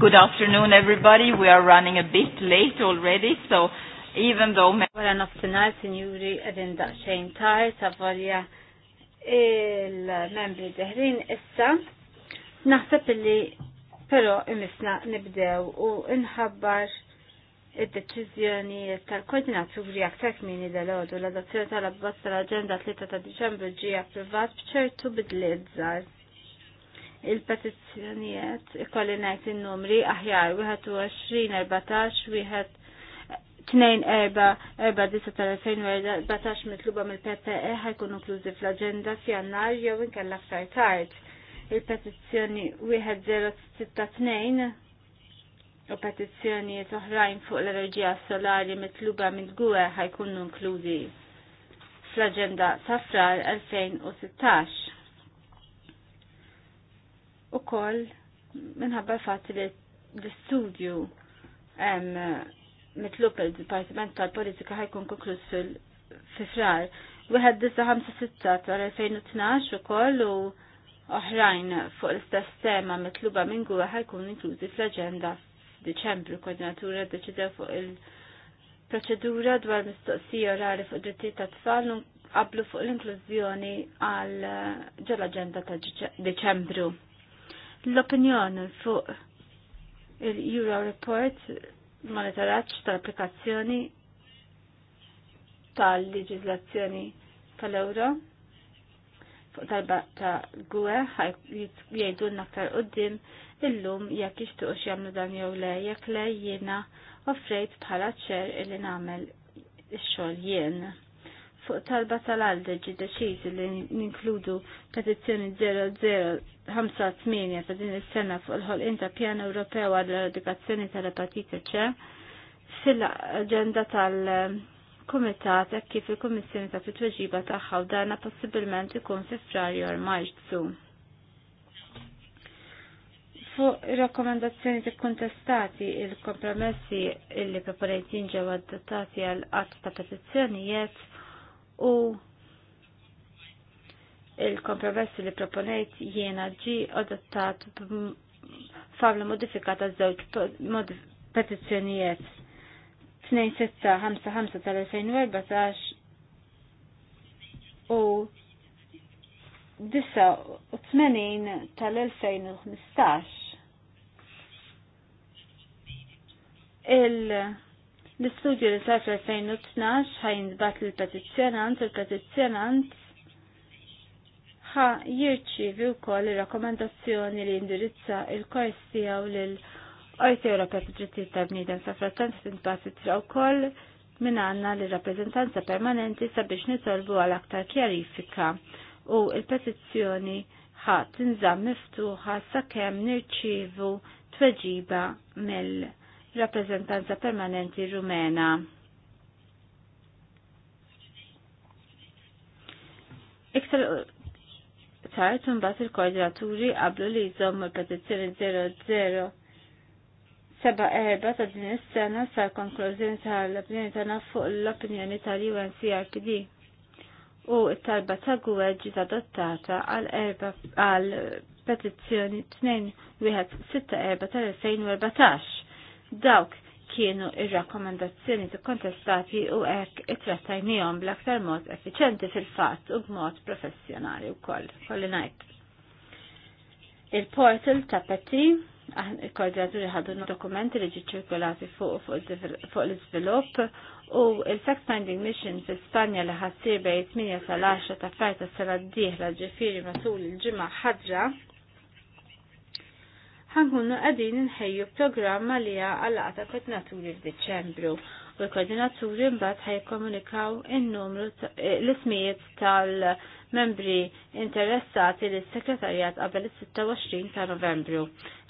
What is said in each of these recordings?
Good afternoon, everybody. We are running a bit late already, so even though... Wara nofsinar, signori, edin daqxejn tar, savolja il-membri deħrin issa. Naħseb illi pero imisna nibdew u nħabbar id-deċizjoni tal-koordinaturi aktar kmini dal-ħodu l-adozzjoni tal-abbozz tal-agenda 3 ta' Diċembru ġi approvat bċertu bidliet żgħar il-petizzjonijiet ikolli ngħid in-numri aħjar 21 2-4-4-19 mitluba mill-PPE ħajkun inklużi fl-agenda f'jannar jew inkella aktar tard. Il-petizzjoni 1062 u petizzjonijiet oħrajn fuq l-enerġija solari mitluba mill gwe ħajkunu inklużi fl-agenda ta' frar 2016 u koll minħabba fatt li l-studju mitlup il-Dipartiment tal-Politika ħajkun konkluż fil fifrar Wieħed disa 56 tal-2012 u koll u oħrajn fuq l-istess tema mitluba minn gwa ħajkun inklużi fl-aġenda f'Diċembru koordinatura deċidew fuq il-proċedura dwar mistoqsija orali fuq drittijiet ta' tfal qablu fuq l-inklużjoni għal ġol-aġenda ta' Deċembru. L-opinjoni fuq il-Euro Report monitoraċ tal-applikazzjoni tal-leġizlazzjoni tal-euro fuq talba ta' gwe jgħidu aktar qoddim illum jekk jixtuq jagħmlu dan jew le jekk le jena offrejt bħala ċer illi nagħmel ix-xogħol jena fuq talba tal għalda ġi deċiżi li ninkludu petizzjoni 0058 ta' din is-sena fuq il-ħolqien ta' pjan Ewropew għall eradikazzjoni tal-epatite C fil-aġenda tal-Kumitat hekk kif il-Kummissjoni ta' fit-tweġiba tagħha u dana possibilment ikun fi Frarju għal Marzu. Fuq rakkomandazzjoni ta' kontestati il-kompromessi illi proponentin ġew adottati għal qatt ta' petizzjonijiet u il kompromessi li proponejt jiena ġi adottat famla modifikata żewġ petizzjonijiet 2655 tal-2014 u 89 tal-2015 il- L-istudju li sar fl-2012 ħajnbat l-petizzjonant, il-petizzjonant ħa jirċivi wkoll ir-rakkomandazzjoni li indirizza il-kors tiegħu l-Ojt Ewropea fi drittijiet tal-Bniedem sa frattant tinbasitra wkoll minna għandna l rappreżentanza permanenti sabiex nitolbu għal aktar kjarifika u il-petizzjoni ħa tinżam miftuħa sakemm nirċievu tweġiba mill- rappresentanza permanenti rumena. Iktar tard imbagħad il-koordinaturi qablu li jżommu l-petizzjoni 00 ta' din is-sena sar konklużjoni tal-opinjoni tagħna fuq l-opinjoni tal-UNCRPD u t-talba ta' Gwed ġiet adottata għal erba għal petizzjoni 2164 tal-2014. Dawk kienu ir-rakkomandazzjoni kontestati u hekk it-trattajnijom bl-aktar mod effiċenti fil-fatt u b'mod professjonali wkoll. koll, ngħid. Il-portal ta' Peti, il-koordinaturi ħadu dokumenti li ġiċirkulati fuq fuq l-iżvilupp u il-Fact Finding Mission fi Spanja li ħassir bej 8 sal-10 ta' fajta sena d-dieħla ġifiri matul il-ġimgħa ħaġra ħankunu għadin nħejju programma li għal-għata koordinaturi f'Diċembru u l-koordinaturi mbagħad ħajkomunikaw in-numru eh, l-ismijiet tal-membri interessati lis sekretarjat qabel is-26 ta' Novembru.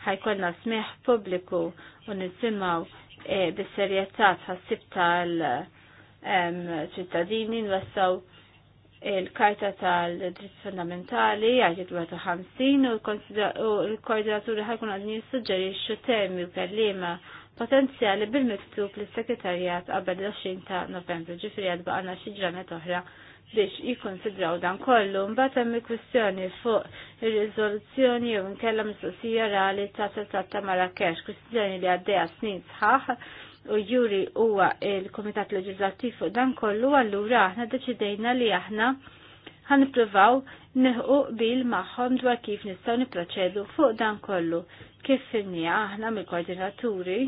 Ħajkollna smieħ pubbliku u nizimaw eh, bis-serjetà ħassib tal- ċittadini nwessaw il-Karta tal-Dritt Fundamentali, artiklu 50, u l-koordinaturi ħajkun għadni jissuġġerixxu termi u kellima potenzjali bil-miktub l sekretarjat qabel 20 ta' novembru, ġifri għad baqana xi ġranet oħra biex jikonsidraw dan kollu. Mbagħad hemm kwistjoni fuq ir-riżoluzzjoni jew nkella mistoqsija rali ta' Trattat ta' Marrakesh, kwistjoni li għaddeja snin sħaħ u juri huwa il-Komitat Leġislattiv fuq dan kollu allura aħna deċidejna li aħna ħanipruvaw neħu bil magħhom dwar kif nistgħu niproċedu fuq dan kollu kif finni aħna mill-koordinaturi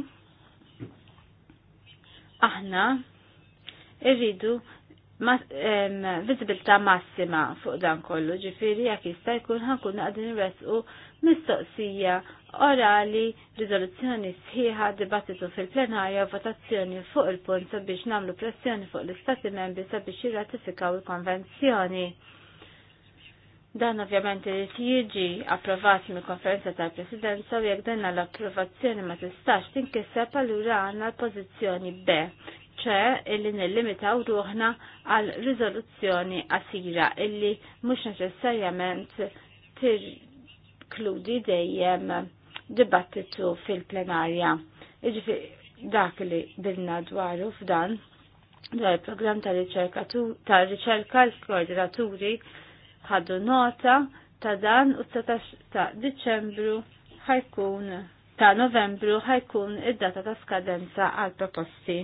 aħna irridu vizibilta massima fuq dan kollu ġifiri jak jista' jkun ħankun għadin resqu mistoqsija orali, rizoluzzjoni sħiħa, dibattitu fil-plenarja u votazzjoni fuq il-punt sabiex namlu pressjoni fuq l-Istati membri sabiex jirratifikaw il-konvenzjoni. Dan ovvjament irid jiġi approvat mill-konferenza tal-Presidenza u jekk denna l-approvazzjoni ma tistax tinkiseb allura għandna l-pożizzjoni B, ċe illi nillimitaw ruħna għal riżoluzzjoni qasira illi mhux neċessarjament tirkludi dejjem dibattitu fil-plenarja. Iġifi dak li bilna dwaru f'dan dwar il-programm tal-riċerka l-koordinaturi ħaddu nota ta' dan u ta' Diċembru ħajkun ta' Novembru ħajkun id-data ta' skadenza għal proposti.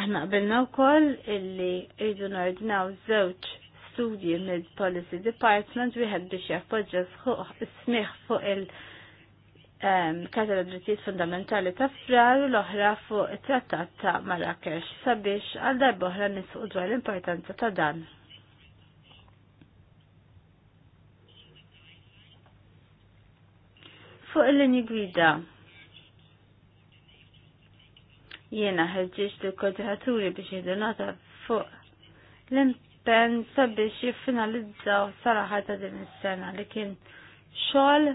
Aħna qbilna wkoll illi rridu nordinaw żewġ studji mill Policy Department wieħed biex jappoġġa smih fuq il- Karta ta' Drittijiet Fundamentali ta' Frar u l-oħra fuq it-Trattat ta' Marrakesh sabiex għal darba oħra nisqu dwar l-importanza ta' dan. Fuq il-linji gwida jiena ħerġiex l koordinaturi biex jihdu nota fuq l-impenn sabiex jiffinalizzaw saraħata ta' din is-sena li kien xogħol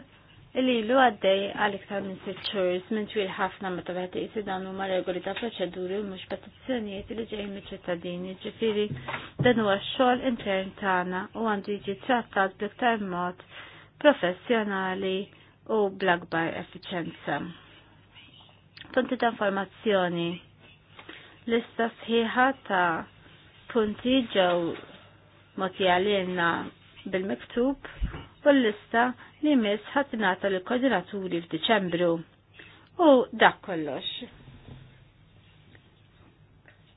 li lu għaddej għal iktar minn sitt xhur minn twil ħafna meta wieħed iqsi dan huma regoli ta' proċeduri u mhux petizzjonijiet li ġejjin miċ-ċittadini, ġifieri dan huwa x-xogħol intern tagħna u għandu jiġi trattat bl-iktar mod professjonali u bl-akbar effiċenza. Punti ta' informazzjoni lista sħiħa ta' punti ġew moti bil-miktub fil lista li mis ħatnata l-koordinaturi f'Diċembru. U dak kollox.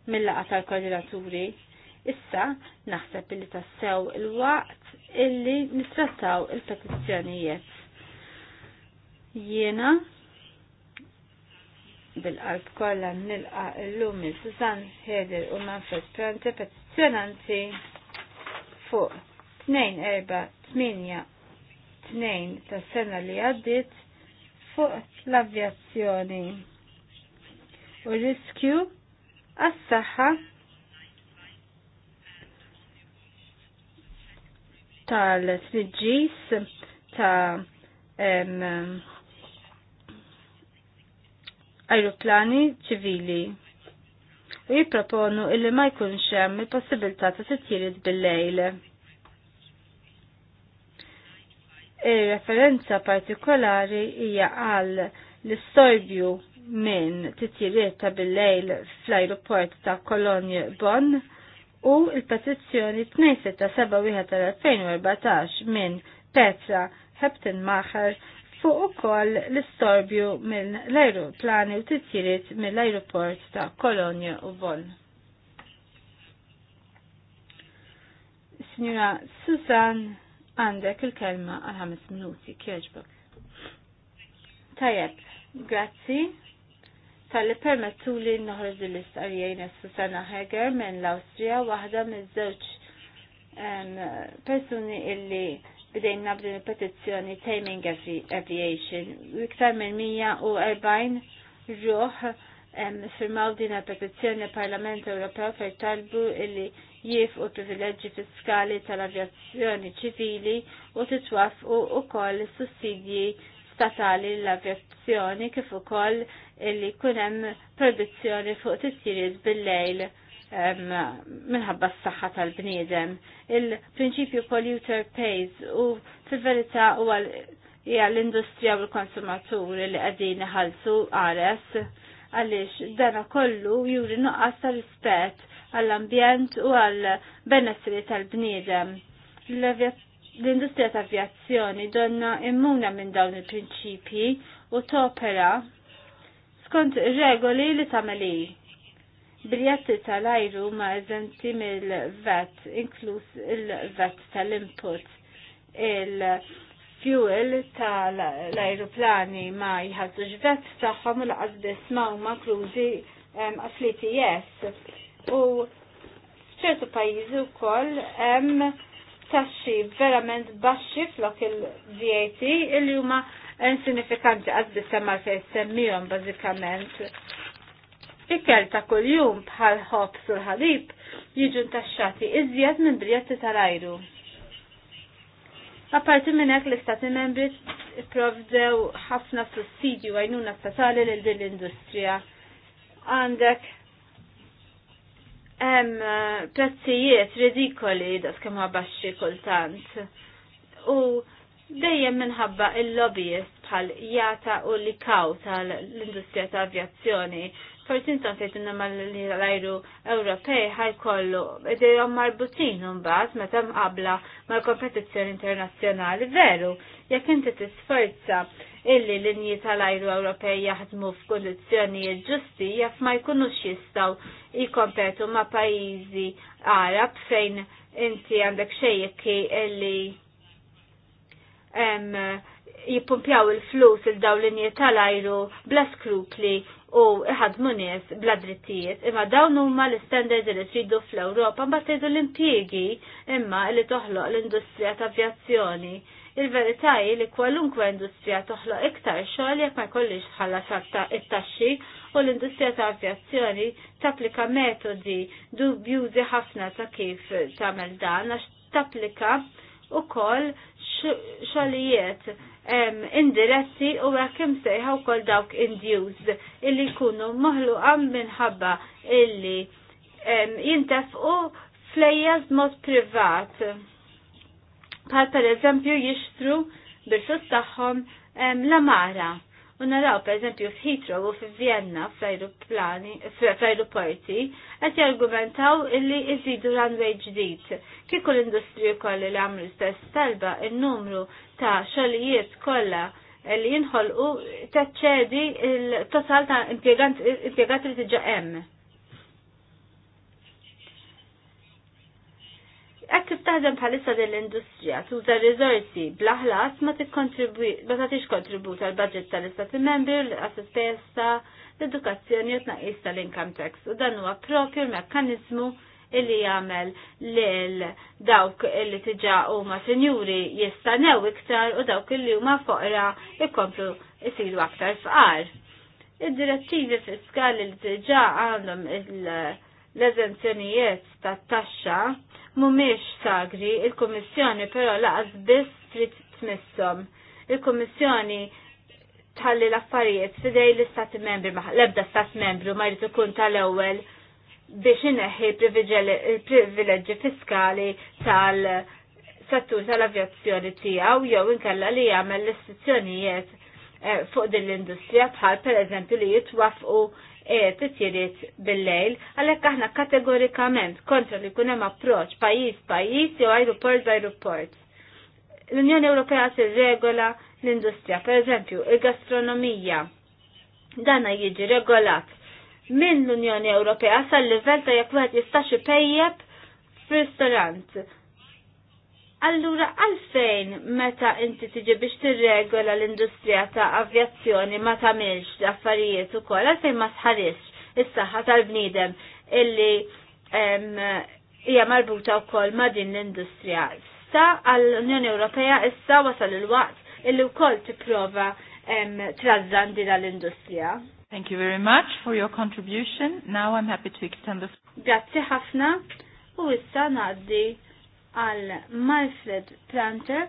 Mill-laqa tal-koordinaturi, issa naħseb li tassew il-waqt illi nistrattaw il-petizzjonijiet. Jiena bil-qalb kollha nilqa l-lum il-Susan Heder u Manfred Prante petizzjonanti fuq 2488 tnejn tas sena li għaddit fuq l-avjazzjoni u riskju għas-saħħa tal-tniġġis ta' aeroplani ċivili u jipproponu illi ma jkunx hemm il-possibilità ta' titjiriet bil-lejl. Ir-referenza partikolari hija għal l-istorbju minn titjiriet ta' bil-lejl fl-aeroport ta' Kolonje Bonn u il-petizzjoni 27.2014 minn Petra Heptenmacher fuq ukoll l-istorbju minn l-aeroplani u titjiriet mill aeroport ta' Kolonje u Bonn. Signora Susan Għandek il-kelma għal ħames minuti, kieġbok. Tajab, grazzi tal-li permettu li noħroġ l-istqarjajna Susanna Heger minn l-Austria, waħda miż-żewġ persuni illi bidejn b'din il-petizzjoni Taming Aviation. Iktar minn 140 ruħ firmaw din il-petizzjoni Parlament Ewropew fejn talbu illi u privileġġi fiskali tal-avjazzjoni ċivili u titwafqu koll sussidji statali l-avjazzjoni kif ukoll illi jkun hemm produzzjoni fuq titjiriet bil-lejl minħabba s-saħħa tal-bniedem. Il-prinċipju polluter pays u fil-verità huwa l-industrija u l-konsumaturi li qegħdin iħallsu ares għaliex dana kollu juri nuqqas ta' rispett għall-ambjent u għall-benessri tal-bniedem. L-industrija ta' avjazzjoni donna immuna minn dawn il-prinċipji u topera skont regoli li tameli. Biljetti tal-ajru ma eżenti mill-vet, inkluż il-vet tal-input. Il-fuel tal-ajruplani ma jħadżux vet taħħom l-qasbis ma' ma' klużi għafliti jess u f'ċertu pajjiżi wkoll hemm taxxi verament baxxi flok il-VAT illi huma insinifikanti għazbi semmar fejn jissemmijom bażikament. Ikel ta' kuljum bħal ħobb sul ħalib jiġu ntaxxati iżjed minn biljetti tal-ajru. Apparti minn hekk l-istati membri ipprovdew ħafna sussidju għajnuna statali lil din l-industrija. Għandek hemm eh, prezzijiet ridikoli dak kemm baxxi kultant. U dejjem minħabba il-lobbyist bħal jata u li kaw tal-industrija ta' avjazzjoni. forsi tan fejt innama l-ajru Ewropej ħajkollu idejhom marbutin mbagħad meta mqabla mal-kompetizzjoni internazzjonali veru jekk inti tisforza illi linji tal-ajru Ewropej jaħdmu f'kondizjoni ġusti jaf ma jkunux jistaw jikompetu ma' pajjiżi Arab fejn inti għandek xejjekki illi jippumpjaw il-flus il-daw linji tal-ajru bla skrupli u iħadmu nies bla drittijiet imma dawn huma l-standards li tridu fl-Ewropa mbagħad tgħidu l-impjiegi imma li toħloq l-industrija ta' avjazzjoni Il-verità hi li kwalunkwe industrija toħloq iktar xogħol jekk ma jkollix tħallas it-taxxi u l-industrija ta' avjazzjoni tapplika metodi dubjużi ħafna ta' kif tagħmel dan għax tapplika wkoll xogħlijiet indiretti u hekk sejħa wkoll dawk induced illi jkunu maħluqa minħabba illi jintefqu flejjeż mod privat bħal per eżempju jixtru bil fus tagħhom l-amara. U naraw per eżempju f'Hitro u f'Vienna fl-aeroporti qed jargumentaw illi jżidu runway ġdid. Kieku l-industriju kollha li għamlu stess talba n numru ta' xogħlijiet kollha li jinħolqu taċċedi il-total ta' impjegat li tiġa hemm. Hekk kif taħdem bħalissa din l-industrija tuża rizorsi blaħlas ma tix kontribut tal budget tal-Istati Membri l-assistenza l-edukazzjoni u tnaqqis tal-income tax u dan huwa propju l-mekkaniżmu illi jagħmel lil dawk illi tiġa huma sinjuri jistanew iktar u dawk illi huma foqra jkomplu jsiru aktar fqar. Id-direttivi fiskali li tiġa għandhom il- l-eżenzjonijiet ta' taxxa mumiex sagri, il-Kommissjoni però laqas biss trid tmissom. Il-Kommissjoni tħalli l-affarijiet fidej l-Istati membri, l-ebda Stat membru ma jrid ikun tal-ewwel biex ineħħi privileġġi fiskali tal-settur tal-avjazzjoni tiegħu jew inkella li jagħmel l-istituzzjonijiet eh, fuq din l-industrija bħal pereżempju li jitwafqu E, titjiriet bil-lejl, għalhekk aħna kategorikament kontra li jkun hemm approċċ pajjiż pajjiż jew ajruport b'ajruport. L-Unjoni Ewropea tirregola l-industrija, pereżempju, il-gastronomija. Dana jiġi regolat minn l-Unjoni Ewropea sal-livell ta' jekk wieħed jistax ipejjeb f'ristorant Allura għalfejn meta inti tiġi biex tirregola l-industrija ta' avjazzjoni ma tagħmilx l-affarijiet ukoll għalfejn ma sħarix is-saħħa tal-bniedem illi hija marbuta wkoll ma' din l-industrija. Sta għall-Unjoni Ewropea issa wasal il-waqt illi wkoll tipprova trażżan din l-industrija. Thank you very much for your contribution. Now I'm happy to extend the... Grazzi ħafna u issa ngħaddi għal Malfred Planter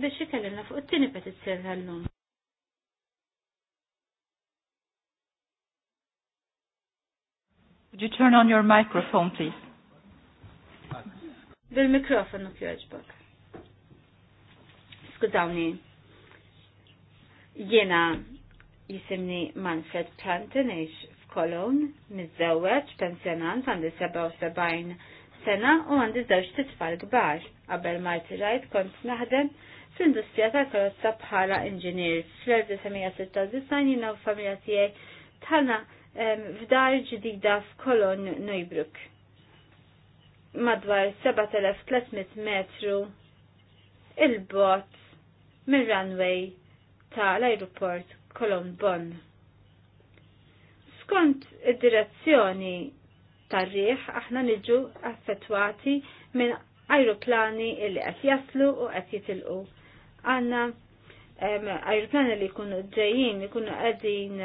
biex jikellimna fuq it-tieni petizzjoni tal-lum. Would you turn on your microphone, please? Bil-mikrofonu kjoġbok. Skudawni. jena jisimni Manfred Plantinix f'Kolon, mizzawet, pensjonant, għandi 77 sena u għandi żewġ titfal kbar. Qabel ma rtirajt kont naħdem fl-industrija tal-karozza bħala inġinier. Fl-1996 jina u familja tiegħi tħana f'dar ġdida f'Kolon Neubruk. Madwar 7300 metru il-bot mir-runway tal-aeroport Kolon Bonn. Skont id-direzzjoni tar-riħ aħna niġu affettwati minn ajruplani li qed jaslu u qed jitilqu. Għandna ajruplani li jkunu ġejjin jkunu qegħdin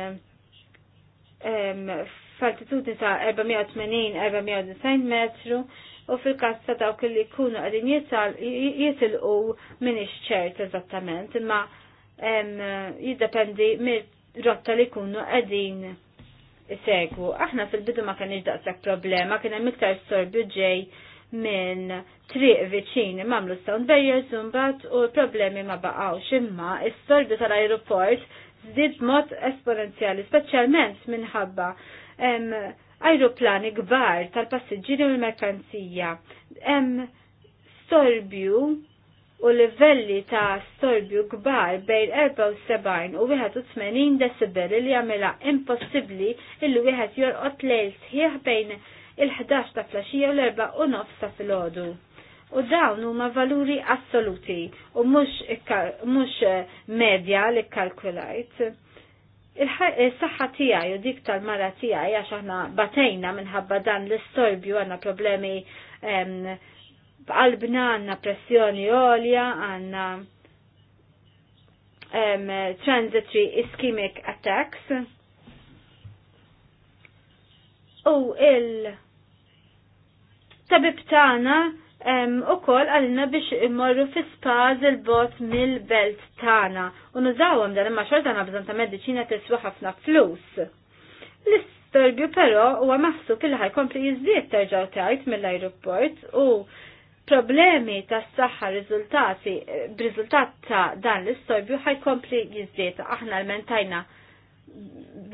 f'altitudni ta' 480-490 metru u fil-każ ta' dawk li jkunu qegħdin jitilqu minn ix-ċert eżattament, imma jiddependi mir-rotta li jkunu qegħdin segwu. Aħna fil-bidu ma kienx daqshekk problema, kien hemm iktar sorbju ġej minn triq viċini mamlu sound barriers mbagħad u l-problemi ma baqgħux imma s sorbju tal-ajruport żdied mod esponenzjali, speċjalment minħabba ajruplani kbar tal-passiġġieri u l-merkanzija. Hemm sorbju u livelli ta' storbju kbar bejn 74 u 81 decibel li jagħmilha impossibbli illi wieħed jorqod lejl sħiħ bejn il-11 ta' flasġija u l-4 u nofs ta' filgħodu. U dawn huma valuri assoluti u mhux eh, medja li kkalkulajt. Il-saħħa tiegħi u dik tal-mara tiegħi għax aħna batejna minħabba dan l-istorbju għandna problemi ehm, b'qalbna għanna pressjoni għolja, għanna transitory ischemic attacks. U il tabib tagħna u kol għalina biex immorru fi spaz il-bot mill-belt tagħna u nużawhom dan imma xorta għandna bżonn ta' mediċina tiswa ħafna flus. L-istorbju però huwa maħsub ħaj kompli jiżdied terġgħu tajt mill-ajruport u problemi ta' s-saxħa rizultati, b-rizultat ta' dan l-istorbju ħajkompli jizdieta. Aħna l-mentajna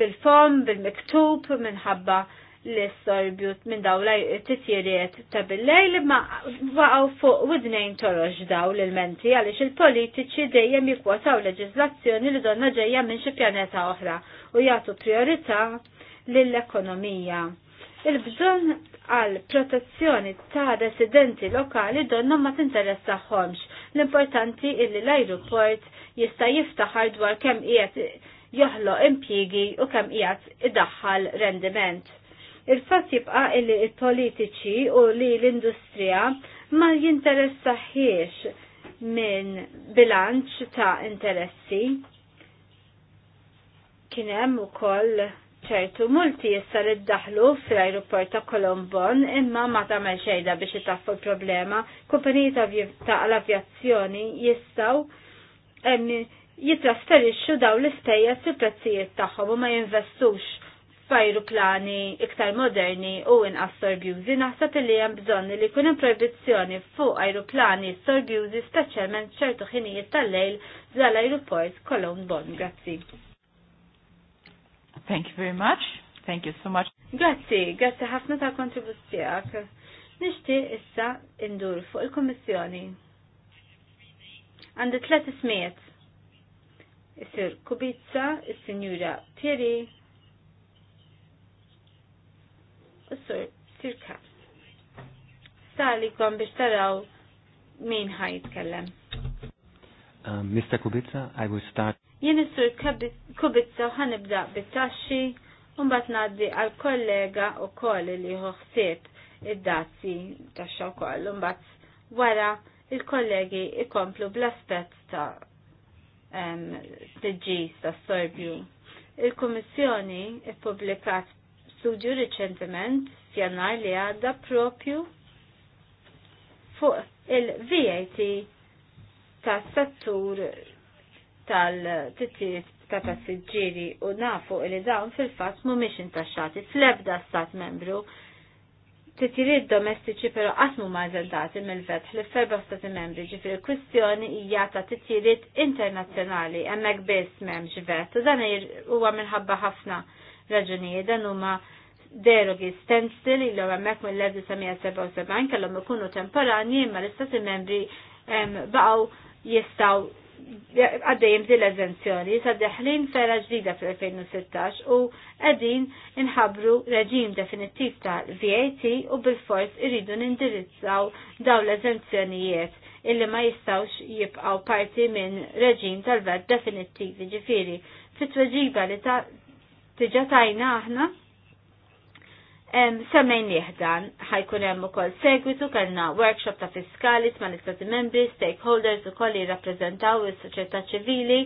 bil-fom, bil-miktub, minħabba l-istorbju minn daw titjiriet ta' bil-lejl ma waqaw fuq widnejn toroġ daw l-menti għaliex il-politiċi dejjem jikwataw leġizlazzjoni li donna ġejja minn xi pjaneta oħra u jagħtu priorità lill-ekonomija Il-bżonn għal protezzjoni ta' residenti lokali donna ma tinteressaħħomx. L-importanti illi l-aeroport jista' jiftaħar dwar kemm qiegħed joħloq impjiegi u kemm qiegħed idaħħal rendiment. Il-fatt jibqa' illi l-politiċi u li l-industrija ma jinteressaħiex minn bilanċ ta' interessi. Kien hemm ukoll ċertu multi issa li ddaħlu fl-aeroport ta' Kolombon imma ma ta' xejda biex jitaffu l-problema. Kumpaniji ta' l-avjazzjoni jistaw jitrasferixxu daw l istejja fil prezzijiet tagħhom u ma jinvestux f'ajruplani iktar moderni u inqas sorbjużi naħseb li hemm bżonn li jkun hemm proibizzjoni fuq ajruplani sorbjużi speċjalment ċertu ħinijiet tal-lejl żal ajruport Kolon Bon. Grazzi. Thank you very much. Thank you so much. Grazzi, grazzi ħafna ta' kontribuzzijak. Nishti issa indur fuq il-Kommissjoni. Għandu tlet ismijiet. Isir Kubica, is signura Thierry, is-Sur Sirka. Sali kom biex taraw min ħaj kellem. Uh, Mr. Kubica, I will start. Jien nistur kubitza u ħanibda bit-taxxi u mbagħad ngħaddi għal kollega wkoll li ħsieb id-dazzi taxxa wkoll u mbagħad wara il-kollegi ikomplu bl-aspett ta' t ta' sorbju. Il-Komissjoni ippubblikat studju riċentement f'jannar li għadda propju fuq il-VAT ta' settur tal-tittiet ta' passiġġieri u nafu li dawn fil-fatt mhumiex intaxxati fl-ebda stat membru. Titjiriet domestiċi però qatt ma eżentati mill-vet li ferba stati membri ġifieri kwistjoni hija ta' titjiriet internazzjonali hemmhekk biss m'hemmx vet u dan huwa minħabba ħafna raġunijiet dan huma derogi stencil il hemmhekk mill-1977 kellhom ikunu temporani imma l-istati membri baqgħu jistgħu għaddejjem l eżenzjoni sa fera ġdida fl-2016 u għedin inħabru reġim definittiv ta' VAT u bil-fors irridu nindirizzaw daw l-eżenzjonijiet illi ma jistawx jibqaw parti minn reġim tal-vet definittivi ġifiri. Fit-tweġiba li ta' tiġa tajna aħna Semmejn nieħdan, ħajkun hemm ukoll segwitu kellna workshop ta' fiskali ma' l-istati membri, stakeholders ukoll li jirrappreżentaw is-soċjetà ċivili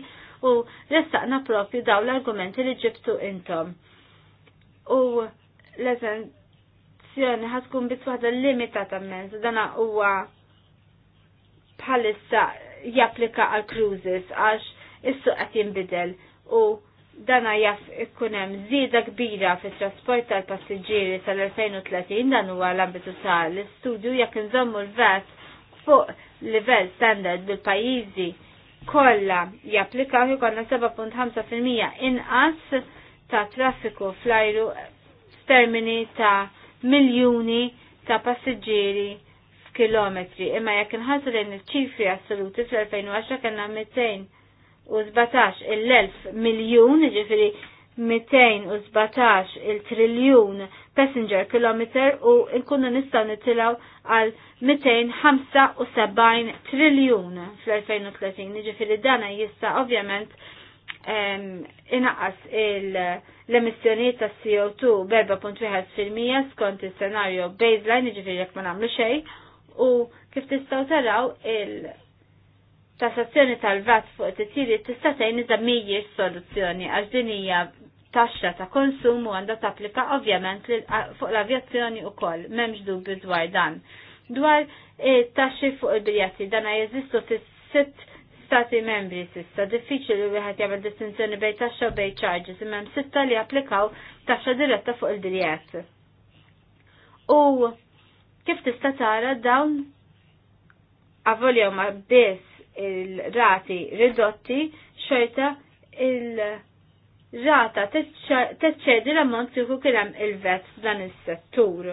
u ressaqna propju daw l-argumenti li ġibtu intom. U l-eżenzjoni ħatkun biss waħda limitata mens, dana huwa bħalissa japplika għal cruises għax is-suq qed jinbidel u dana jaff ikkunem zida kbira fi trasport tal-passiġġieri tal-2030 dan huwa l-ambitu tal-istudju jekk nżommu l-vet fuq livell standard bil-pajjiżi kollha japplikaw ikollna 7.5% inqas ta' traffiku fl-ajru f'termini ta' miljuni ta' passiġġieri f'kilometri imma jekk inħassu lejn iċ-ċifri assoluti fl-2010 kellna 200 il-1000 miljun, ġifiri 217 il-triljun passenger kilometer u nkunu nistaw nittilaw għal 275 triljun fl-2030. Ġifiri dana jista ovvjament inaqas l-emissjoniet ta' CO2 b'4.1% skont il-senarju baseline, ġifiri jek ma namlu xej, u kif tistaw taraw il- tassazzjoni tal-vat fuq it-tiri tista' tgħin iżda mhijiex soluzzjoni għax din hija taxxa ta' konsum u għandha tapplika ovvjament fuq l-avjazzjoni ukoll, m'hemmx dubju dwar dan. Dwar e, taxxi fuq il-biljetti dan jeżistu fis sitt stati membri sissa, diffiċli wieħed jagħmel distinzjoni bejn taxxa u bejn charges, imma hemm sitta li applikaw taxxa diretta fuq il-biljett. U kif tista' tara dawn avolja ma biss il-rati ridotti xorta il-rata teċċedi l-ammont kieku kien hemm il-vet dan is-settur.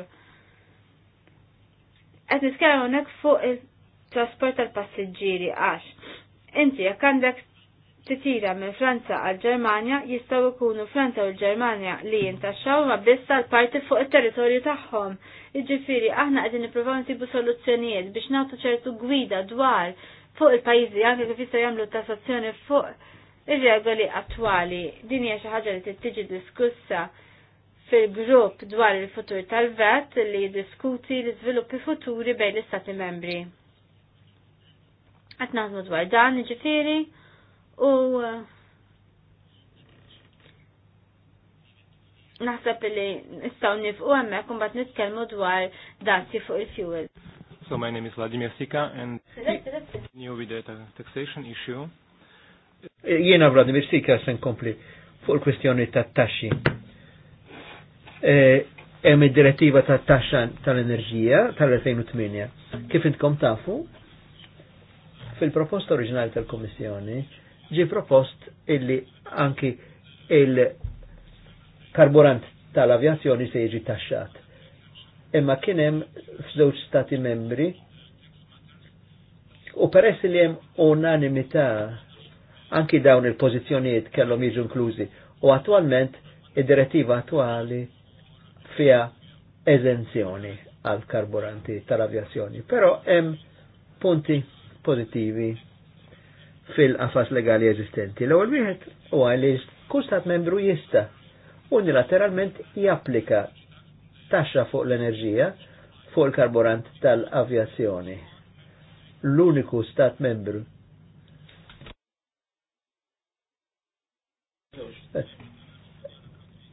Qed niskera hawnhekk fuq il-trasport tal-passiġġieri għax inti jekk għandek titira minn Franza għal Ġermanja jistgħu jkunu Franza u l-Ġermanja li jintaxxaw ma biss għal parti fuq it-territorju tagħhom. Jiġifieri aħna qegħdin nippruvaw nsibu soluzzjonijiet biex nagħtu ċertu gwida dwar fuq il-pajjiżi anke kif jista' jagħmlu tassazzjoni fuq ir-regoli attwali. Din hija xi ħaġa li tiġi diskussa fil-grupp dwar il-futur tal-vet li jiddiskuti l-iżviluppi futuri bejn l-istati membri. Qed naħdmu dwar dan, ġifieri, u eh, naħseb li nistgħu nifqu hemmhekk u mbagħad nitkellmu dwar dati fuq il-fuel. So my name is Vladimir Sika and new with the taxation issue. Jiena Vladimir Sika sen kompli fuq il-kwestjoni ta' taxxi. E, hemm id-direttiva ta' taxxa tal-enerġija tal-2008. Kif intkom tafu, fil-proposta oriġinali tal-Komissjoni ġi propost illi anki il-karburant tal-avjazzjoni se jiġi taxxat imma kien hemm f'żewġ stati membri u peress li hemm unanimità anki dawn il-pożizzjonijiet kellhom jiġu inklużi u attwalment id-direttiva attwali fija eżenzjoni għal karburanti tal-avjazzjoni. Però hemm punti pozittivi fil-qafas legali eżistenti. L-ewwel wieħed huwa li kull stat membru jista' unilateralment japplika taxxa fuq l-enerġija fuq il-karburant tal-avjazzjoni. L-uniku stat membru.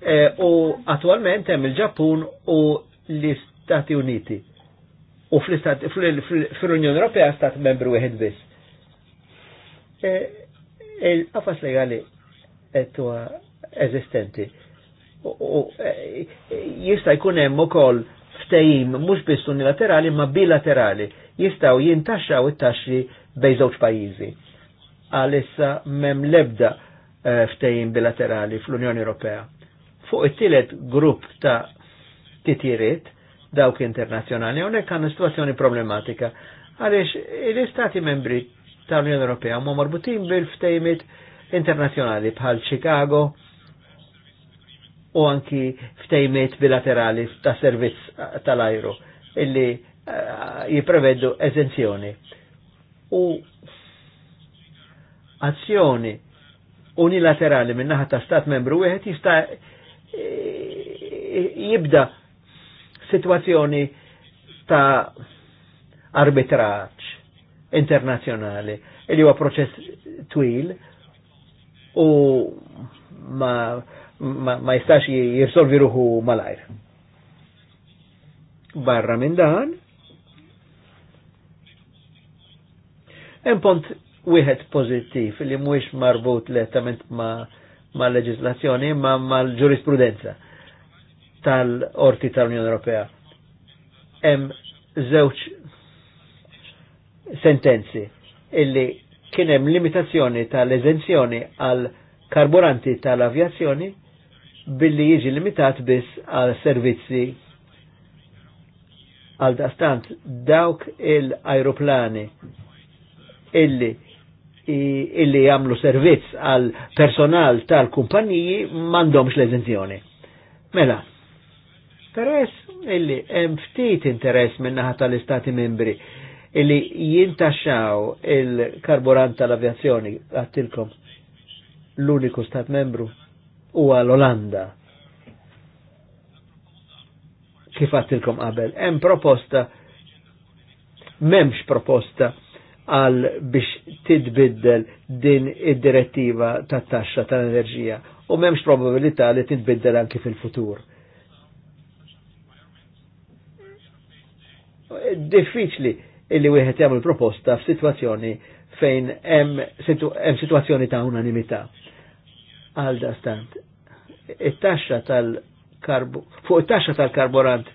E, u attualment hemm il-Ġappun u l-Istati Uniti. U fl-Unjoni Ewropea stat membru wieħed biss. E, Il-qafas legali etwa eżistenti E, jista' jkun hemm ukoll ftehim mhux biss unilaterali ma bilaterali jistgħu jintaxxaw it-taxxi bejn żewġ pajjiżi. Għalissa m'hemm lebda e, ftehim bilaterali fl-Unjoni Ewropea. Fuq it-tielet grupp ta' titjiriet dawk internazzjonali hawnhekk għandna situazzjoni problematika għaliex l-istati membri tal-Unjoni Ewropea huma marbutin bil-ftejmit internazzjonali bħal Chicago, u anki ftejmiet bilaterali ta' servizz tal-ajru illi eh, jipreveddu eżenzjoni. U azzjoni unilaterali minn naħa ta' stat membru wieħed jista' jibda situazzjoni ta' arbitraċ internazjonali li huwa proċess twil u ma ma jistax jirsolvi ruħu malajr. Barra minn dan, hemm pont wieħed pożittiv li mhuwiex marbut lettament ma' ma' leġislazzjoni ma' mal ġurisprudenza tal-orti tal-Unjoni Ewropea. Hemm żewġ sentenzi illi kien hemm limitazzjoni tal-eżenzjoni għal karburanti tal-avjazzjoni billi jiġi limitat biss għal servizzi għal dastant dawk il-aeroplani illi illi jamlu servizz għal personal tal-kumpaniji mandomx l-eżenzjoni. Mela, peress illi hemm ftit interess minnaħa tal-istati membri illi jintaxxaw il-karburant tal-avjazzjoni għattilkom l-uniku stat membru u għal-Olanda. Kif għattilkom qabel? Hemm proposta, memx proposta għal biex tidbiddel din id-direttiva tat taxxa tal-enerġija u memx probabilità li tidbiddel anki fil-futur. Diffiċli illi wieħed jagħmel proposta f'sitwazzjoni fejn hemm situazzjoni ta' unanimità għal dastant. It-taxxa tal-karbu, fuq il taxxa tal-karburant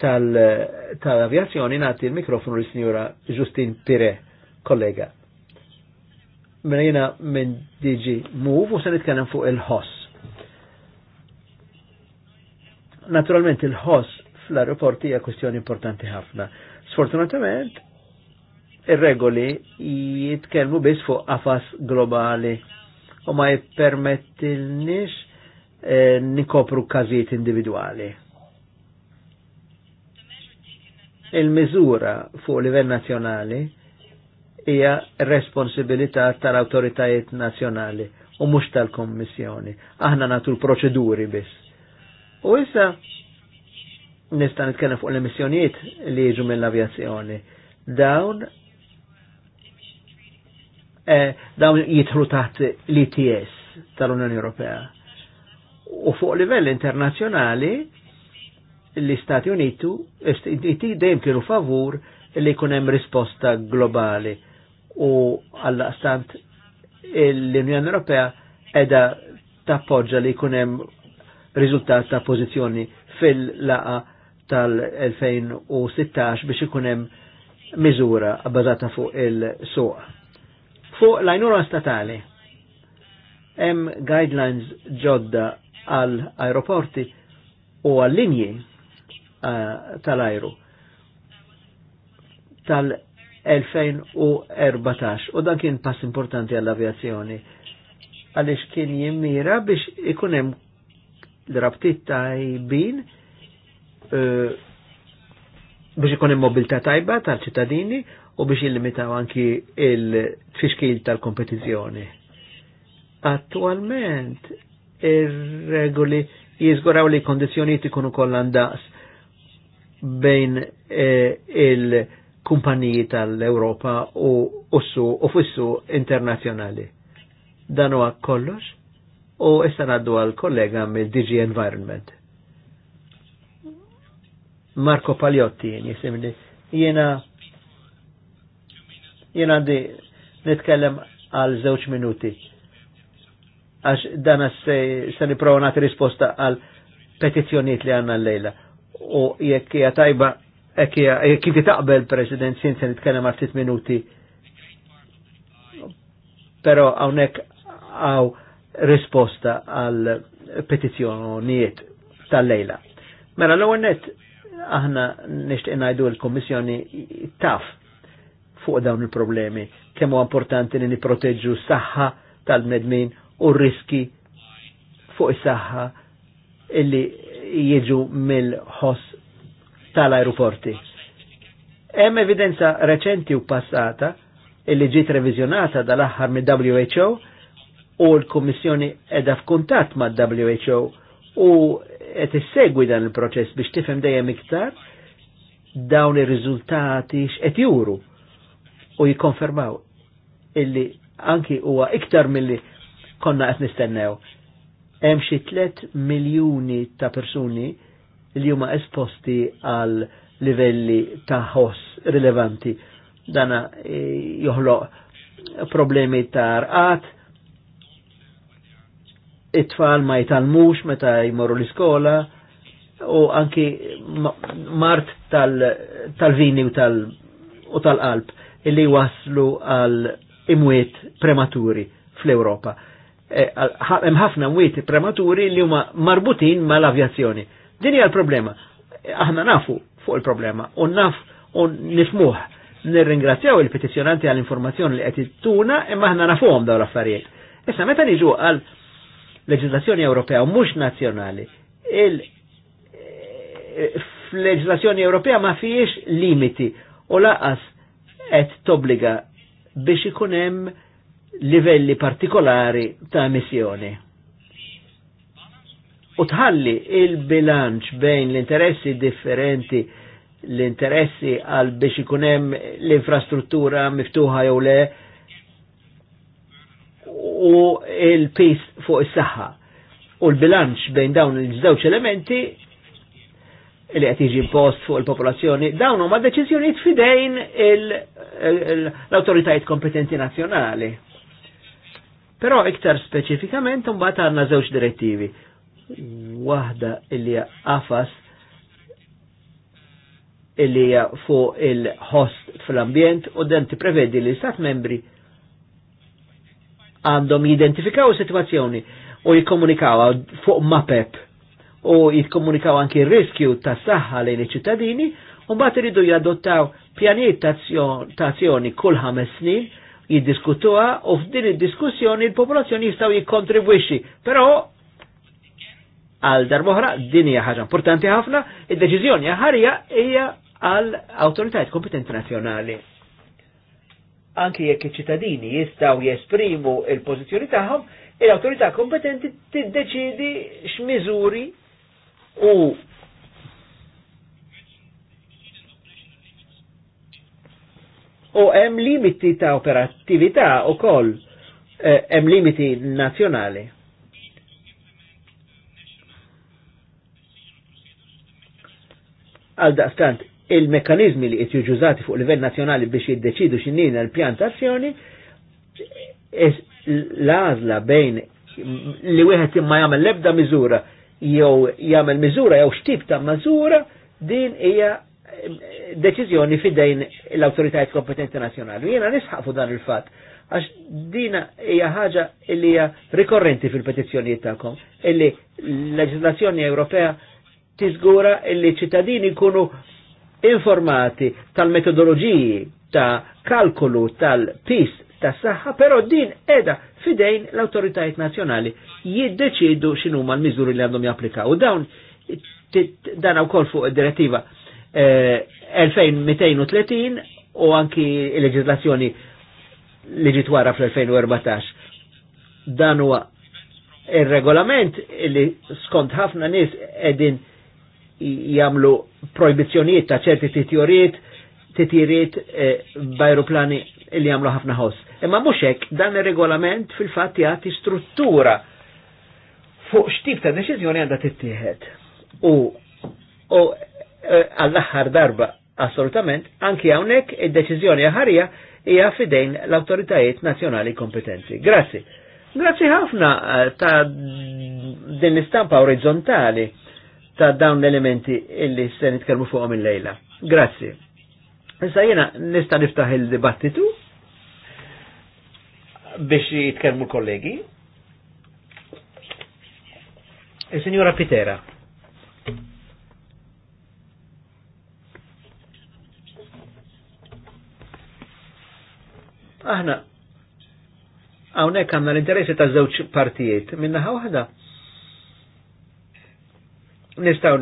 tal-avjazzjoni tal nagħti l-mikrofonu l sinjura Justin Pire, kollega. Mela jiena minn DG Move u se nitkellem fuq il-ħoss. Naturalment il-ħoss fl aeroporti hija kwestjoni importanti ħafna. Sfortunatament, ir-regoli jitkellmu biss fuq qafas globali u ma jippermettilniex eh, nikopru każijiet individwali. Il-miżura fuq livell nazzjonali hija r-responsibilità tal-awtoritajiet nazzjonali u mhux tal-Kommissjoni. Aħna natu l-proċeduri biss. U issa nista' nitkellem fuq l-emissjonijiet li jiġu mill-avjazzjoni. Dawn Eh, dawn jitħlu taħt l-ITS tal-Unjoni Ewropea. U fuq livell internazzjonali l-Istati Unitu iti dejjem kienu favur li jkun hemm risposta globali u għall-stant l-Unjoni Ewropea edha tappoġġa li jkun hemm riżultat ta' pożizzjoni fil-laqa tal-2016 biex ikun hemm miżura bbażata fuq il-suq Fuq l ajnura statali, hemm guidelines ġodda għal aeroporti u għal linji eh, tal-ajru tal-2014 u dan kien pass importanti għall-avjazzjoni għalix kien jimmira biex ikunem l-rabtit tajbin uh, biex ikunem mobilta tajba tal-ċittadini u biex illimitaw anki il-tfiskil tal-kompetizjoni. Attualment, ir-regoli jizguraw li kondizjoniet ikunu kollandas bejn eh, il-kumpaniji tal-Europa u ussu u fissu internazjonali. Dan huwa kollox u issa ngħaddu għal kollega mill-DG Environment. Marco Paliotti jisimni jena jien għandi nitkellem għal żewġ minuti. Għax dan se niprofa nagħti risposta għal petizzjonijiet li għandna l-lejla. U jekk hija tajba, jekk kif taqbel President Sin se nitkellem għal tit minuti. Però hawnhekk għaw risposta għal petizzjonijiet tal-lejla. Mela l-ewwel aħna nixtieq ngħidu l-Kummissjoni taf fuq dawn il-problemi, kemm importanti li niproteġġu s-saħħa tal-medmin u riski fuq is-saħħa illi jiġu mill-ħoss tal-aeroporti. Hemm evidenza reċenti u passata illi ġiet revizjonata dal-aħħar mid WHO u l-Kummissjoni edha f'kuntatt mad WHO u qed issegwi dan il-proċess biex tifhem dejjem iktar dawn ir-riżultati x'qed juru u jikonfermaw illi anki huwa iktar milli konna qed nistennew. Hemm xi 3 miljuni ta' persuni li huma esposti għal livelli ta' ħoss rilevanti. Dana e, joħloq problemi ta' rqat, it-tfal ma jitalmux meta jmorru l-iskola, u anki mart tal-vini tal u tal-qalb illi waslu għal imwiet prematuri fl-Europa. E, hemm ħafna mwiet prematuri li huma marbutin mal-avjazzjoni. Din hija l-problema. E, aħna nafu fuq il-problema u naf u nifmuh. Nirringrazzjaw il-petizjonanti għall-informazzjoni li qed ittuna imma aħna nafuhom dawn l-affarijiet. Issa meta niġu għal leġislazzjoni Ewropea mhux nazzjonali, e, fl-leġislazzjoni Ewropea ma fiex limiti u laqas qed tobbliga biex ikun hemm livelli partikolari ta' emissjoni. U tħalli il-bilanċ bejn l-interessi differenti, l-interessi għal biex ikun hemm l-infrastruttura miftuħa jew le u il-pis fuq is-saħħa. U l-bilanċ bejn dawn il-żewġ elementi li qed jiġi impost fuq il-popolazzjoni, dawn huma deċiżjonijiet fidejn l-awtoritajiet kompetenti nazzjonali. Però iktar speċifikament mbagħad għandna żewġ direttivi. Waħda illi qafas illi fuq il-host fl-ambjent u dan tipprevedi li stat membri għandhom jidentifikaw situazzjoni u jikkomunikaw fuq mapep u jitkomunikaw anki riskju ta' saħħa lejn iċ-ċittadini u mbagħad iridu jadottaw pjanijiet ta' azzjoni kull ħames snin jiddiskutuha u f'din id-diskussjoni l-popolazzjoni jistgħu jikkontribwixxi, però għal darbohra din hija ħaġa importanti ħafna, id-deċiżjoni ħarija hija għal awtoritajiet kompetenti nazzjonali. Anki jekk iċ-ċittadini jistgħu jesprimu il-pożizzjoni tagħhom, l awtorità kompetenti tiddeċidi x'miżuri U u hemm limiti ta' operattività u koll eh, hemm eh, limiti nazzjonali. Għal daqstant, il-mekkanizmi li qed jużati fuq livell nazzjonali biex jiddeċidu x'inhin l-pjantazzjoni l-għażla bejn li wieħed imma jagħmel l-ebda miżura jew jagħmel miżura jew x'tip ta' mażura din hija eh, deċiżjoni fidejn l-awtoritajiet kompetenti nazzjonali. Jiena nisħaq fuq dan il-fatt għax dina hija ħaġa li hija rikorrenti fil-petizzjonijiet tagħkom illi l-leġislazzjoni Ewropea tiżgura illi ċittadini jkunu informati tal-metodoloġiji ta' kalkulu tal-pis ta' saħħa, però din edha fidejn l-autoritajiet nazjonali jiddeċidu x'inhuma l-miżuri li għandhom japplikaw. Dawn dan ukoll fuq id-direttiva 2230 eh, u anki l-leġislazzjoni li ġiet wara fl-2014. Dan huwa ir-regolament li skont ħafna nies qegħdin jagħmlu projbizzjonijiet ta' ċerti titjoriet titjiriet eh, b'ajruplani li jagħmlu ħafna ħoss. Imma mhux hekk dan ir-regolament fil-fatt jagħti struttura fuq x'tip ta' deċiżjoni għandha tittieħed. U e, għall-aħħar darba assolutament anki hawnhekk id-deċiżjoni aħarja hija fidejn l-awtoritajiet nazzjonali kompetenti. Grazzi. Grazzi ħafna e, ta' din l-istampa orizzontali ta' dawn l-elementi illi se nitkellmu fuqhom il-lejla. Grazzi. Issa jiena nista' niftaħ il-dibattitu biex jitkellmu l-kollegi. il signora Pitera. Aħna, għawnek għanna l-interessi ta' zewċ partijiet, minnaħa waħda. Nistaw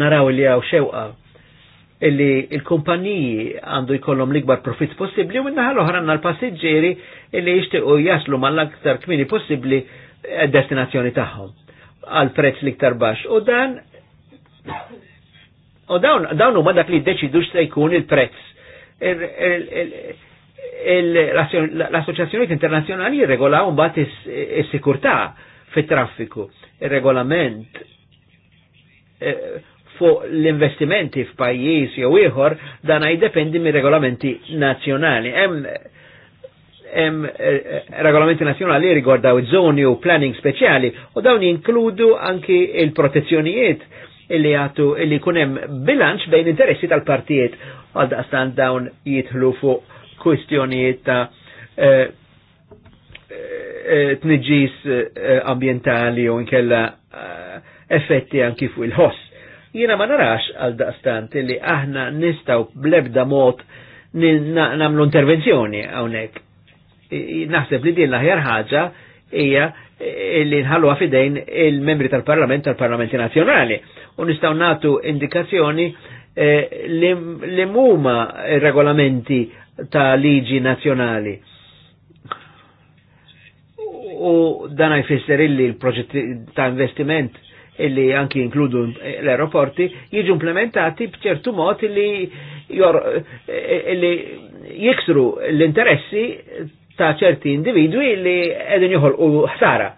naraw li għaw xewqa illi il-kumpaniji għandu jkollhom l-ikbar profitt possibbli u minnaħal oħra l-passiġġieri illi jixtiequ jaslu mal-aktar kmini possibbli eh, destinazzjoni tagħhom għal prezz l-iktar baxx. U dan u dawn dawn huma dak li jiddeċidu se jkun il-prezz. L-assoċjazzjonijiet internazzjonali jirregolaw mbagħad is-sikurtà fit-traffiku. Ir-regolament eh, fuq l-investimenti f'pajjiż jew ieħor dan jiddependi mir regolamenti nazzjonali. Hemm hemm eh, regolamenti nazzjonali rigordaw iż-żoni u planning speċjali u dawn jinkludu anki il-protezzjonijiet illi għatu illi kunem bilanċ bejn interessi tal-partijiet għal daqstan dawn jitħlu fuq kwistjonijiet ta' t eh, eh tniġis eh, ambientali u nkella effetti anki fuq il-ħoss. Jiena ma narax għal daqstant li aħna nistaw blebda mod namlu intervenzjoni hawnhekk. Naħseb li din l-aħjar ħaġa hija eh, li nħalluha għafidejn il-membri tal-Parlament tal-Parlamenti Nazzjonali u nistgħu nagħtu indikazzjoni eh, li huma regolamenti ta' liġi nazzjonali. U dan jfisser illi l-proġetti ta' investiment illi anki inkludu l-aeroporti jiġu implementati bċertu mod illi, jor, illi jiksru l-interessi ta' ċerti individwi li edin juħol u ħsara.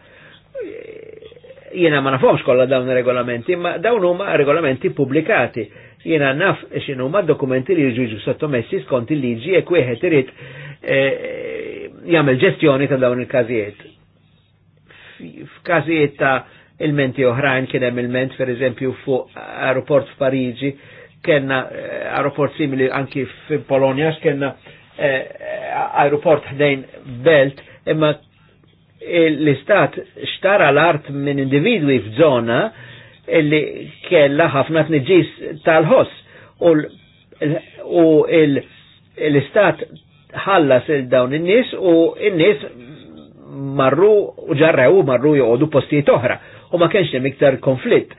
Jena ma nafomx kolla dawn regolamenti, ma dawn huma regolamenti pubblikati. Jena naf xin huma dokumenti li jiġu sottomessi skont il-liġi e kweħet irrit jgħamil eh, jagħmel ġestjoni ta' dawn il kazijiet F'kazijiet ta' il-menti oħrajn kien hemm il-ment eżempju fuq aeroport f'Pariġi, kellna eh, aeroport simili anki f'Polonja, kellna eh, aeroport ħdejn belt, imma l-istat xtara l-art minn individwi f'żona illi kella ħafna t-nġis tal-ħoss u l-istat ħallas il-dawn in-nies u in-nies marru u ġarrew marru joqogħdu postijiet oħra u ma kienx hemm iktar konflitt.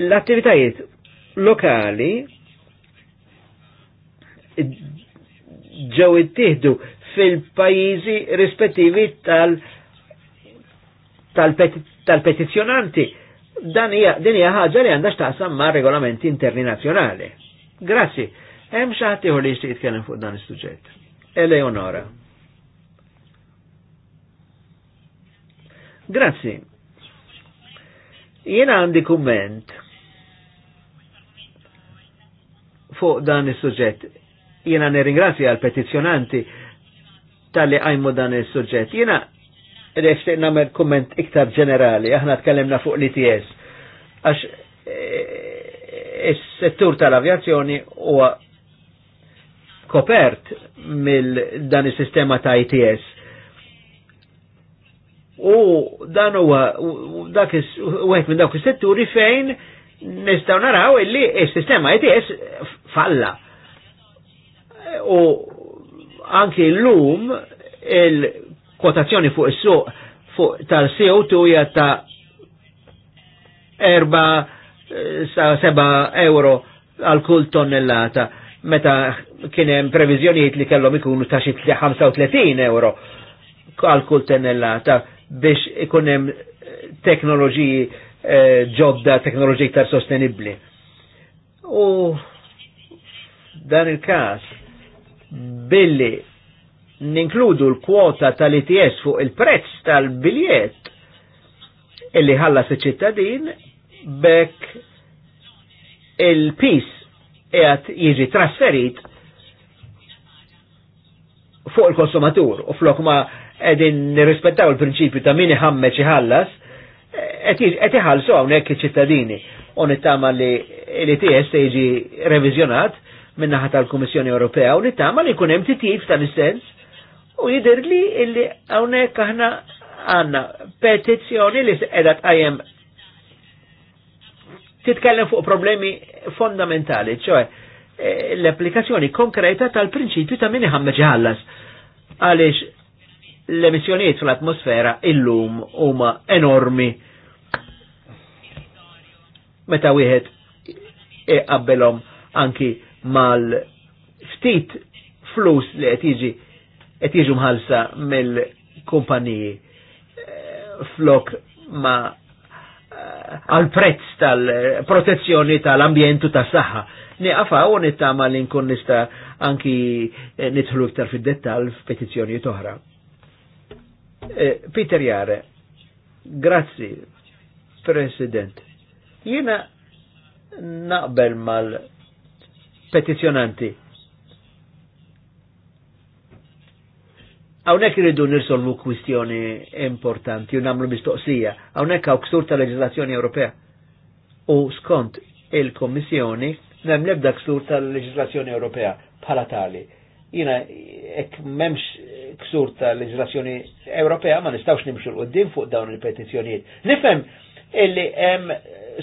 L-attivitajiet lokali ġew ittieħdu fil-pajjiżi rispettivi tal tal-petizjonanti. Dan hija din hija ħaġa li għandha x'taqsam ma' regolamenti interni nazzjonali. Grazzi. Hemm xi ħadd ieħor li jixtieq jitkellem fuq dan is-suġġett. Eleonora. Grazzi. Jena għandi kumment fuq dan is-suġġett. Jena nirringrazzi għal petizjonanti tal-li għajmu dan is-suġġett. Jena rextiq namer kumment iktar ġenerali, aħna tkellimna fuq l-ITS. Għax eh, is-settur tal-avjazzjoni huwa kopert mill dan is-sistema ta' ITS U dan huwa dak wieħed minn dawk is-setturi fejn nistgħu naraw illi s-sistema ITS falla. U anki l-lum il-kotazzjoni fuq is-suq fuq tal-CO2 hija ta' 4 sa 7 euro għal kull tonnellata meta kien hemm previżjonijiet li kellhom ikunu ta' xi 35 euro għal kull tonnellata biex ikunem eh, teknoloġiji eh, ġodda, teknoloġiji tar sostenibli. U dan il-kas, billi ninkludu l-kwota tal-ITS fuq il-prezz tal-biljett illi ħallas il ċittadin bekk il-pis jgħat jiġi trasferit fuq il-konsumatur u flok ma edin nirrispettaw il-prinċipju ta' min iħammeċ iħallas, qed iħallsu hawnhekk iċ-ċittadini u nittama li l-ITS jiġi revizjonat naħa tal-Kummissjoni Ewropea u nittama li jkun hemm titjib tal-istens u jidher li illi hawnhekk aħna għandna petizzjoni li qiegħda tqajjem titkellem fuq problemi fondamentali, cioè l-applikazzjoni konkreta tal-prinċipju ta' min iħammeġ ħallas. Għaliex l emissjoniet fl-atmosfera illum huma enormi meta wieħed iqabbelhom anki mal-ftit flus li qed jiġi qed jiġu mħallsa mill-kumpaniji eh, flok ma eh, għal prezz tal-protezzjoni tal-ambjentu tas-saħħa niqafaw u nittama li nkun nista anki eh, nidħlu iktar fid-dettal f'petizzjoni toħra. Eh, Peter Jare, grazzi, President. Jiena naqbel mal-petizjonanti. Għawnek irridu nirsolvu kwistjoni importanti u namlu mistoqsija. Għawnek għaw ksur ta' leġislazzjoni Ewropea. U skont il kommissjoni Mem lebda ksur tal-leġislazzjoni Ewropea bħala tali. Jina, ek memx ksur tal-leġislazzjoni Ewropea ma nistawx nimxu l-qoddim fuq dawn il-petizjoniet. Nifem illi hemm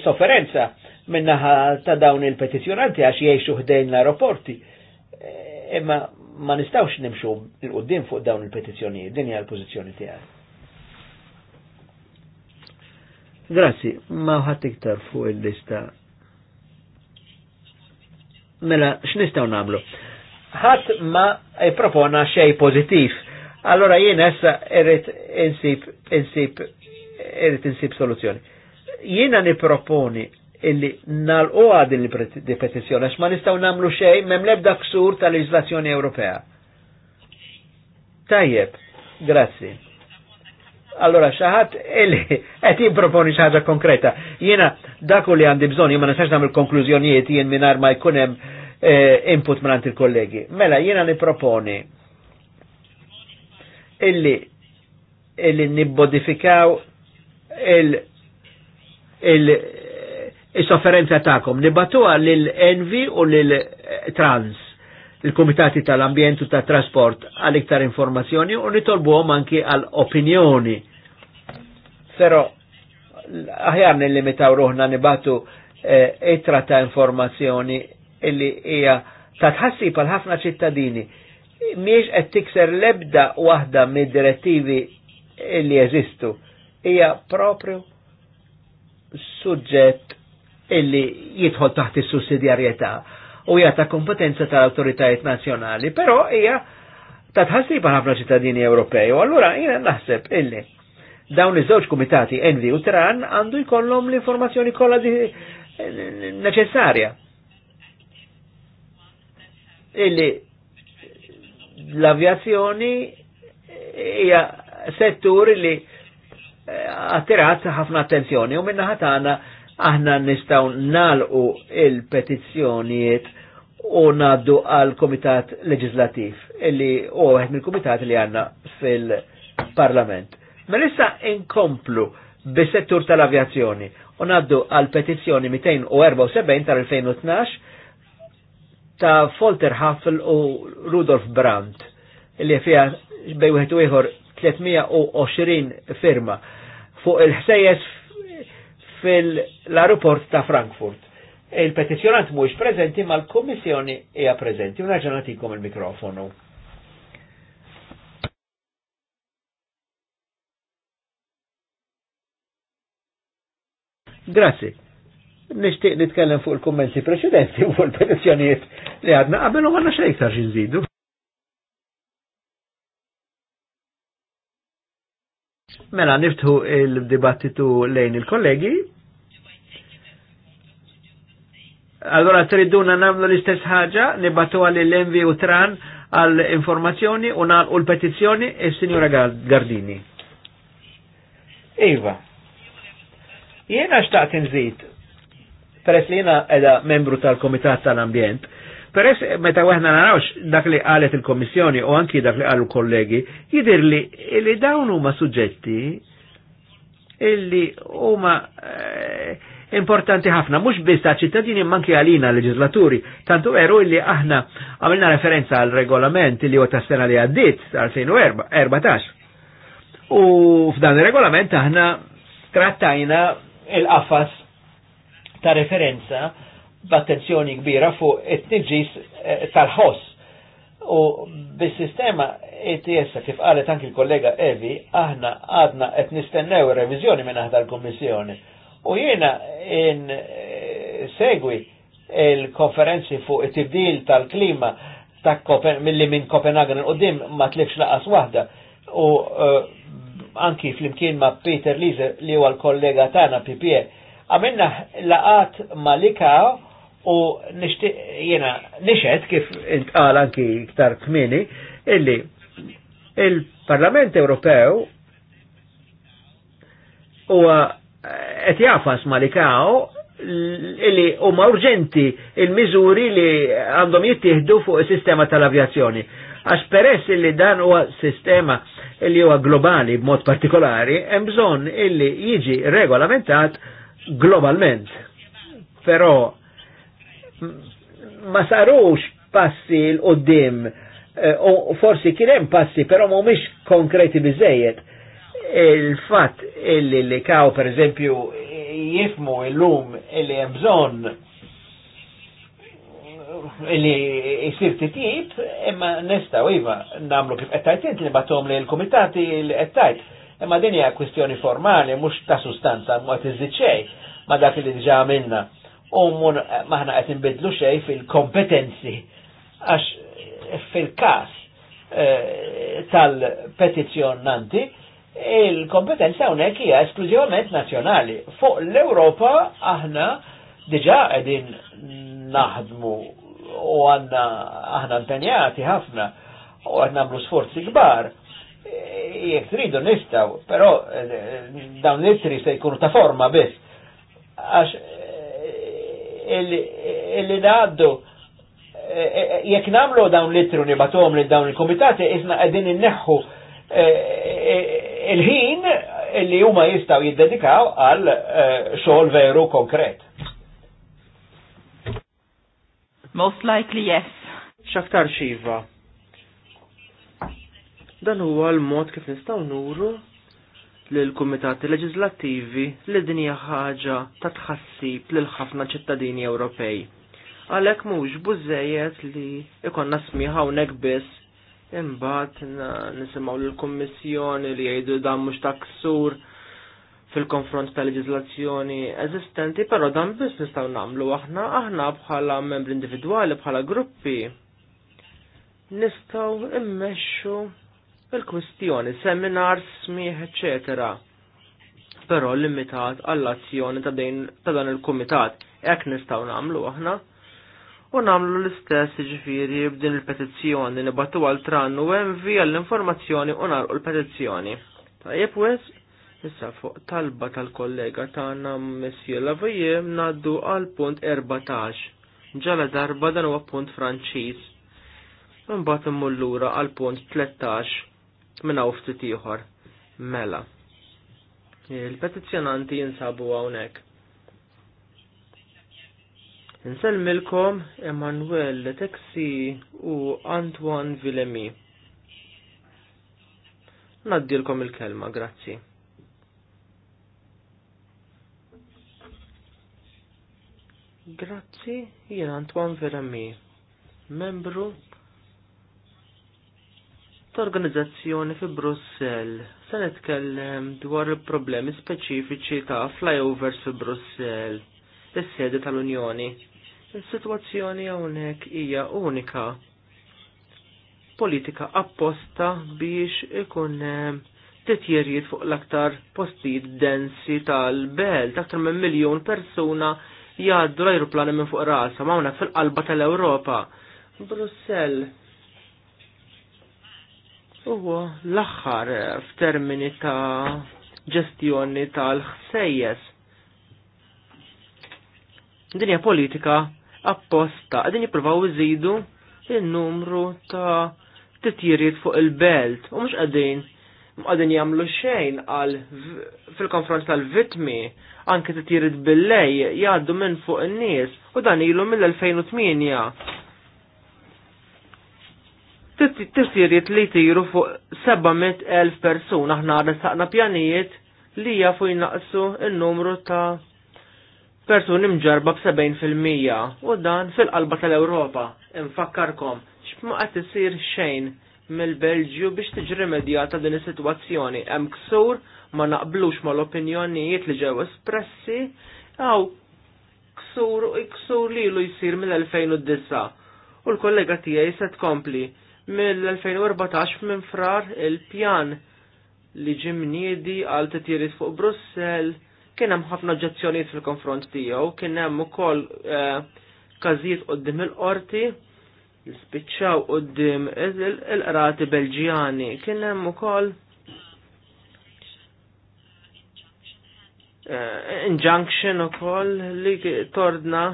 sofferenza minnaħa ta' dawn il-petizjonanti għax jiexu ħdejn l-aeroporti. Eh, imma ma nistawx nimxu l-qoddim fuq dawn il-petizjoniet, din hija l-pożizzjoni tiegħi. Grazzi, ma ħadd iktar fuq il-lista Mela, x'nistgħu nagħmlu? Ħadd ma propona xej pożittiv. Allora jien essa irrid insib insib irrid insib soluzzjoni. Jiena nipproponi illi nalqu din il-petizzjoni għax ma nistgħu nagħmlu xejn m'hemm l-ebda ksur tal-leġislazzjoni Ewropea. Tajjeb, grazzi. Allora xaħat illi qed jimproponi xi ħaġa konkreta. Jiena dak li għandi bżon, jien ma namil nagħmel konklużjonijiet jien mingħajr ma jkun hemm eh, input mingħand il-kollegi. Mela jiena niproponi illi illi nibbodifikaw il il il-sofferenza ta'kom, nibatuha lil-envi u lil-trans il-Komitati tal-Ambjentu ta' Trasport għal iktar informazzjoni u nitolbuhom anki għal opinjoni. Però aħjar nil-limitaw ruħna nibatu etra eh, ta' informazzjoni illi hija ta' tħassib għal ħafna ċittadini. Miex qed tikser lebda waħda mid-direttivi illi jeżistu. Hija propju suġġett illi jidħol taħt is-sussidjarjetà u hija ta' kompetenza tal-autoritajiet nazzjonali, però hija ta' tħassiba ħafna ċittadini Ewropej. U allura jiena naħseb illi dawn iż-żewġ kumitati Envi u Tran għandu jkollhom l-informazzjoni kollha neċessarja. Illi l-avjazzjoni hija settur li eh, attirat ħafna attenzjoni u minna ħatana aħna nistaw nalqu il-petizzjonijiet u naddu għal komitat leġislativ illi u għed mill komitat li għanna fil-parlament. Ma issa inkomplu bis-settur tal-avjazzjoni u naddu għal petizzjoni 274 tal-2012 ta' Folter Haffel u Rudolf Brandt illi fija bej wieħed u ieħor 320 firma fuq il-ħsejjes fil-aeroport ta' Frankfurt il-petizjonant mhuwiex preżenti ma l-Kummissjoni hija preżenti. U nagħtikom il-mikrofonu. Grazzi. Nishtiq nitkellem fuq il-kommenti preċedenti u fuq il-petizjonijiet li għadna qabel u għanna tarġi nżidu. Mela niftħu il-dibattitu lejn il-kollegi Allora triduna namlu l-istess ħaġa, nibatu għalli l-envi u tran għal informazzjoni u nalqu l-petizzjoni e signora Gardini. Iva, jena xtaqt nżid, peress li jena edha membru tal-Komitat tal-Ambjent, peress meta weħna narawx dak li għalet il-Komissjoni u anki dak li għalu kollegi, jidir li li dawn huma suġġetti illi huma eh, importanti ħafna, mux biss ta' ċittadini manki għalina leġislaturi, tantu veru illi aħna għamilna referenza għal regolament li għota tas-sena li għaddit, 2014. U f'dan il-regolament aħna trattajna il-qafas ta' referenza b'attenzjoni kbira fuq it-tniġis eh, tal-ħoss. U bis-sistema ETS kif qalet anki l-kollega Evi, aħna għadna qed nistennew ir-reviżjoni minn aħdar l-Kummissjoni U jiena in eh, segwi il-konferenzi fuq it-tibdil tal-klima ta' mill-li minn Kopenhagen dim ma tlifx laqas waħda. U eh, anki fl-imkien ma' Peter Liese li huwa l-kollega tagħna PPE. Għamilna laqat ma' likaw u nishtiq jena nixed kif intqal anki iktar kmini illi il-Parlament Ewropew huwa qed jafas malikaw illi huma urġenti il-miżuri li għandhom jittieħdu fuq is-sistema tal-avjazzjoni. Għax peress illi dan huwa sistema illi huwa globali b'mod partikolari, hemm bżonn illi jiġi regolamentat globalment. Però ma sarux passi l-qoddim eh, u forsi kien hemm passi, però mhumiex konkreti biżejjed il-fat illi li kaw per eżempju jifmu il-lum illi jemżon illi jisir titjib imma u iva namlu kif għettajt li batom li l-komitati li għettajt imma din hija kwistjoni formali mhux ta' sustanza mu tiżid xejn ma dak li dġa għamilna u maħna qed inbidlu xejn fil-kompetenzi għax fil-każ eh, tal-petizzjonanti il-kompetenza hawnhekk hija esklużivament nazzjonali. Fuq l-Ewropa aħna diġà qegħdin naħdmu u għanna aħna impenjati ħafna u għanna għamlu sforzi kbar. Jek tridu nistaw, però eh, dawn l-ittri se jkunu ta' forma biss. Għax eh, il-li naħaddu eh, jek namlu dawn l-ittri unibatom li dawn il-komitati, isna għedin inneħħu Eh, eh, il-ħin li huma jistaw jiddedikaw għal eh, xogħol veru konkret. Most likely yes. Xaktar xiva. Dan huwa l-mod kif nistgħu nuru lil kumitati leġislattivi li din hija ħaġa ta' tħassib lil ħafna ċittadini Ewropej. Għalhekk mhux bużejjed li ikonna smiħa hawnhekk biss Imbagħad nisimgħu lill-Kummissjoni li jgħidu dan mhux taksur fil-konfront tal-leġiżlazzjoni eżistenti, però dan biss nistgħu nagħmlu aħna aħna bħala membri individwali bħala gruppi nistgħu immexxu il-kwistjoni, seminar, smieħ, eċetera. Però limitat għall-azzjoni ta' dan il-kumitat, hekk nistgħu nagħmlu aħna u namlu l-istess ġifiri b'din il-petizzjoni li battu għal trannu u envi għall-informazzjoni u narqu l-petizzjoni. Ta' jepwes, issa fuq talba tal-kollega tagħna messie Lavie naddu għal punt 14. Ġala darba dan huwa punt Franċiż. Imbagħad mullura lura għal punt 13 minn hawn ftit ieħor. Mela. Il-petizzjonanti jinsabu hawnhekk Nsellmilkom Emanuel Texi u Antoine Villemi. Naddilkom il-kelma, grazzi. Grazzi, jien Antoine Villemi, membru organizzazzjoni fi Brussel. Se nitkellem dwar il-problemi speċifiċi ta' flyovers fi Brussel, is-sede tal-Unjoni. Is-sitwazzjoni hawnhekk hija unika. Politika apposta biex ikun eh, titjerjiet fuq l-aktar postijiet densi tal-belt, aktar minn miljon persuna jgħaddu l-ajruplani minn fuq rasa, ma' hawnhekk fil-qalba tal-Ewropa. Brussell huwa l-aħħar f'termini ta' ġestjoni tal-ħsejjes Dinja politika apposta, għadin jipruvaw iżidu il-numru ta' titjiriet fuq il-belt, u mux għadin għadin jamlu xejn għal fil-konfront tal-vitmi, anke titjiriet bil-lej jgħaddu minn fuq il-nies, u dan ilu mill-2008. Titjiriet li tiru fuq 700.000 persuna, aħna għadin saqna pjanijiet li jafu jnaqsu il-numru ta' persuni mġarba b-70% u dan fil-qalba tal-Ewropa. Infakkarkom, x'ma qed isir xejn mill-Belġju biex tiġri medjata din is-sitwazzjoni. Hemm ksur ma naqblux mal-opinjonijiet li ġew espressi għaw ksur u ksur li lu jisir mill-2009. U l-kollega tiegħi se tkompli mill-2014 minn frar il-pjan li ġimniedi għal titjiri fuq Brussel Kien hemm ħafna oġġezzjonijiet fil-konfront tiegħu, kien hemm ukoll eh, każijiet qudiem il-qorti spiċċaw qudiem il-qrati Belġjani. Kien hemm ukoll eh, injunction ukoll li tordna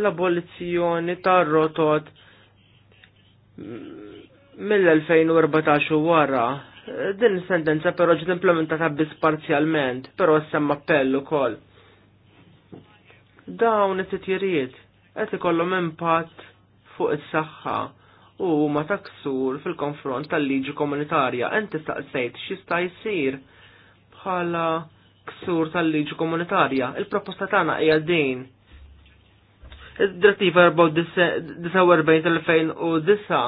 l-abolizzjoni tar-rotot mill-2014 wara Din sentenza però ġiet implementata biss parzjalment, però semma appellu kol. Dawn it-titjiriet qed ikollhom impatt fuq is-saħħa u ma taksur fil-konfront tal-liġi komunitarja. Enti staqsejt x'jista' jsir bħala ksur tal-liġi komunitarja. Il-proposta tagħna hija din. Id-direttiva 49 tal-2009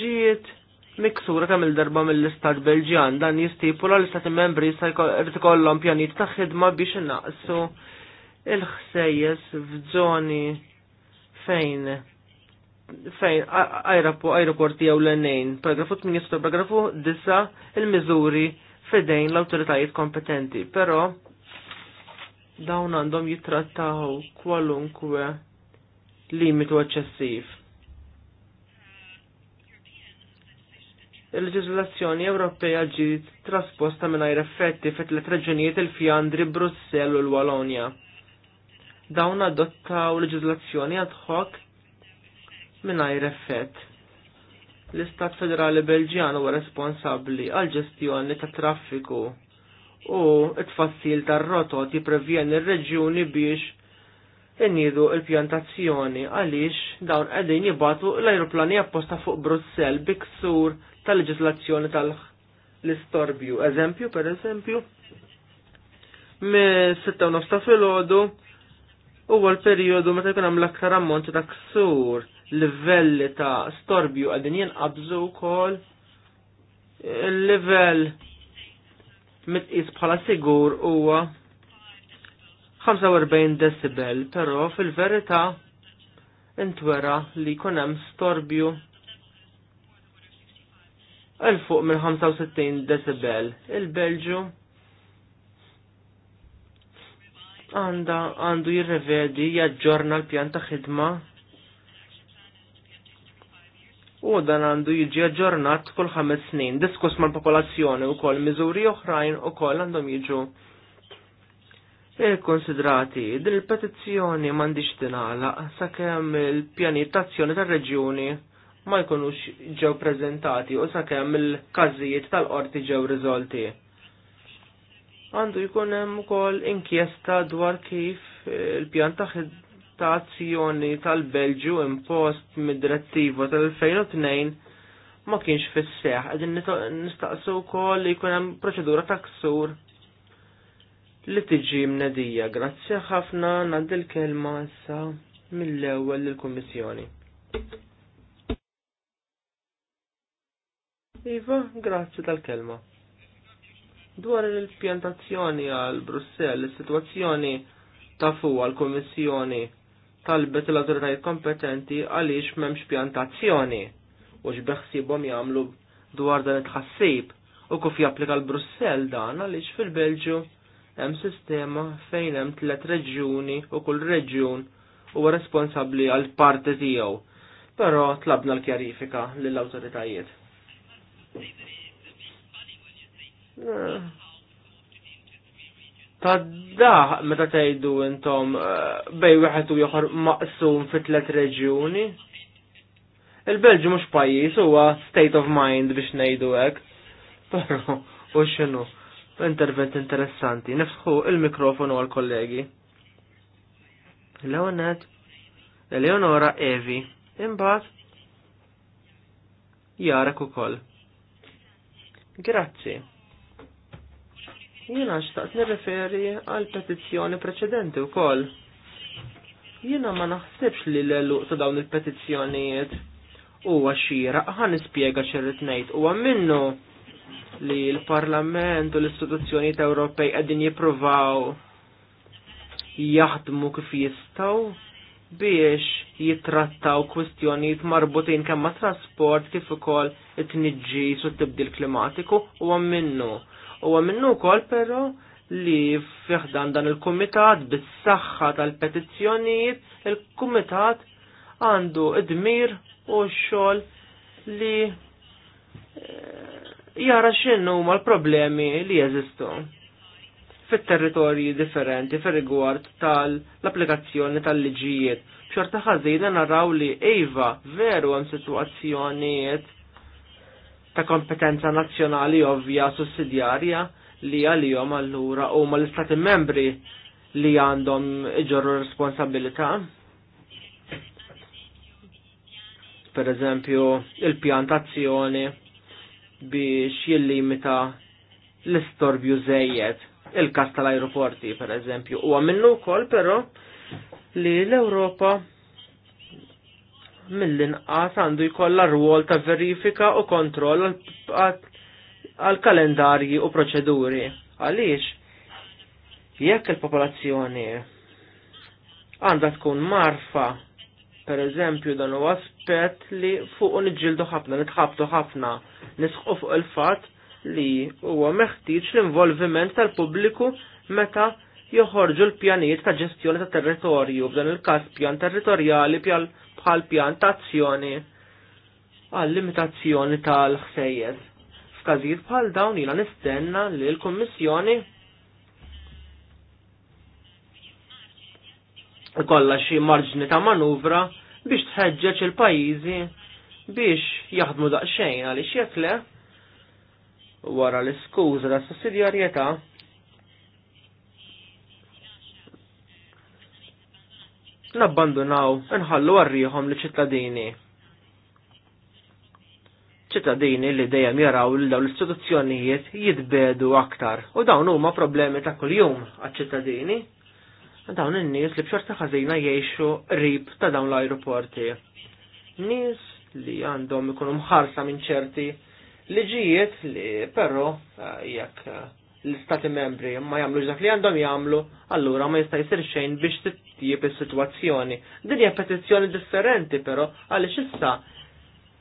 ġiet miksura kemm il-darba mill-Istat Belġjan dan jistipula l stati membri se jkollhom pjanijiet ta' ħidma biex innaqsu il-ħsejjes f'żoni fejn fejn ajraporti jew l-enejn, paragrafu 8, paragrafu 9, il-miżuri fidejn l-autoritajiet kompetenti, però dawn għandhom jittrattaw kwalunkwe limitu eċċessiv il-leġiżlazzjoni Ewropea ġiet trasposta mingħajr effetti fit tliet reġunijiet il-Fjandri, Brussell u l-Walonja. Dawn adottaw leġiżlazzjoni ad hoc mingħajr effett. L-Istat Federali Belġjan huwa responsabbli għal ġestjoni ta' traffiku u t tfassil tar-rotot jipprevjen il reġjuni biex innidu il-pjantazzjoni għaliex dawn qegħdin jibatu l-ajruplani apposta fuq Brussell biksur tal-leġislazzjoni tal-istorbju. Eżempju, per eżempju, me 6 ta' filgħodu huwa l-perjodu meta jkun hemm l-aktar ammonti ta' ksur livelli ta' storbju għadin jenqabżu wkoll il-livell mitqis bħala sigur huwa 45 decibel, però fil-verità intwera li jkun hemm storbju il fuq minn 65 decibel. Il-Belġu għanda għandu jirrevedi jaġġorna l-pjan ta' ħidma u dan għandu jiġi aġġornat kull ħames snin, diskuss mal-popolazzjoni u koll miżuri oħrajn u koll għandhom jiġu konsidrati din il-petizzjoni mandiġ tinala sakemm il-pjanitazzjoni tar-reġjuni ma jkunux ġew prezentati u sakemm il-każijiet tal-qorti ġew riżolti. Għandu jkun hemm ukoll inkjesta dwar kif il-pjan ta' azzjoni tal-Belġju impost mid-direttiva tal-2002 ma kienx fis-seħ, qegħdin nistaqsu wkoll li jkun hemm proċedura ta' ksur li tiġi mnedija. Grazzi ħafna ngħaddi l-kelma issa mill-ewwel lill-Kummissjoni. Iva, grazzi tal-kelma. Dwar il-pjantazzjoni għal Brussell, is-sitwazzjoni ta' fuq għal-Kommissjoni talbet l-autoritajiet kompetenti għaliex m'hemmx pjantazzjoni u x'beħsibhom jagħmlu dwar dan it-ħassib u kif japplika l-Brussell dan għaliex fil-Belġju hemm sistema fejn hemm tliet reġjuni u kull reġjun huwa responsabbli għal parti tiegħu. Però tlabna l-kjarifika lill-awtoritajiet. Ta' daħ, meta tgħidu intom eh, bej wieħed u ieħor maqsum fi tliet reġjuni. Il-Belġu mhux pajjiż huwa state of mind biex ngħidu hekk. Però u x'inhu? Intervent interessanti. Nifsħu il-mikrofonu għal-kollegi. Leonet, Eleonora Evi, imbagħad jarek ukoll. Grazzi. Jiena xtaqt nirreferi għal petizzjoni preċedenti u koll. Jiena ma naħsibx li l-eluq ta' dawn il-petizzjonijiet u għaxira għan nispiega xerrit nejt u għamminnu li l-Parlament u l-istituzzjonijiet Ewropej għedin jiprovaw jaħdmu kif jistaw biex jitrattaw kwistjonijiet marbutin kemm ma' trasport kif ukoll it-tniġġi u t-tibdil klimatiku u minnu. U minnu wkoll pero li fiħdan dan il-kumitat bis-saħħa tal-petizzjonijiet il-kumitat għandu id-dmir u xogħol li eh, jara x'inhu huma l-problemi li jeżistu fit-territorji differenti fir rigward tal-applikazzjoni tal-liġijiet. B'xorta ħażina naraw li Eva, veru hemm sitwazzjonijiet ta' kompetenza nazzjonali ovvja sussidjarja li għalihom allura huma l-istati membri li għandhom iġorru responsabilità. Per eżempju, il-pjantazzjoni biex jillimita l-istorbju zejjed il-kas tal-aeroporti, per eżempju. U għamennu kol, pero, li l-Europa mill-inqas għandu jkollha rwol ta' verifika u kontroll għal kalendarji u proċeduri. Għaliex, jekk il-popolazzjoni għandha tkun marfa, per eżempju, dan u aspett li fuq niġġildu ħafna, nitħabtu ħafna, nisħu fuq il-fatt li huwa meħtieġ l-involviment tal-pubbliku meta joħorġu l-pjanijiet ta' ġestjoni ta' territorju, b'dan il-każ pjan territorjali bħal pjan ta' azzjoni għall limitazzjoni tal-ħsejjed. F'każijiet bħal dawn ilha nistenna li l-Kummissjoni ikollha xi marġni ta' manuvra biex tħeġġeġ il-pajjiżi biex jaħdmu daqsxejn għaliex jekk le wara l-iskuża ta' sussidjarjetà nabbandunaw nħallu għarriħom li ċittadini. ċittadini li dejjem jaraw li daw l-istituzzjonijiet jitbedu aktar u dawn huma problemi ta' kuljum għal ċittadini Dawn in-nies li b'xorta ħażina jgħixu rib ta' dawn l-ajruporti. Nies li għandhom ikunu mħarsa minn ċerti liġijiet li però eh, jekk eh, l-istati membri ma jamlu dak li għandhom jagħmlu, allura ma jista' jsir xejn biex titjieb is-sitwazzjoni. Din hija petizzjoni differenti però għaliex issa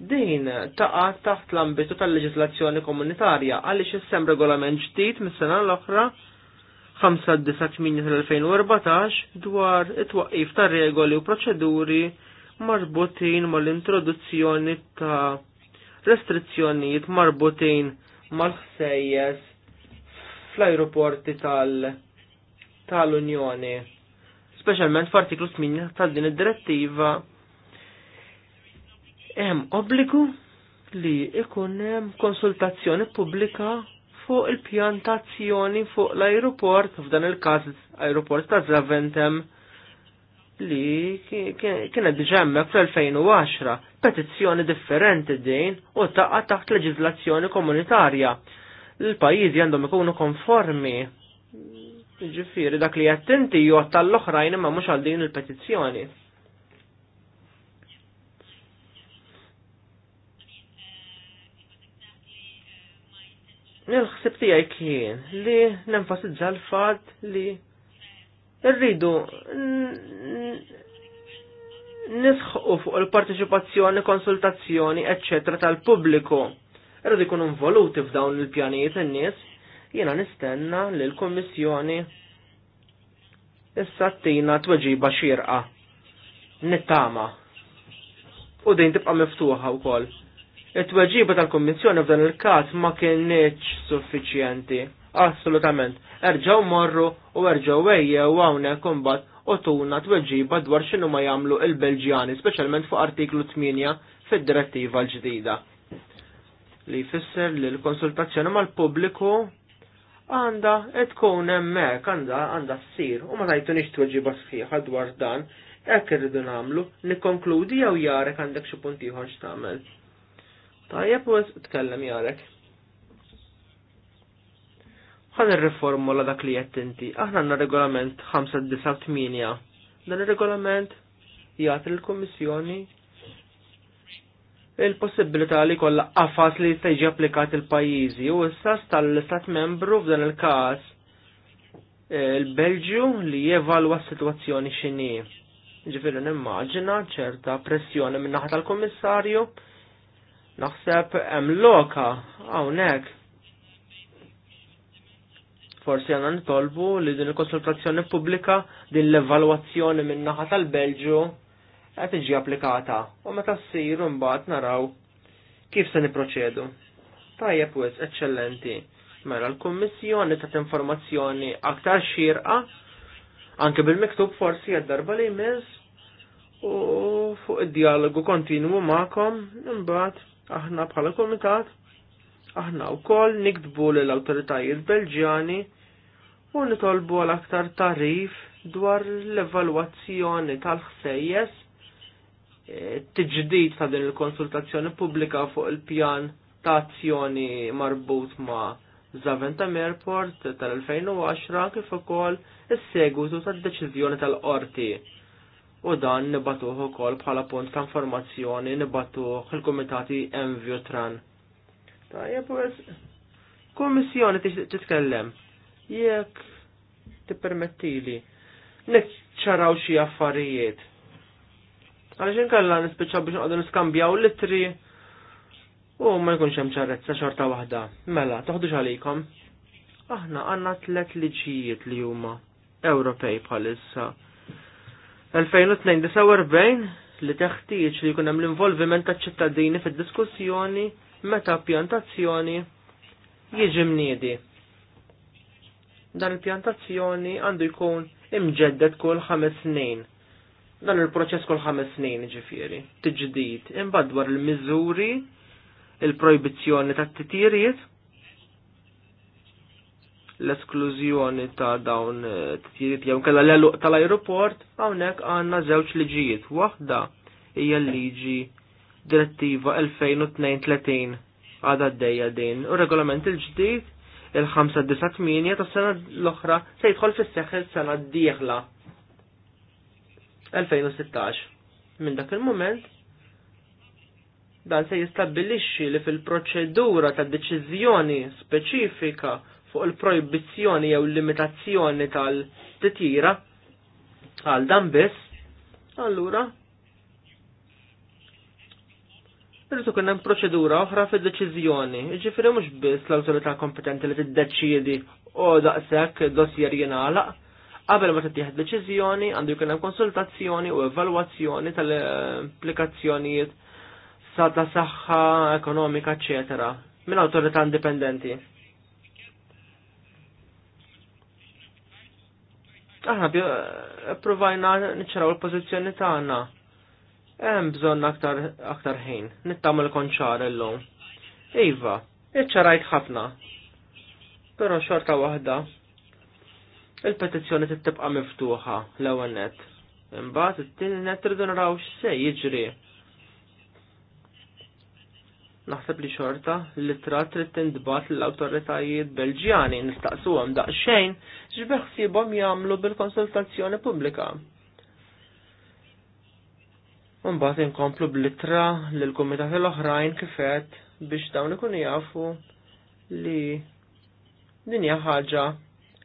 din taqa taħt l-ambitu tal-leġislazzjoni komunitarja għaliex issem regolament ġdid mis-sena l-oħra 5-2014 dwar it-twaqqif ta' regoli u proċeduri marbutin mal-introduzzjoni ta' restrizzjonijiet marbutin mal-ħsejjes fl-ajruporti tal-Unjoni. Tal Speċjalment f'artiklu 8 tal din id-direttiva hemm obbligu li ikun hemm konsultazzjoni pubblika fuq il-pjantazzjoni fuq l-ajruport, f'dan il-każ ajruport ta' Zaventem li kienet ġemmek fl-2010 petizzjoni differenti din u taqqa taħt leġizlazzjoni komunitarja. L-pajizi għandhom ikunu konformi. Ġifiri dak li jattinti ju tal-oħrajn ma mux għal din il-petizzjoni. nil ħsib tijaj kien li nenfasizza l fad li Irridu nisħu fuq il parteċipazzjoni konsultazzjoni, eccetera tal-pubbliku. Irridu jkunu involuti f'dawn il-pjanijiet in-nies, jiena nistenna li l-Kommissjoni issa tina tweġiba xirqa. Nittama. U din tibqa' miftuħa wkoll. It-tweġiba tal-Kommissjoni f'dan il-każ ma kienieċ suffiċjenti assolutament. Erġaw morru u erġaw wejje u għawne kumbat u tuna tweġiba dwar xinu ma jamlu il-Belġjani, specialment fuq artiklu 8 fid-direttiva l-ġdida. Li jfisser li l-konsultazzjoni mal-pubbliku għanda tkun hemmhekk għanda għanda ssir u ma t tweġiba sħiħa dwar dan hekk irridu nagħmlu, nikkonkludi jew jarek għandek xi punt ieħor x'tagħmel. Tajjeb t tkellem jarek ħan il-reformu la dak li qed inti. Aħna għanna regolament 598. Dan ir-regolament jagħti il kummissjoni il-possibilità li kolla għafas li jista' jiġi applikat il-pajjiżi u issa tal-Istat membru f'dan il-każ il-Belġju li jevalwa s-sitwazzjoni x'inhi. Ġifieri nimmaġina ċerta pressjoni min-naħa tal-Kummissarju naħseb hemm loka hawnhekk forsi għanna nitolbu li din il-konsultazzjoni pubblika din l-evalwazzjoni minn naħa tal-Belġu qed tiġi applikata u meta ssir mbagħad naraw kif se niproċedu. Tajja wis, eċċellenti. Mela l-Kummissjoni ta' informazzjoni aktar xirqa anke bil-miktub forsi għad darba li jmiss u fuq id-dialogu kontinwu magħkom imbagħad aħna bħala komitat Aħna wkoll nikdbu lill awtoritajiet Belġjani u nitolbu għal aktar tarif dwar l-evalwazzjoni tal-ħsejjes e, tiġdid ta' din il-konsultazzjoni pubblika fuq il-pjan ta' azzjoni marbut ma' Zaventam Airport tal-2010 kif ukoll is-segwitu tad-deċiżjoni tal-qorti. U dan nibatuh ukoll bħala punt ta' informazzjoni nibatuh il-Kumitati Envio Tran. Tajjeb, u titkellem. Jekk tippermettili. Nek ċaraw xi affarijiet. Għaliex inkella nispeċa biex nqogħdu niskambjaw litri u ma jkunx hemm ċarezza xorta waħda. Mela, toħdux għalikom. Aħna għandna tlet liġijiet li huma Ewropej bħalissa. 2042 li teħtieġ li jkun hemm l-involviment taċ-ċittadini fid-diskussjoni meta pjantazzjoni jiġi mniedi. Dan il-pjantazzjoni għandu jkun imġeddet kull ħames snin. Dan il-proċess kull ħames snin ġifiri, tiġdid, imbadwar dwar il-miżuri, il-projbizzjoni ta' titjiriet, l-esklużjoni ta' dawn eh, titjiriet jew kalla l-eluq tal-aeroport, hawnhekk għandna żewġ liġijiet, waħda hija l-liġi direttiva 2032 għada d-dejja din u regolament il-ġdid il 8 ta' sena l-oħra se jidħol fis-seħħ sena d-dieħla 2016. Minn dak il-moment dan se jistabbilixxi li fil-proċedura ta' deċizjoni speċifika fuq il-projbizzjoni jew limitazzjoni tal-titjira għal dan biss, allura Irrid ikun hemm proċedura oħra fid-deċiżjoni, jiġifieri mhux biss l-awtorità kompetenti li tiddeċiedi u daqshekk dossier jingħalaq. Qabel ma tittieħed deċiżjoni għandu jkun hemm konsultazzjoni u evalwazzjoni tal-implikazzjonijiet sa ta' saħħa ekonomika, eċetera, minn awtorità indipendenti. Aħna provajna niċċaraw il-pożizzjoni tagħna hemm bżonn aktar aktar ħin. Nittamel konċar illum. Iva, iċċarajt ħafna. Però xorta waħda. Il-petizzjoni tittibqa' miftuħa l-ewwel net. Imbagħad it-tieni net irridu naraw x'se jiġri. Naħseb li xorta li tra trid tindbat l-awtoritajiet Belġjani nistaqsuhom daqsxejn x'beħsibhom jagħmlu bil-konsultazzjoni pubblika. Mbagħad inkomplu blittra ittra l l-oħrajn kifet biex dawn ikun jafu li din hija ħaġa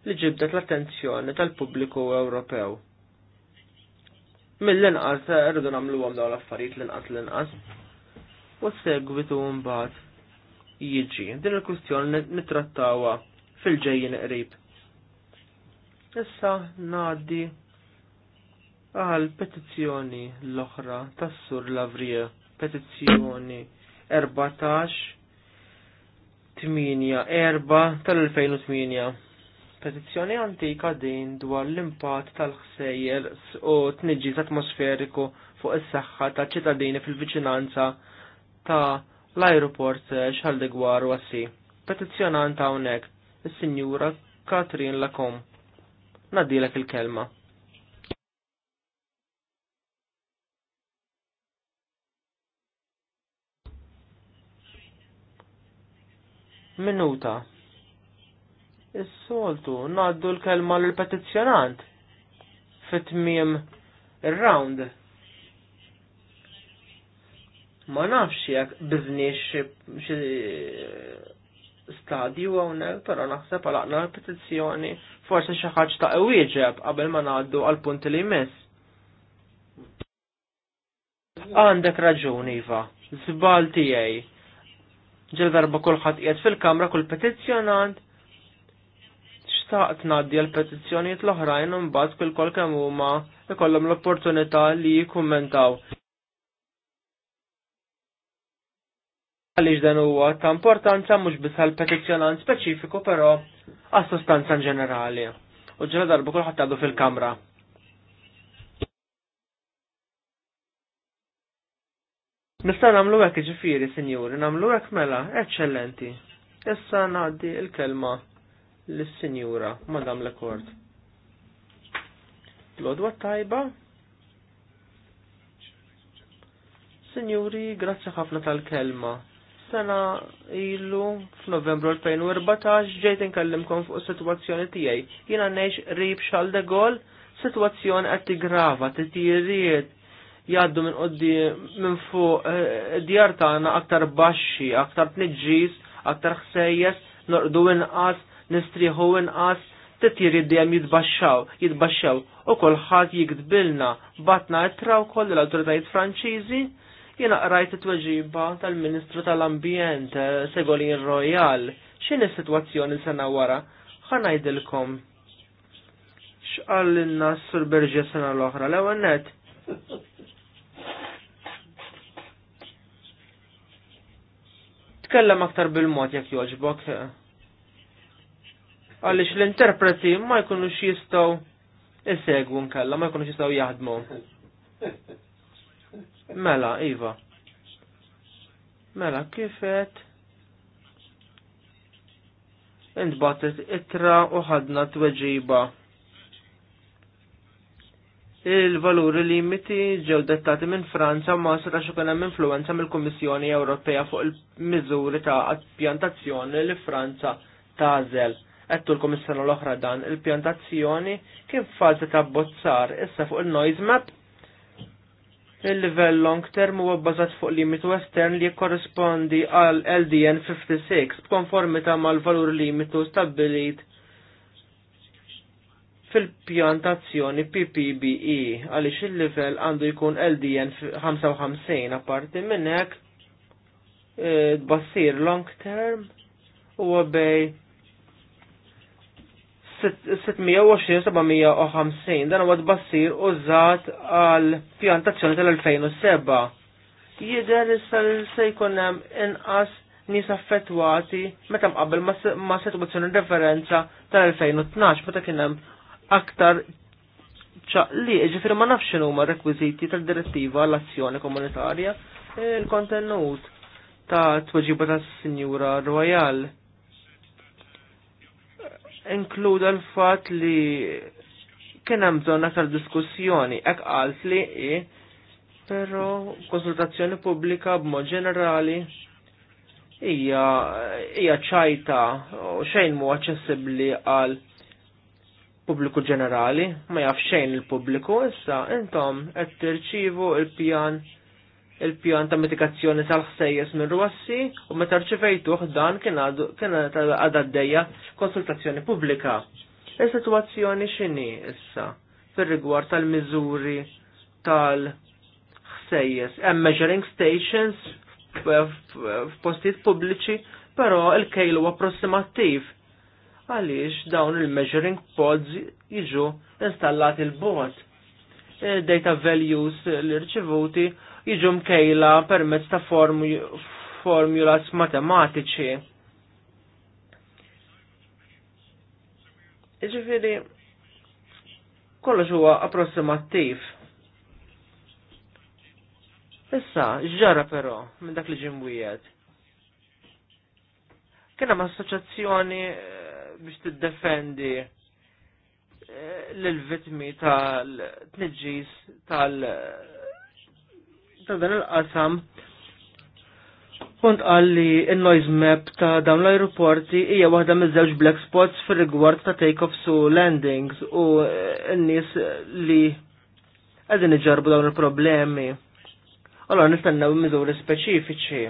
li ġibdet l-attenzjoni tal-pubbliku Ewropew. Mill-inqas rridu nagħmluhom dawn l-affarijiet l-inqas l-inqas. U segwitu mbagħad jiġi din il-kwistjoni nittrattawha fil-ġejjin qrib. Issa ngħaddi għal petizzjoni l-oħra tas-sur Lavrija, petizzjoni 14-8-4 tal-2008. Petizzjoni antika din dwar l-impatt tal-ħsejjer u t-nġiż atmosferiku fuq is-saħħa ta' ċittadini fil-viċinanza ta' l-aeroport xaldegwar u għassi. Petizzjonanta hawnhekk, is-Sinjura Katrin Lakom. Nadilek il-kelma. Minuta. Is-soltu, naddu l-kelma l-petizzjonant fit-tmiem ir-round. Ma nafx jekk biżniex xi stadju hawnhekk, però naħseb għalaqna l-petizzjoni forsi xi ħaġa ta' ewieġeb qabel ma ngħaddu għal punti li jmiss. Għandek raġun, Iva. zbalti tiegħi Ġel verba kulħadd qiegħed fil-kamra kull petizzjonant xtaqt ngħaddi l-petizzjonijiet l-oħrajn u mbagħad kull kol kemm huma ikollhom l-opportunità li jikkummentaw. Għaliex dan huwa ta' importanza mhux biss għall-petizzjonant speċifiku però għas-sostanza ġenerali. U ġela darba kulħadd għadu fil-kamra. Nista' nagħmlu għek ġifiri, sinjuri, nagħmlu għek mela, eccellenti. Issa ngħaddi il-kelma l-sinjura, madam Lekord. L-odwa tajba? Sinjuri, grazzi ħafna tal-kelma. Sena ilu f'Novembru 2014 ġejt inkellimkom fuq is-sitwazzjoni tiegħi. Jiena ngħix rib xal de gol, sitwazzjoni qed tigrava, titjiriet, Jaddu minn qoddi minn fuq eh, djar tagħna aktar baxxi, aktar tniġġis, aktar ħsejjes, norqdu inqas, nistriħu inqas, titjiri dejjem jitbaxxaw, jitbaxxaw u kulħadd jikdbilna batna ittraw koll l-awtoritajiet Franċiżi jina qrajt it-tweġiba tal-Ministru tal-Ambjent eh, Segolin Royal x'inhi s-sitwazzjoni sena wara ħa ngħidilkom x'qal lin-nas sur Berġja sena l-oħra l-ewwel Tkellem aktar bil-mod jekk joġbok. Għaliex l-interpreti ma jkunux jistgħu isegwu nkella, ma jkunux jistgħu jaħdmu. Mela, Iva. Mela, kifet? Intbatet itra u ħadna tweġiba il-valuri limiti ġew dettati minn Franza ma setax ikun hemm influenza mill-Kummissjoni Ewropea fuq il-miżuri ta' pjantazzjoni li Franza tażel. Għettu l-Komissjoni l-oħra dan il-pjantazzjoni kien fazi ta' bozzar issa fuq il-noise map il-livell long term huwa bbażat fuq limitu estern li korrispondi għal LDN 56 b'konformità mal-valur limitu stabbilit fil-pjantazzjoni PPBE għaliex il-livell għandu jkun LDN 55 apparti minnek e, Bassir long term u bej 620-750 dan huwa tbassir użat għal pjantazzjoni tal-2007. Jidher issa se jkun hemm inqas nies affettwati meta mqabbel ma' sitwazzjoni referenza tal-2012 meta kien hemm aktar ċaqli, ġifir ma nafx huma rekwiziti tal-direttiva l-azzjoni komunitarja e, il-kontenut ta' tweġiba ta' Sinjura Royal. Inkluda l-fat li kien hemm bżonn aktar diskussjoni, hekk qalt li però konsultazzjoni pubblika b'mod ġenerali hija hija ċajta u xejn mu aċċessibbli għal pubbliku ġenerali, ma jaf xejn il-pubbliku, issa intom qed tirċivu il-pjan il-pjan ta' mitigazzjoni tal-ħsejjes minn Rwassi u meta rċivejtuh dan kien għadha d konsultazzjoni pubblika. Is-sitwazzjoni x'inhi issa fir-rigward tal-miżuri tal-ħsejjes. Hemm measuring stations f'postijiet pubbliċi, però il-kejlu approssimattiv għaliex dawn il-measuring pods jiġu installati l-bot. E, data values li rċivuti jiġu mkejla permezz ta' formulas matematiċi. Iġifiri, kollox huwa approssimattiv. Issa, ġara però, minn dak li ġimwijed. Kena ma' assoċazzjoni biex tiddefendi eh, l-vitmi tal-tniġġis tal- ta' dan il-qasam Kont għalli il-noise map ta' dawn l-aeroporti hija waħda miż-żewġ black spots fir rigward ta' take-offs u landings u eh, n-nies li għedin iġarbu dawn il-problemi. Allora nistennew miżuri speċifiċi.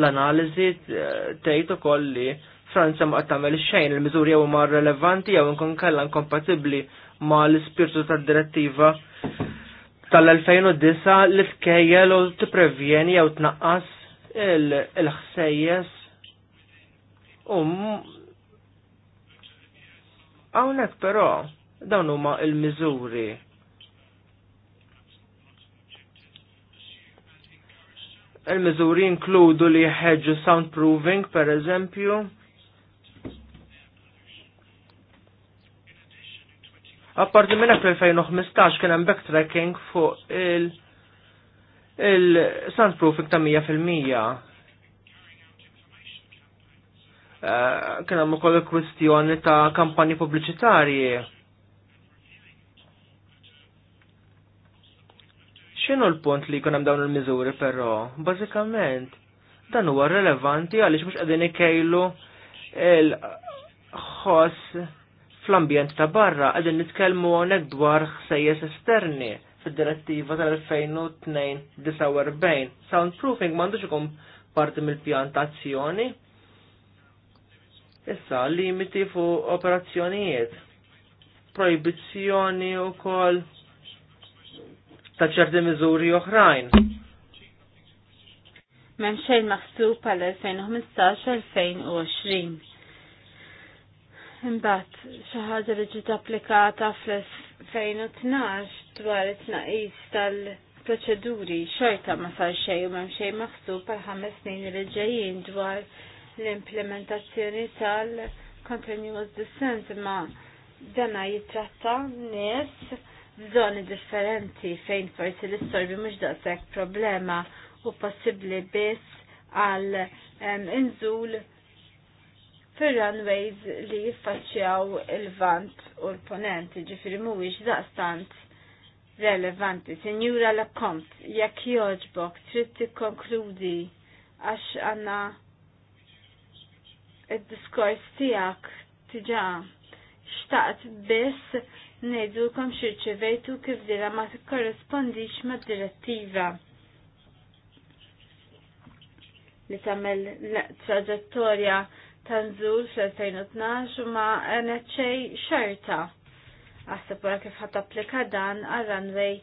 L-analiżi eh, tgħid ukoll li Franza ma tagħmel xejn il-miżuri jew ma relevanti jew inkun kellha inkompatibbli ma l-ispirtu tad-direttiva tal-2009 li tkejjel u tipprevjeni jew tnaqqas il-ħsejjes u hawnhekk però dawn huma il-miżuri il-mizuri inkludu li jħedġu soundproofing per eżempju, Apparti minn hekk fl-2015 kien hemm backtracking fuq il- il-sandproofing ta' 100%. Uh, eh, kien hemm ukoll kwistjoni ta' kampanji pubbliċitarji. X'inhu l-punt li jkun hemm dawn il-miżuri però? Bażikament dan huwa relevanti għaliex mhux qegħdin ikejlu il-ħoss fl-ambjent ta' barra għadin nitkellmu għonek dwar ħsejjes esterni fid-direttiva tal-2002-49. Soundproofing m'għandux ikun parti mill-pjan ta' azzjoni. Issa limiti fuq operazzjonijiet. Proibizzjoni wkoll ta' ċerti miżuri oħrajn. M'hemm xejn maħsub għal 2015-2020. Imbagħad xi ħaġa li ġiet applikata fl-2012 dwar it-tnaqis tal-proċeduri xorta ma sar xejn u m'hemm xejn maħsub għal ħames snin li ġejjin dwar l-implementazzjoni tal-continuous descent ma' dana jitratta nies f'żoni differenti fejn forsi l-istorbi mhux daqshekk problema u possibbli biss għal inżul fir-runways li jiffaċċjaw il-vant u l-ponent, ġifiri mhuwiex daqstant relevanti. Senjura la kont, jekk joġbok, trid tikkonkludi għax għanna id-diskors tijak tiġa xtaqt biss nejdu kom xirċevejtu kif dira ma t-korrespondix ma direttiva li tamel traġettorja tanżul fl-2012 ma NHA xorta. Għasab wara kif ħat applika dan għal runway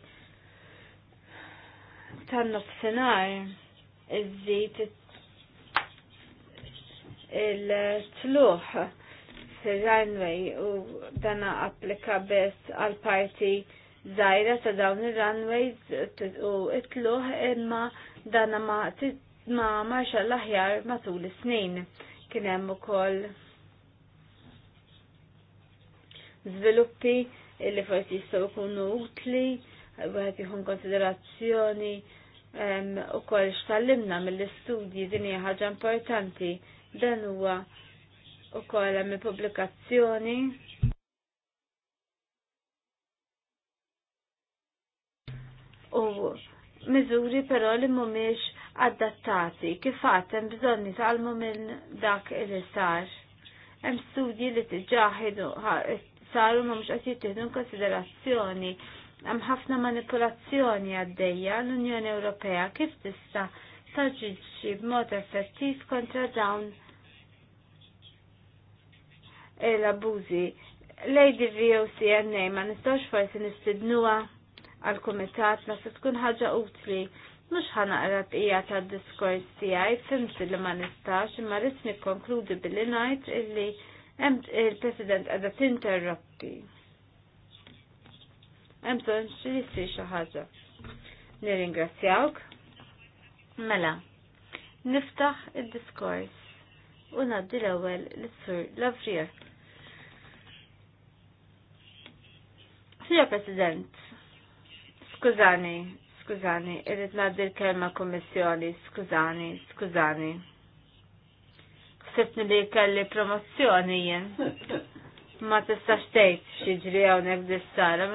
tan-nofsinhar żid il-tluħ fil-runway u dana applika bess għal parti zaħira ta' dawn il-runways u it-tluħ imma dana ma' ma' marxa l-aħjar matul is-snin Kien hemm ukoll zviluppi illi forsi jistgħu jkunu utli wieħed jieħu konsiderazzjoni u koll x'tallimna mill-istudji din hija ħaġa importanti dan huwa ukoll hemm il-pubblikazzjoni u miżuri però li mhumiex adattati kif għadd hemm bżonn nitalmu minn dak li sar. Hemm studji li tiġaħidu saru ma qed jittieħdu konsiderazzjoni. Hemm ħafna manipolazzjoni għaddejja l-Unjoni Ewropea kif tista' taġġiġi b'mod effettiv kontra dawn l-abużi. l VOCNA ma nistax forsi nistidnuha għal-kumitat ma se tkun ħaġa utli Mux ħanaqra t-ija ta' diskors tijaj, fimt li ma nistax, imma rismi konkludi billi najt illi il-president għada t-interruppi. Għemżon xili s xaħġa. Nirringrazzjawk. Mela, niftaħ il-diskors u naddi l-ewel l-sur Lavrier. Sija President, skużani, skużani, irrit ngħaddi l-kelma kommissjoni, skużani, skużani. Ħsibni li kelli promozzjoni jen. Ma tistax tgħid x'jiġri hawnhekk dis-sara.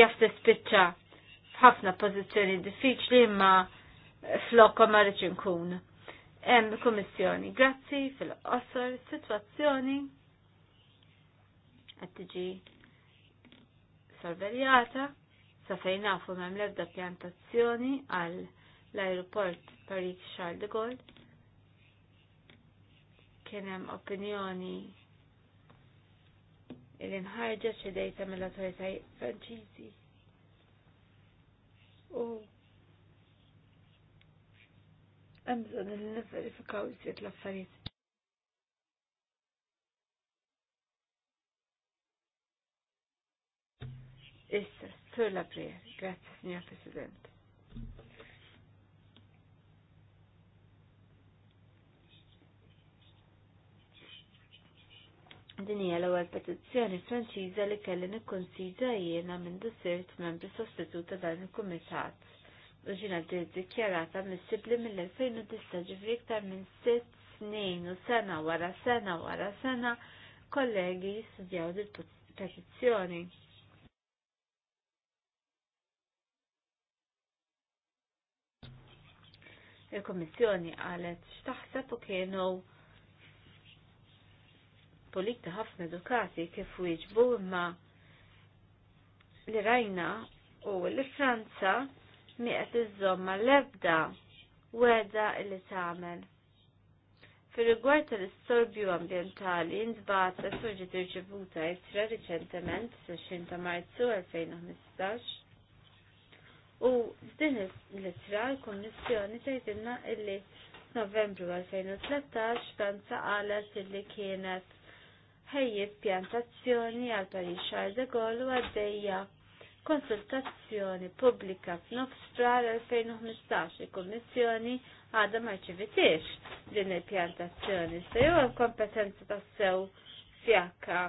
Jaf tispiċċa f'ħafna pożizzjoni diffiċli imma flokkom ma rridx inkun. Hemm kummissjoni, grazzi fil-qosor, sitwazzjoni qed tiġi Sa fejn nafu m'hemm l-ebda pjantazzjoni għal l-aeroport Paris Charles de Gaulle. Kien hemm opinjoni il inħarġa xi mill autoritaj Franċiżi. U hemm bżonn li jisiet iżjed l-affarijiet. Issa, Sur Lapri, grazie signor Presidente. Din hija l-ewwel petizzjoni Franċiża li kelli nikkonsidra jiena minn sirt membri sostituta dan il-kumitat. U ġina ddikjarata sibli mill-2010 ġifri iktar minn sitt snin u sena wara sena wara sena kollegi studjaw dil petizzjoni il-Kommissjoni għalet x'taħseb u kienu politi ħafna edukati kif wieġbu imma li rajna u li Franza miqet iżomma l-ebda weda li tagħmel. Fir-rigward tal-istorbju ambientali ntbagħat l-sorġi tirċevuta jitra riċentement 16 ta' Marzu 2015 U f'din il lettra l-Kommissjoni tgħidilna illi Novembru 2013 Franza qalet illi kienet ħejjiet pjantazzjoni għal Paris Charles de Gaulle u għaddejja konsultazzjoni pubblika f'nofs frar 2015 il-Kommissjoni għadha ma rċivitiex din il-pjantazzjoni. Se jew kompetenza tassew fjakka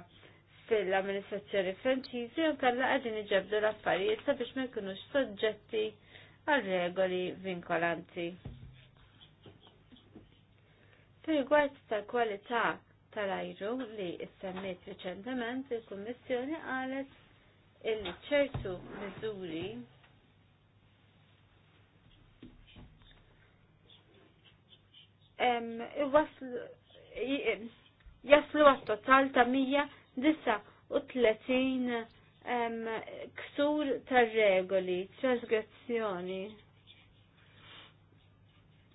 fil-amministrazzjoni franċiżi u kalla għadin iġabdu l-affarijiet sabiex ma jkunux soġġetti għal regoli vinkolanti. Fil-gwart ta' kwalità tal-ajru li issemmiet reċentement, il-Kummissjoni għalet il-ċertu miżuri jaslu għat-total ta' 100 disa u tletin ksur tar-regoli, trasgressjoni.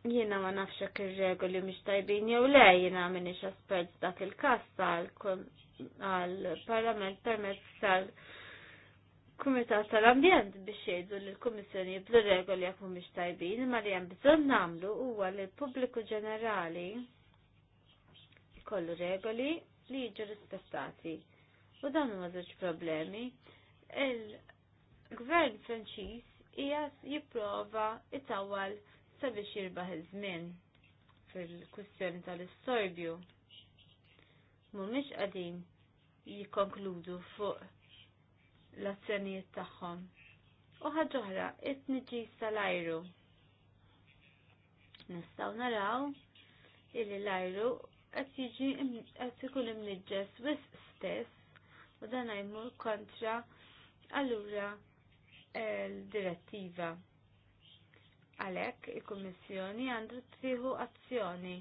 Jiena ma nafx jekk ir-regoli mhux tajbin jew le jiena m'iniex espert dak il-każ tal-Parlament permezz tal Kumitat tal-Ambjent biex jgħidu li l-Kummissjoni jibdu regoli jekk mhumiex tajbin, imma li hemm bżonn nagħmlu huwa li l-pubbliku ġenerali jkollu regoli li jiġu rispettati. U dan huma żewġ problemi. Il-gvern Franċiż hija jipprova itawwal sabiex jirbaħ iż-żmien fil-kwistjoni tal-istorbju. Mhumiex qegħdin jikkonkludu fuq l-azzjonijiet tagħhom. U ħaġoħra, it-nġis tal-ajru. Nistaw naraw illi l-ajru qed jiġi qed ikun imniġġes wis stess u dan jmur kontra allura l-direttiva. Għalhekk il-Kummissjoni għandu triħu azzjoni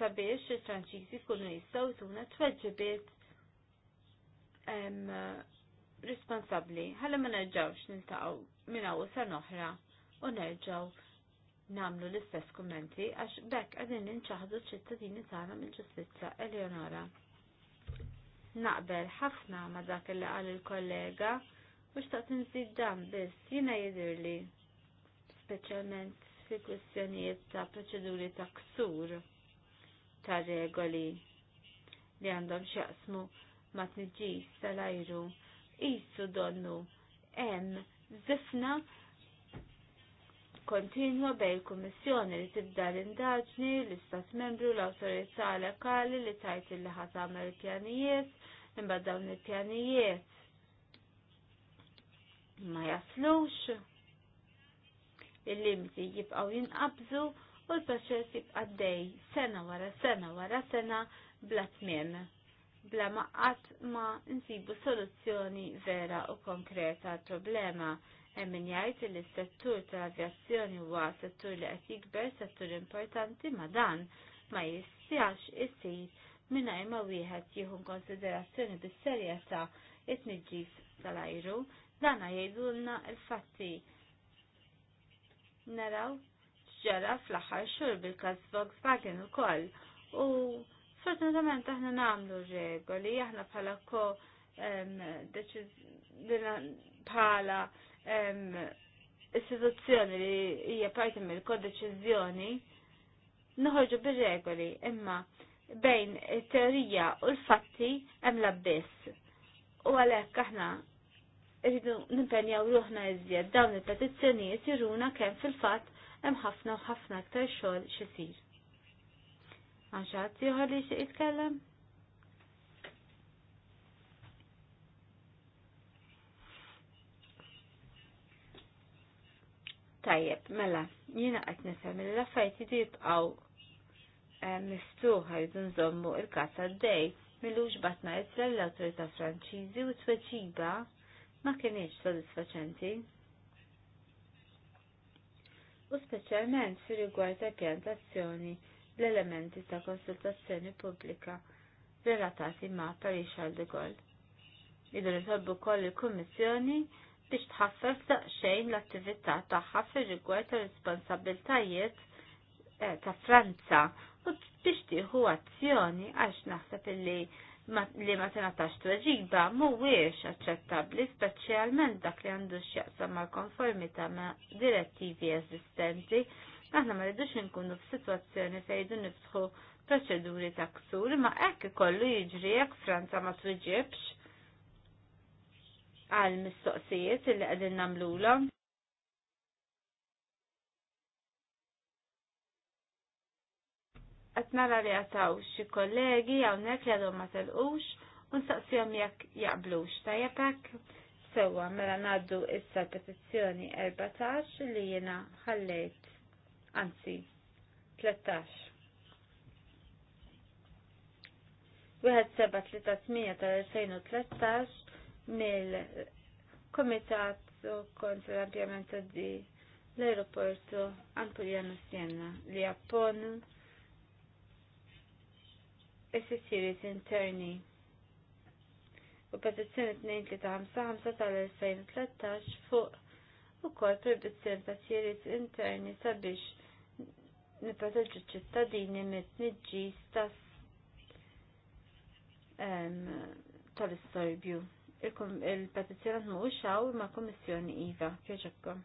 sabiex il-Franċiżi jkunu jistgħu jtuna tweġibiet responsabbli ħalli ma nerġgħux niltaqgħu minn hawn sa noħra u nerġgħu namlu l-istess kummenti għax bekk għadin ninċaħdu ċittadini tagħna mill-ġustizzja Eleonora. Naqbel ħafna ma dak li qal il-kollega u xtaqt nżid dan biss jiena jidhirli speċjalment fi kwistjonijiet ta' proċeduri ta' ksur ta' regoli li għandhom x'jaqsmu ma' tniġġis tal-ajru qisu donnu hemm zifna kontinwa bej il-Kummissjoni li tibda l-indagġni, l-Istat membru, l-Awtorità lokali li tajt li ħat għamel pjanijiet, imba dawn il-pjanijiet ma jaslux, il-limiti jibqaw jinqabżu u l-proċess jibqa' dej sena wara sena wara sena bla tmiem bla maqqat ma nsibu soluzzjoni vera u konkreta għal problema Hemm min jgħid li s-settur tal-avjazzjoni huwa settur li qed jikber, settur importanti ma dan ma jistax isir mingħajr ma wieħed jieħu konsiderazzjoni bis-serjetà it-tniġġis tal-ajru. Dan jgħidulna l-fatti naraw ġara fl-aħħar xhur bil-każ Volkswagen ukoll u fortunatament aħna nagħmlu regoli aħna bħala ko bħala istituzzjoni li hija parti mill-kodeċiżjoni noħorġu bir-regoli imma bejn it-teorija u l-fatti hemm l-abbiss. U għalhekk aħna rridu nimpenjaw ruħna iżjed dawn il-petizzjonijiet jiruna kemm fil-fatt hemm ħafna u ħafna aktar xogħol xisir. Għanxat jħor li xie jitkellem? Tajjeb, mela, jina qed nifhem li l di jibqaw jibqgħu eh, miftuħa jridu nżommu il-każ dej milux batna jitra l-awtorità Franċiżi u tweġiba ma kienieċ sodisfaċenti. U speċjalment fi rigward ta' pjantazzjoni l-elementi ta' konsultazzjoni pubblika relatati ma' Paris l-Degol. Gaulle. Idu nitolbu koll il-Kummissjoni biex tħaffef daqsxejn l-attività tagħha fir-rigward tar-responsabiltajiet eh, ta' Franza u biex tieħu azzjoni għax naħseb li li ma tingħatax tweġiba mhuwiex aċċettabbli speċjalment dak li għandu x'jaqsam mal-konformità ma' direttivi eżistenti. Aħna ma rridux inkunu f'sitwazzjoni fejdu niftħu proċeduri ta' ksur ma' hekk ikollu jiġri jekk Franza ma twiġibx għal mistoqsijiet li qegħdin nagħmlulhom. Qed nara li għataw xi kollegi hawnhekk li għadhom ma telqux u saqsijom jekk jaqblux tajjeb sewa mela ngħaddu issa petizzjoni 14 li jiena ħallejt anzi 13. Wieħed seba' tlieta tmija tal-2013 mill-Komitat kontra l-ampjament di l-aeroportu Ampuljano Siena li Appon is-sittijiet interni u petizzjoni 2355 tal-2013 fuq ukoll proibizzjoni ta' tjeriet interni sabiex niproteġu ċittadini mit-tniġġis tas tal-istorbju il-petizjonat ma' uxaw ma' komissjoni iva, kieġekkom.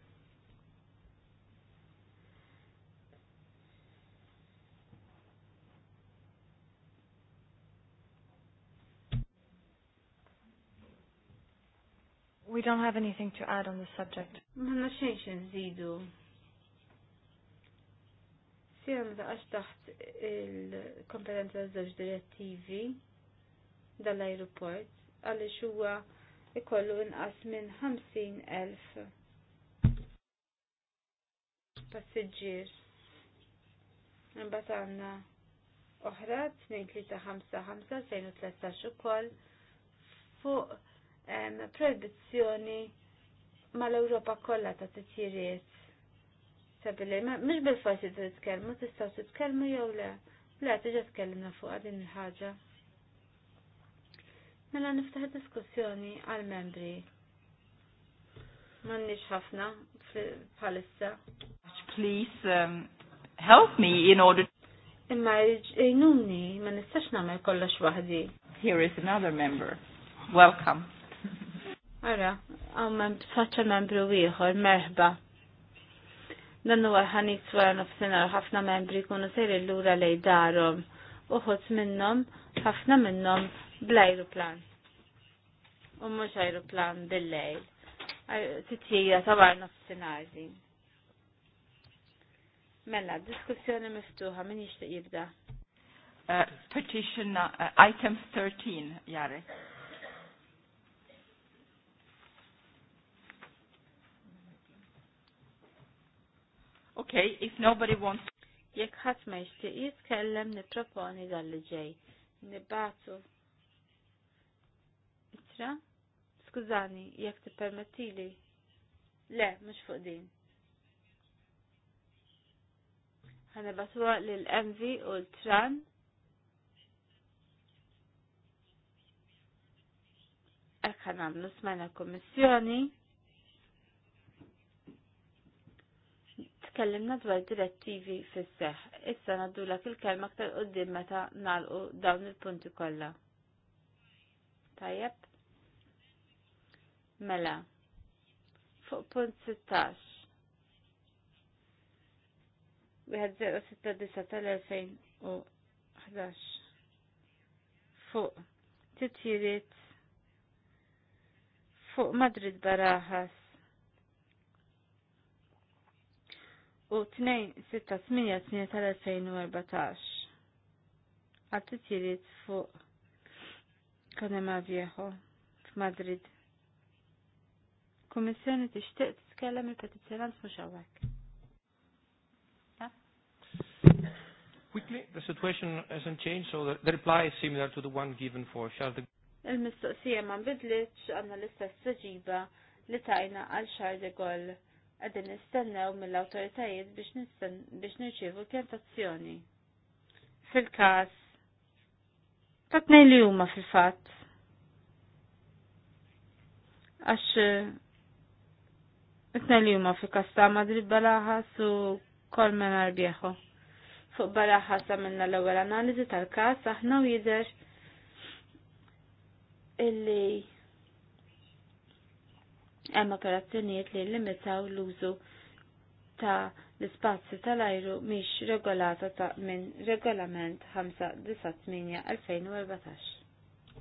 We don't have anything to add on the subject. Manna xejn zidu. taħt il-kompetenza direttivi dal-aeroport għaliex huwa ikollu inqas minn 50,000 passiġġier. Imbagħad għandna oħra 2355-2013 ukoll fuq proibizzjoni mal-Ewropa kollha ta' titjiriet. Sabili, mhux bil-forsi titkellmu, tistgħu titkellmu jew le. Le, tiġa tkellimna fuq din il-ħaġa. Mela niftaħ diskussjoni għal membri. Mannix ħafna bħalissa. Please um, help me in order Imma jnuni, ma nistax namel kollox wahdi. Here is another member. Welcome. Ara, għam faċa membru wieħor, merħba. Dan huwa ħanit wara nofsinhar ħafna membri jkunu sejri lura lej darhom. Uħut minnhom, ħafna minnhom bl-ajruplan. U mhux ajruplan bil-lejl. Titjija tabar nofsinari. Mela, diskussjoni miftuħa, min jixtieq jibda? Uh, petition uh, item 13, Jarek. Okay, if nobody wants. Jekk ħadd ma jixtieq jitkellem niproponi dal ġej. Nibbatu ħaġa. Skużani, jekk tippermettili. Le, mhux fuq din. Ħanibatuha lil Envi u l-Tran. Hekk ħanamlu smajna kummissjoni. tkellimna dwar direttivi fis-seħ. Issa naddulak il-kelma aktar qudiem meta nagħlqu dawn il-punti kollha. Tajjeb? Mela, fuq punt 16. Wieħed disa tal-2011. Fuq titjiriet fuq Madrid Barajas. U 2-6-8 tal-2014. Għat titjiriet fuq Konema Viejo f'Madrid. Kummissjoni tixtieq titkellem il-petizzjonant mhux hawnhekk. Quickly, the situation hasn't changed, so the, the reply is similar to the one given for Charles de Il-mistoqsija ma nbidlitx għandna l-istess ġiba li tajna għal Charles de Gaulle għadin nistennew mill-autoritajiet biex nirċivu pjantazzjoni. Fil-kas, Tatnej li huma fil-fatt. Għax Itna li huma fi kasta Madrid balaħa su kol menar bieħu. Fuq balaħa samilna l-ewwel analiżi tal-każ aħna u jidher illi hemm operazzjonijiet li limitaw l-użu ta' l-ispazju tal-ajru mhix regolata ta' minn regolament 598-2014.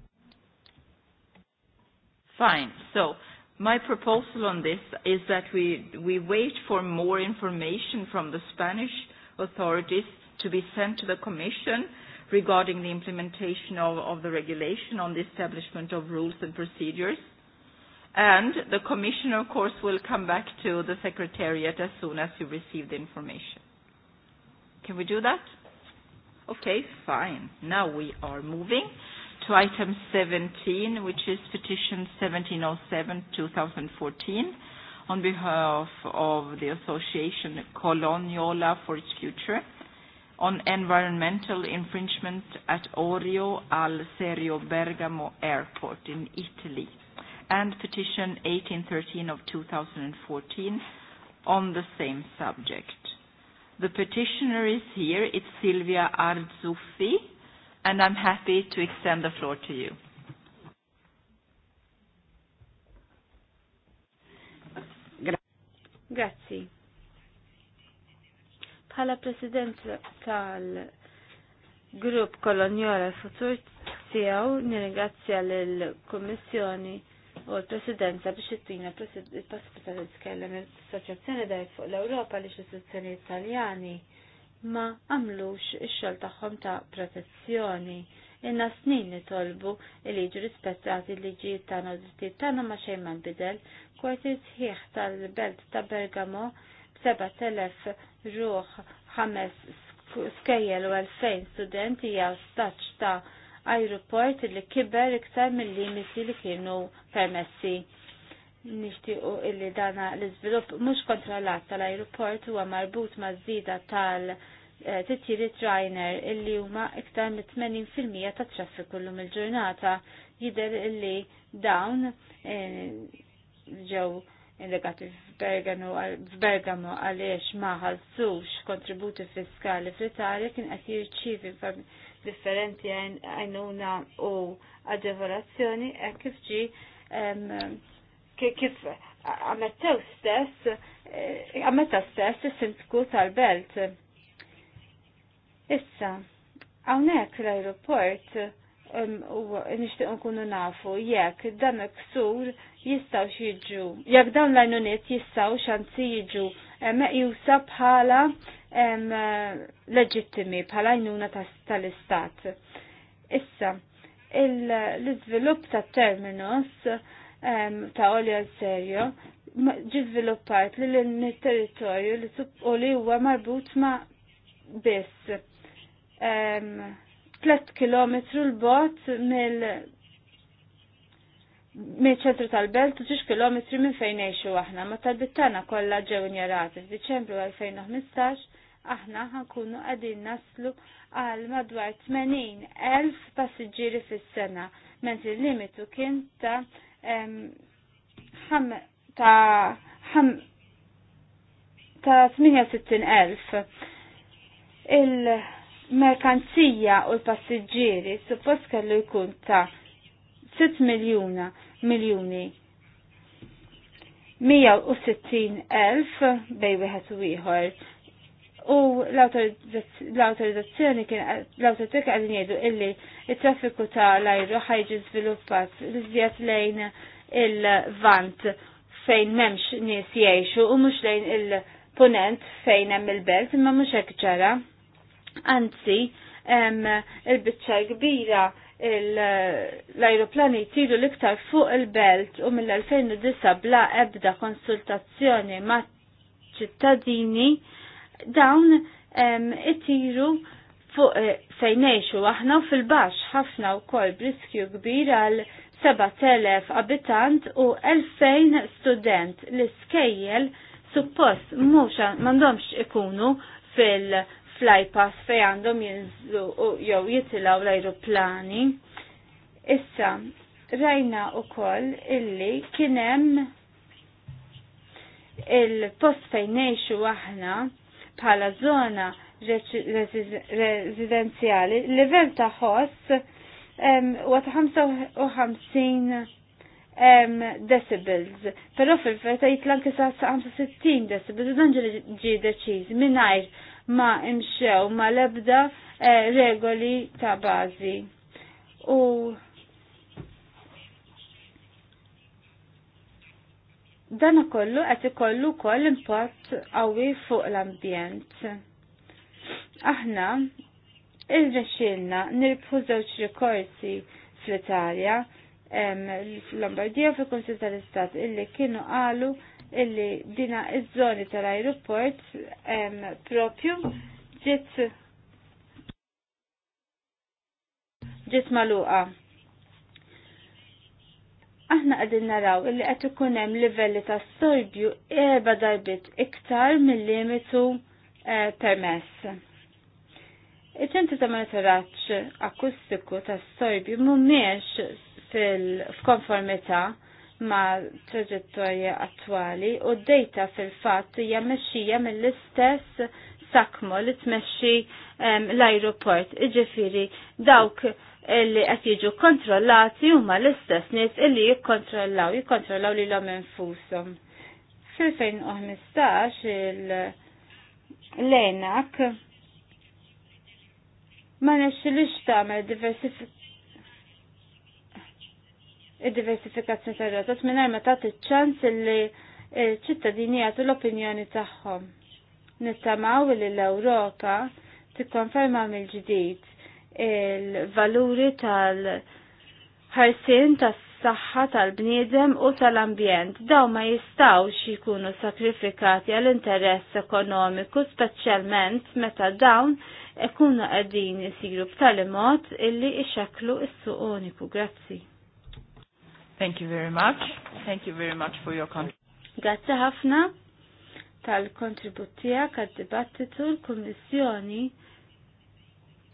Fine, so My proposal on this is that we, we wait for more information from the Spanish authorities to be sent to the Commission regarding the implementation of, of the regulation on the establishment of rules and procedures. And the Commission, of course, will come back to the Secretariat as soon as you receive the information. Can we do that? Okay, fine. Now we are moving to item 17, which is petition 1707-2014 on behalf of the association Coloniola for its future on environmental infringement at Orio al Serio Bergamo Airport in Italy and petition 1813 of 2014 on the same subject. The petitioner is here, it's Silvia Arzuffi and I'm happy to extend the floor to you. Grazzi. Bħala Presidenza tal-grupp kolonjola futur tiegħu nirringrazzja lill-Kummissjoni u l-Presidenza biex ittina il-possibilità li tkellem il-Assoċjazzjoni fuq l-Ewropa li x-istituzzjoni Italjani ma għamlux ix-xogħol tagħhom ta' protezzjoni. Inna snin nitolbu li liġi rispettati l-liġijiet ta' u ta' tagħna ma xejn ma nbidel, kwarti sħiħ tal-belt ta' Bergamo b'seba' telef ruħ ħames skejjel u 2000 studenti hija staċ ta' ajruport li kiber iktar mill-limiti li kienu permessi nixtiequ illi dana l-iżvilupp mhux kontrollat tal-ajruport huwa marbut ma' żida tal- titjiri trainer illi huma iktar mit-80% ta' traffiku llum il-ġurnata jidher illi dawn eh, ġew indikati f'Bergamo għaliex ma ħalsux kontributi fiskali fl-Italja kien qed jirċievi differenti għajnuna u aġevolazzjoni e kif ġi kif għamettew stess, eh, għammetta stess is sintku tal-belt. Issa, għawnek l-aeroport u nishtiq nkunu nafu jekk dan il-ksur jistaw jiġu, jekk dawn l-għajnuniet jistaw xanzi jiġu eh, meqjusa bħala leġittimi, bħala għajnuna tal-istat. Issa, l-izvilup ta' terminus ta' olja serju ġivviluppat li l-territorju li u li huwa marbut ma' biss. 3 km l-bot mill mill ċentru tal-belt u 6 km minn fejn eħxu aħna, ma tal-bittana kollha ġew njarati F'Diċembru 2015 aħna ħankunu qegħdin naslu għal madwar 80,000 passiġġieri fis-sena, mentri l-limitu kien ta' ħam ta' ħam ta' 68,000. Il-merkanzija u l-passiġġieri suppost kellu jkun ta' 6 miljuna miljuni 160,000 bej wieħed u ieħor U l-autorizzazzjoni kien l kien għadin jgħidu illi il traffiku tal-ajru ħajġi żviluppat iżjed lejn il-vant fejn m'hemmx nies jgħixu u mhux lejn il-punent fejn hemm il-belt imma mhux hekk ġara. Anzi, il-biċċa kbira l-ajruplani jtiru l-iktar fuq il-belt u mill-2009 bla ebda konsultazzjoni ma' ċittadini dawn it-tiru fuq eh, fejnejxu aħna fil baċ ħafna u kol briskju kbir għal 7000 abitant u 2000 student li skejjel suppost muxa mandomx ikunu fil pass fej għandhom jinżlu jew jitilaw l-aeroplani. Issa, rajna u kol illi kienem il-post fejn aħna bħala zona residenzjali, level ta' ħoss huwa ta' 55 decibels, pero fil-feta jitlan kisa 65 decibels, u dan ġi deċiż mingħajr ma imxew ma lebda eh, regoli ta' bażi. U Dan kollu qed ikollu wkoll impatt qawwi fuq l-ambjent. Aħna irrexxielna nirbħu żewġ rikorsi fl-Italja l-Lombardija fil konsil tal-Istat illi kienu qalu illi dina iż-żoni tal-aeroport propju ġiet ġiet maluqa aħna għadin naraw illi qed ikun hemm livelli ta' sordju erba' darbit iktar mill-limitu eh, permess. iċ ta' monitoraċ akustiku ta' sorbju mhumiex fil konformita ma' traġettorja attwali u d-dejta fil-fatt hija mill-istess sakmo li tmexxi ehm, l-ajruport. Iġifieri dawk illi qed jiġu kontrollati huma l-istess nies illi jikkontrollaw, jikkontrollaw lilhom infushom. Fil-2015 il lejnak ma nexxilix tagħmel diversifikazzjoni tar-rotot mingħajr ma tagħti ċans illi ċittadini jagħtu l-opinjoni tagħhom. Nittamaw li l-Ewropa tikkonferma mill-ġdid il-valuri tal-ħarsin tas-saħħa tal-bniedem u tal-ambjent. Daw ma jistawx jikunu sakrifikati għall-interess ekonomiku, speċjalment meta dawn ikunu qegħdin isiru b'tali mod illi ixxeklu s-suq uniku. Grazzi. Thank you very much. Thank you very much for your contribution. Grazzi ħafna tal-kontribut tiegħek għad-dibattitu l-Kummissjoni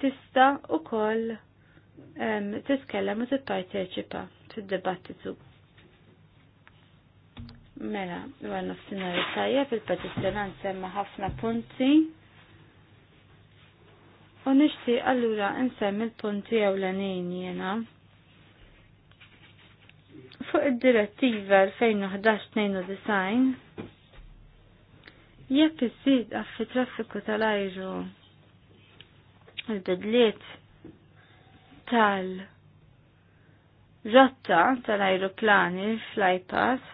tista wkoll tiskellem u tipparteċipa fid-dibattitu. Mela, dwar nofsinhar tajjeb il-petizzjonant semma ħafna punti u nixtieq allura nsemmi l-punti l-anin jiena fuq id-direttiva 2011-92 jekk iżid għaffi traffiku tal-ajru mill-bidliet tal-rotta tal-ajruplani fl-iPass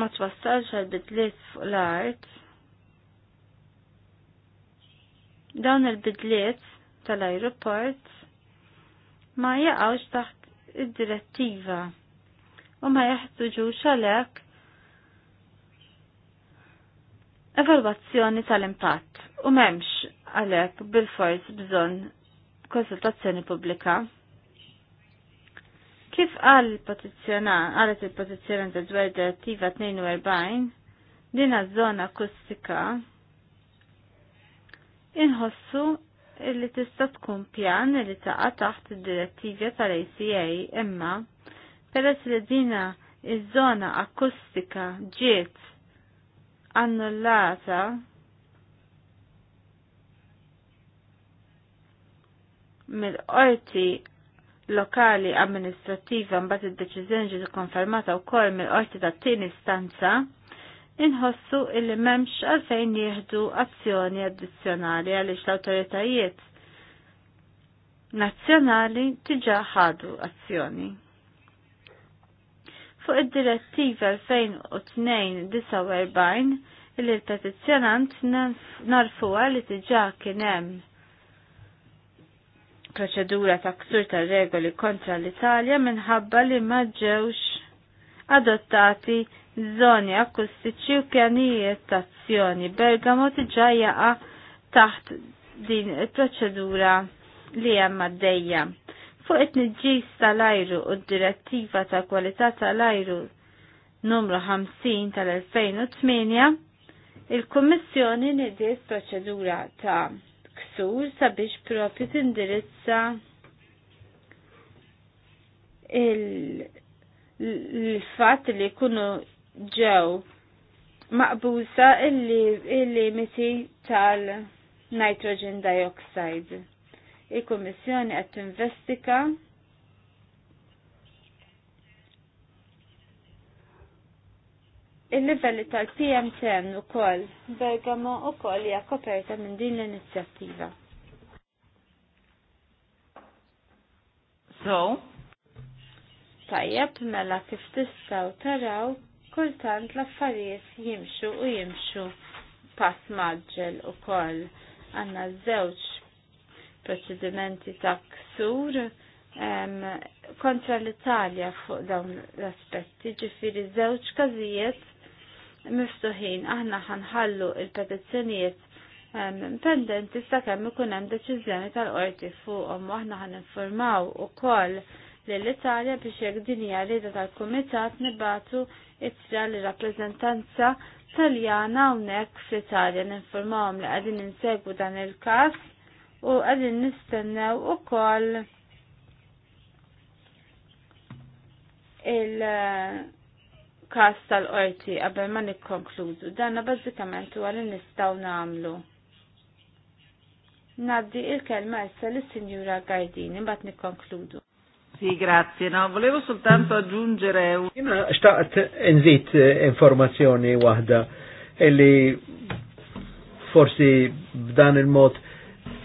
ma twassalx għal bidliet fuq l-art. Dawn il-bidliet tal-aeroport ma jaqawx taħt id-direttiva u ma jaħtuġu xalek evalwazzjoni tal-impatt u memx għalek bil-fors bżon konsultazzjoni pubblika. Kif għal petizzjonan, għalet il-petizzjonan ta' dwar direttiva 42, din zona akustika inħossu li tista' tkun pjan li taqa' taħt id-direttiva tal-ACA imma peress li dina iż-żona akustika ġiet annullata mill-qorti lokali amministrativa mbagħad id-deċiżjoni ġiet ikkonfermata wkoll mill-qorti tat-tieni istanza inħossu illi memx għalfejn jieħdu azzjoni addizzjonali għaliex l awtoritajiet nazzjonali tiġa ħadu azzjoni fuq id-direttiva 2002-49 li l-petizzjonant narfuha li tiġa kien hemm proċedura ta' ksur ta' regoli kontra l-Italja minħabba li ma ġewx adottati zoni akustiċi u pjanijiet ta' azzjoni. Bergamo tiġa jaqa' taħt din il-proċedura li hemm għaddejja fuq it niġġis tal-ajru u d-direttiva ta' kwalità tal-ajru numru 50 tal-2008, il-Kommissjoni nidiet proċedura ta' ksur sabiex propju tindirizza il-fat li kunu ġew maqbusa il-limiti tal-nitrogen dioxide il-Kummissjoni qed tinvestika il-livelli tal-PM10 ukoll Bergamo koll hija koperta minn din l-inizjattiva. So, tajjeb mela kif tistgħu taraw kultant l-affarijiet jimxu u jimxu pass maġġel ukoll għandna żewġ proċedimenti ta' ksur kontra l-Italja fuq dawn l-aspetti, ġifiri żewġ każijiet miftuħin aħna ħanħallu il-petizzjonijiet pendenti sakemm ikun hemm deċiżjoni tal-qorti fuqhom aħna ħaninformaw ukoll lill-Italja biex jekk din hija rieda tal-Kumitat nibatu ittra l rappreżentanza Taljana hawnhekk fl-Italja ninformawhom li qegħdin insegwu dan il-każ u għadin nistennew u koll il-kas eh, tal-qorti qabel ma nikkonkludu. Danna bazzikament u għalin nistaw namlu. Naddi il-kelma issa l-Sinjura Gardini, bat nikkonkludu. Sì, grazie. No, volevo soltanto aggiungere un... Jina xtaqt nżid eh, informazzjoni wahda illi forsi b'dan il-mod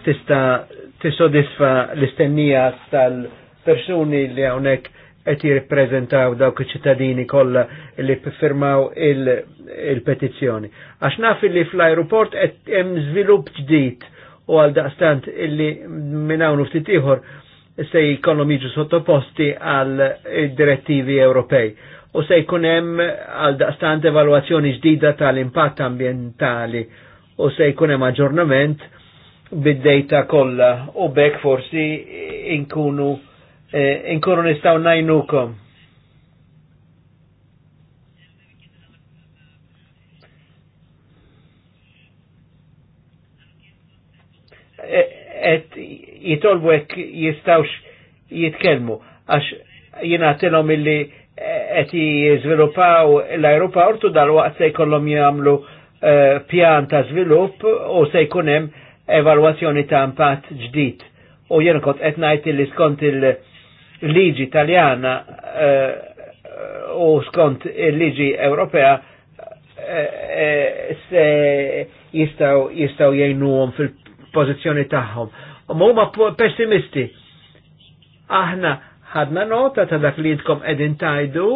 tista tisodisfa l-istennija tal-persuni li hawnhekk qed jirrippreżentaw dawk iċ-ċittadini kollha li firmaw il-petizzjoni. Il Għax naf li fl-ajruport qed hemm żvilupp ġdid u għal daqstant illi minn hawn ftit ieħor se jkollhom jiġu sottoposti għal direttivi Ewropej. U se jkun hemm għal daqstant evalwazzjoni ġdida tal-impatt ambientali u se jkun hemm aġġornament bid-dejta kollha u bekk forsi inkunu eh, inkunu nistgħu najnukom. E, et jitolbu ek jistawx jitkelmu, għax jina telom illi eh, et jizvilupaw l europa ortu dal-waqt se jkollom jamlu uh, eh, pjan ta' zvilup u se jkunem evalwazzjoni ta' impatt ġdid. U jien kont qed ngħid li skont il-liġi Taljana eh, u skont il-liġi Ewropea eh, eh, se jistaw jistaw jgħinuhom fil-pożizzjoni tagħhom. Ma huma pessimisti. Aħna ħadna nota ta' dak li jitkom qegħdin tajdu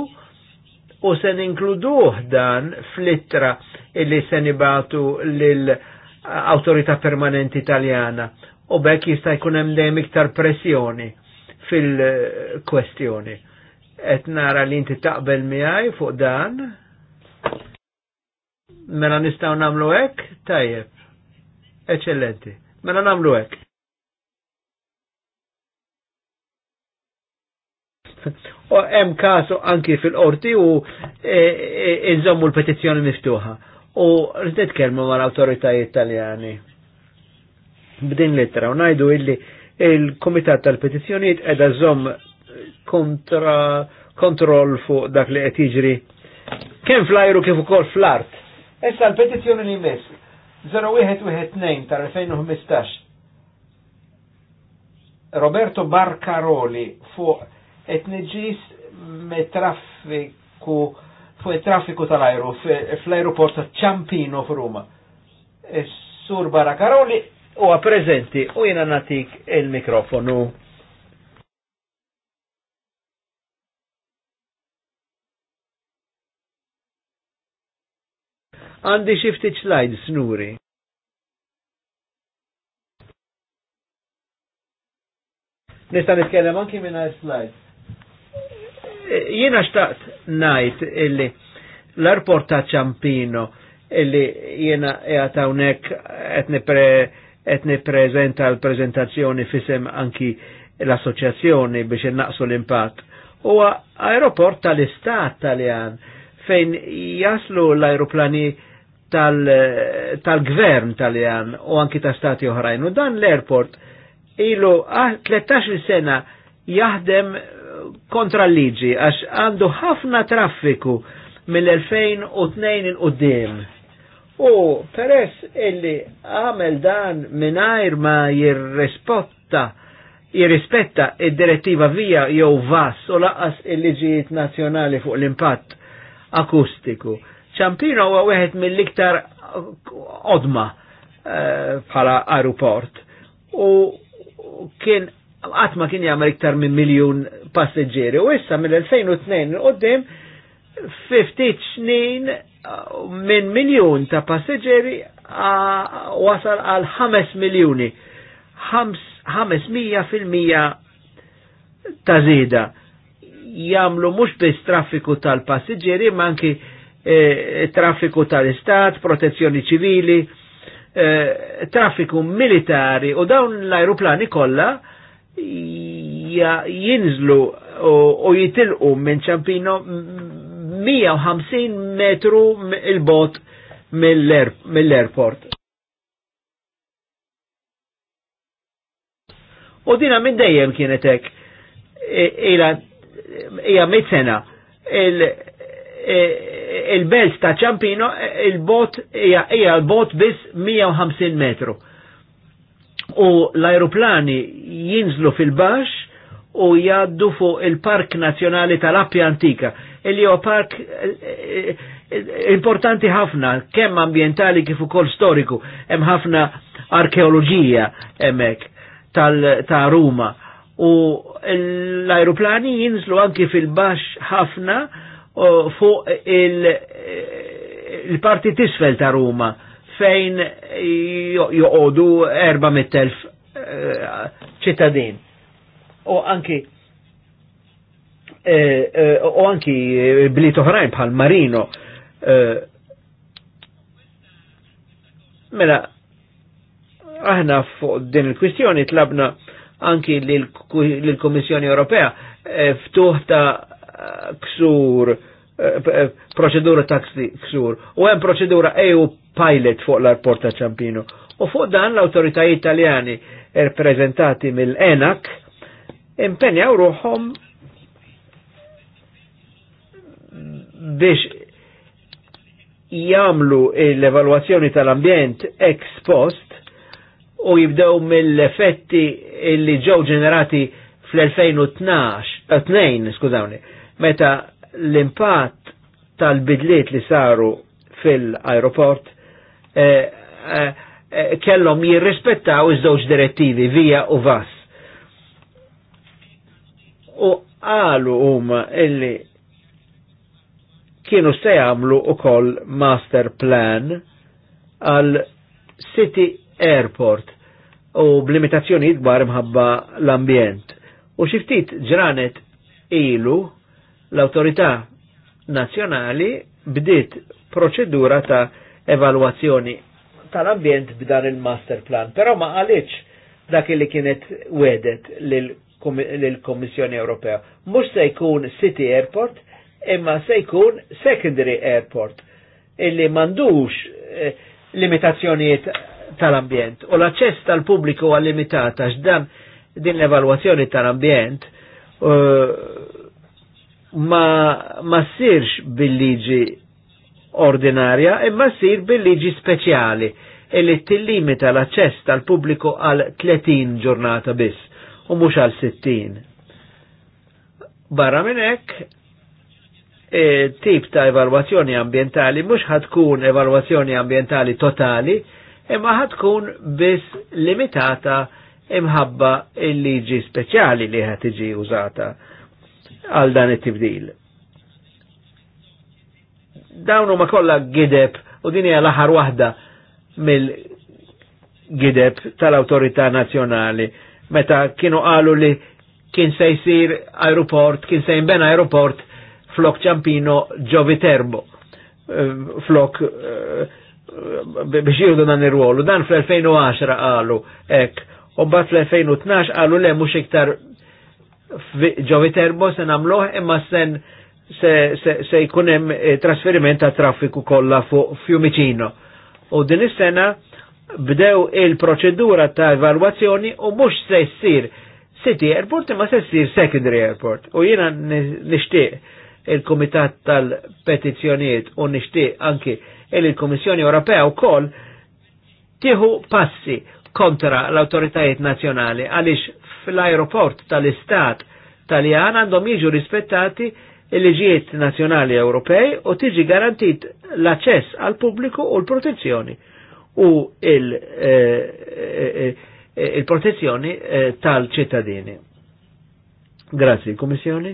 u se ninkluduh dan fl-ittra illi se nibatu lil autorità permanenti italjana u bekk jista' jkun hemm dejjem iktar pressjoni fil-kwestjoni. Qed nara li inti taqbel miegħi fuq dan. Mela nistgħu nagħmlu hekk? Tajjeb. Eċċellenti. Mela nagħmlu hekk. U hemm kasu anki fil-qorti u iżommu e, e, e, l-petizzjoni miftuħa u rritet kelmu mal autoritajiet italjani. B'din litra, u najdu illi il-Komitat tal petizjoniet edha zom kontra kontroll fuq dak li qed jiġri kemm flajru kif ukoll fl-art. Issa l-petizzjoni li jmiss 0112 tal-2015 Roberto Barcaroli fuq etniġis me traffiku fuq il-traffiku tal-ajru fl-aeroport ta' Ciampino f'Ruma. Sur Karoli huwa preżenti u jiena natik il-mikrofonu. Għandi xi ftit slides nuri. Nista' nitkellem anki minn slides. Jiena xtaqt najt illi l arport ta' ċampino illi jena jgħatawnek etni pre etni prezenta l-prezentazzjoni fisem anki l-assoċjazzjoni biex innaqsu l-impatt. Huwa aeroport tal-istat taljan fejn jaslu l-aeroplani tal-gvern tal taljan u anki ta' stati oħrajn. U dan l-airport ilu 13 sena jaħdem kontra l-liġi għax għandu ħafna traffiku mill-2002 il-qoddim. U peress illi għamel dan minnajr ma jirrespotta jirrispetta id-direttiva via jew vas u laqas il-liġijiet nazjonali fuq l-impatt akustiku. ċampino huwa wieħed mill-iktar odma eh, bħala aeroport u kien għatma kien jagħmel iktar minn miljun passiġġieri. U issa mill-2002 qoddim ftit snin minn miljun ta' passiġġieri wasal għal 5 miljuni. 500 fil-mija ta' zida jamlu mux biss traffiku tal-passiġġieri, ma anki e, traffiku tal-istat, protezzjoni ċivili, e, traffiku militari u dawn l-aeroplani kollha jinżlu u jitilqu minn ċampino 150 metru il-bot mill-airport. U dina minn dejjem kienet hekk. Ila hija mit sena il-belt ta' ċampino il-bot hija l-bot biss 150 metru. U l-aeroplani jinżlu fil-baxx u jaddu fuq il-Park Nazzjonali tal-Appja Antika. Illi huwa park eh, eh, importanti ħafna, kemm ambientali kif ukoll storiku, hemm ħafna arkeoloġija hemmhekk ta' Ruma. U l-aeroplani jinżlu anki fil-baxx ħafna eh, fuq il-parti tisfel ta' Ruma fejn joqodu 400.000 ċittadin u anki eh, eh, u anki eh, bli toħrajn bħal Marino. Mela, aħna fuq din il-kwistjoni tlabna anki l-Komissjoni Ewropea ftuħ ta' ksur, proċedura ta' ksur, u hemm proċedura EU pilot fuq l arporta ta' Ċampino. U fuq dan l-autoritajiet italjani rappresentati mill-ENAC impenjaw ruħom biex jamlu l-evaluazzjoni tal-ambjent ex post u jibdew mill-effetti li ġew ġenerati fl-2012, skużawni, meta l-impatt tal-bidliet li saru fil-aeroport eh, eh, eh kellhom jirrispettaw iż-żewġ direttivi via u vas u għalu huma illi kienu se jagħmlu ukoll master plan għal City Airport u b'limitazzjoni kbar mħabba l-ambjent. U xiftit ġranet ilu l-autorità nazzjonali bdiet proċedura ta' evalwazzjoni tal-ambjent b'dan il-master plan, però ma għalix dak li kienet wedet lil l-Komissjoni Ewropea. Mux se jkun City Airport, imma se jkun Secondary Airport, illi mandux eh, limitazzjonijiet tal-ambjent. U l-aċċess tal-pubbliku għal limitata x'dan din l-evalwazzjoni tal-ambjent eh, ma, ma sirx bil-liġi ordinarja imma sir bil-liġi speċjali illi tillimita l-aċċess tal-pubbliku għal 30 ġurnata biss u mhux għal 60. Barra minn hekk e, tip ta' evalwazzjoni ambientali mhux ħadkun evalwazzjoni ambientali totali, imma ħadkun biss limitata imħabba il-liġi speċjali li ħad tiġi użata għal dan it-tibdil. Dawnu ma kollha gideb u din hija l-aħħar waħda mill-gideb tal-Awtorità Nazzjonali meta kienu qalu li kien se jsir aeroport, kien se jimben aeroport flok ċampino Gioviterbo. Eh, flok eh, biex jirdu dan ir-ruolu. Dan fl-2010 għalu, hekk, u bat fl-2012 qalu le mhux iktar Terbo se nagħmluh imma sen se jkun hemm eh, trasferiment ta' traffiku kollha fuq Fiumicino. U din is-sena bdew il-proċedura ta' evalwazzjoni u mhux se jissir City Airport imma se jissir Secondary Airport. U jiena nixtieq il-Kumitat tal-Petizzjonijiet u nixtieq anki il-Kummissjoni Ewropea wkoll tieħu passi kontra l-autoritajiet nazjonali għaliex fl-aeroport tal-istat taljan għandhom jiġu rispettati il-liġijiet nazjonali Ewropej u tiġi garantit l-aċċess għal pubbliku u l-protezzjoni u eh, eh, eh, il-protezzjoni tal-ċittadini. Grazie, Komissjoni.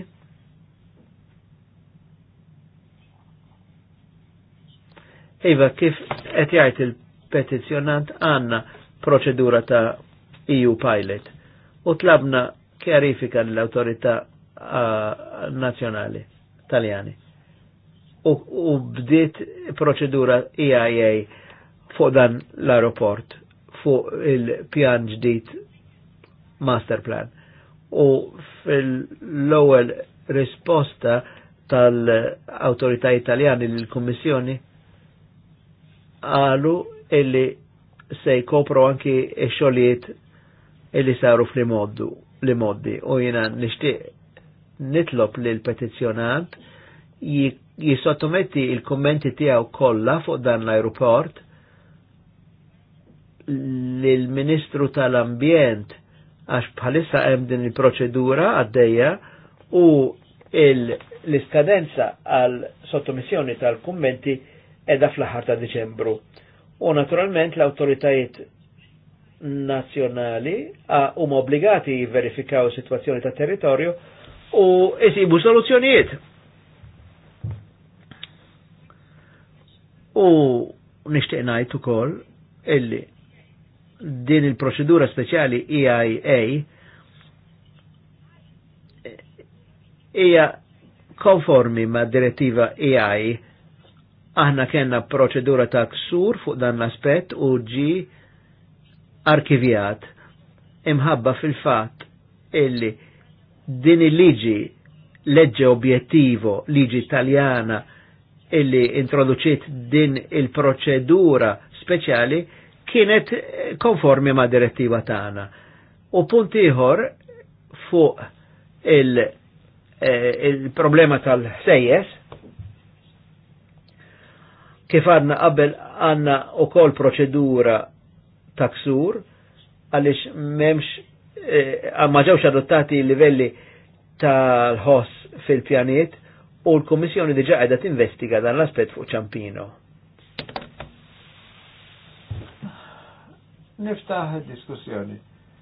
Iva, kif qed jgħid il-petizzjonant għandna proċedura ta' EU pilot u tlabna kjarifika l-autorità nazjonali taljani. U, u bdiet proċedura EIA fuq dan l-aeroport fuq il-pjan ġdid master plan. U fil-lowel risposta tal-autorità italjani l-Kommissjoni għalu illi se jkopru anki xoliet illi saru fl-moddu li moddi u jina nishtiq nitlob li l-petizjonant jisottometti il-kommenti tijaw kolla fuq dan l-aeroport l-Ministru tal-Ambjent għax bħalissa hemm din il-proċedura għaddejja u l-iskadenza għal sottomissjoni tal-kummenti edha fl aħħar ta' Deċembru. U naturalment l-autoritajiet nazzjonali huma obbligati jverifikaw is-sitwazzjoni ta' territorju u jisibu soluzzjonijiet. U nixtieq ngħid ukoll illi din il-proċedura speċjali EIA hija konformi ma' direttiva EI aħna kena proċedura ta' ksur fuq dan l-aspett u ġi arkivjat imħabba fil-fat illi din il-liġi legge obiettivo, liġi italjana illi introduċiet din il-proċedura speċjali kienet konformi ma' direttiva tagħna. U punt ieħor fuq il-problema il eh, tal-sejjes, kif għadna qabel għanna u kol proċedura taksur, għalix memx, eh, għamma ġewx adottati livelli tal-ħoss fil-pjaniet u l-Komissjoni diġa għedha tinvestiga dan l-aspet fuq ċampino. niftaħ diskussjoni.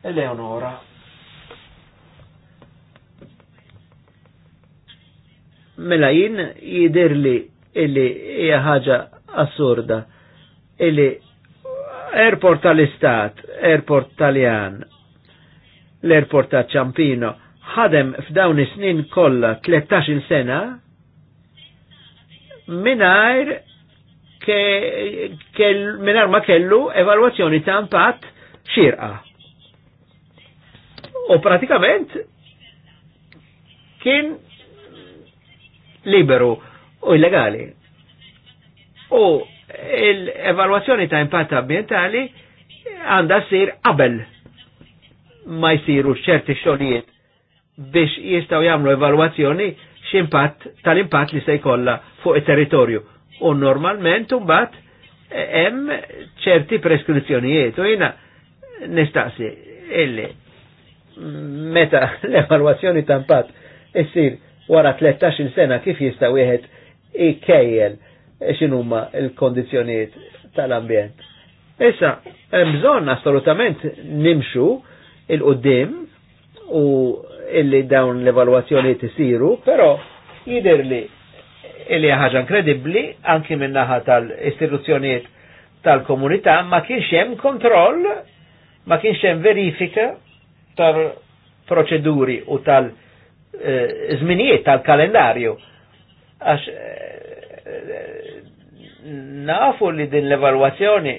Eleonora. Mela jien jidir li illi hija ħaġa assurda illi airport tal-istat, airport taljan, l-airport ta' Ciampino, ħadem f'dawn is-snin kollha 13-il sena Minajr minar ma kellu evalwazzjoni ta' impatt xirqa. U pratikament kien liberu u illegali. U l-evalwazzjoni ta' impatt ambientali għanda sir qabel ma jisiru ċerti xogħlijiet biex jistaw jagħmlu evalwazzjoni x'impatt tal-impatt li se jkollha fuq it-territorju u normalment mbagħad eh, hemm ċerti preskrizzjonijiet u jina nistaqsi illi meta l-evalwazzjoni tampat issir wara 13 sena kif jista' wieħed ikejjel eh, x'inhuma l-kondizzjonijiet tal-ambjent. Issa, hemm bżonn assolutament nimxu il-qudiem u illi dawn l-evalwazzjoni tisiru, però jider li li ħaġa inkredibbli anki naħa tal-istituzzjonijiet tal-komunità ma kienx hemm kontroll, ma kienx hemm verifika tal-proċeduri u tal-żminijiet tal-kalendarju. Għax eh, eh, nafu li din l-evalwazzjoni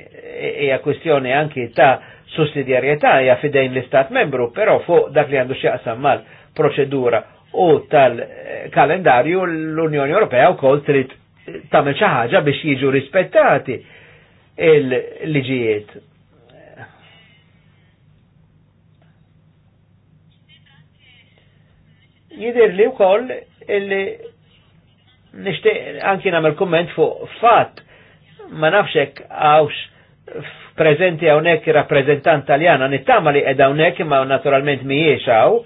hija kwistjoni anki ta' sussidjarjetà hija fidejn l-Istat membru, però fuq dak li għandu x'jaqsam mal-proċedura u tal-kalendarju l-Unjoni Ewropea wkoll trid tagħmel xi ħaġa biex jiġu rispettati il-liġijiet. Jidir li wkoll illi nixtieq anki nagħmel kumment fuq fatt ma nafxek għawx prezenti hawnhekk rappreżentant Taljana nittama li qiegħda hawnhekk imma naturalment mhijiex hawn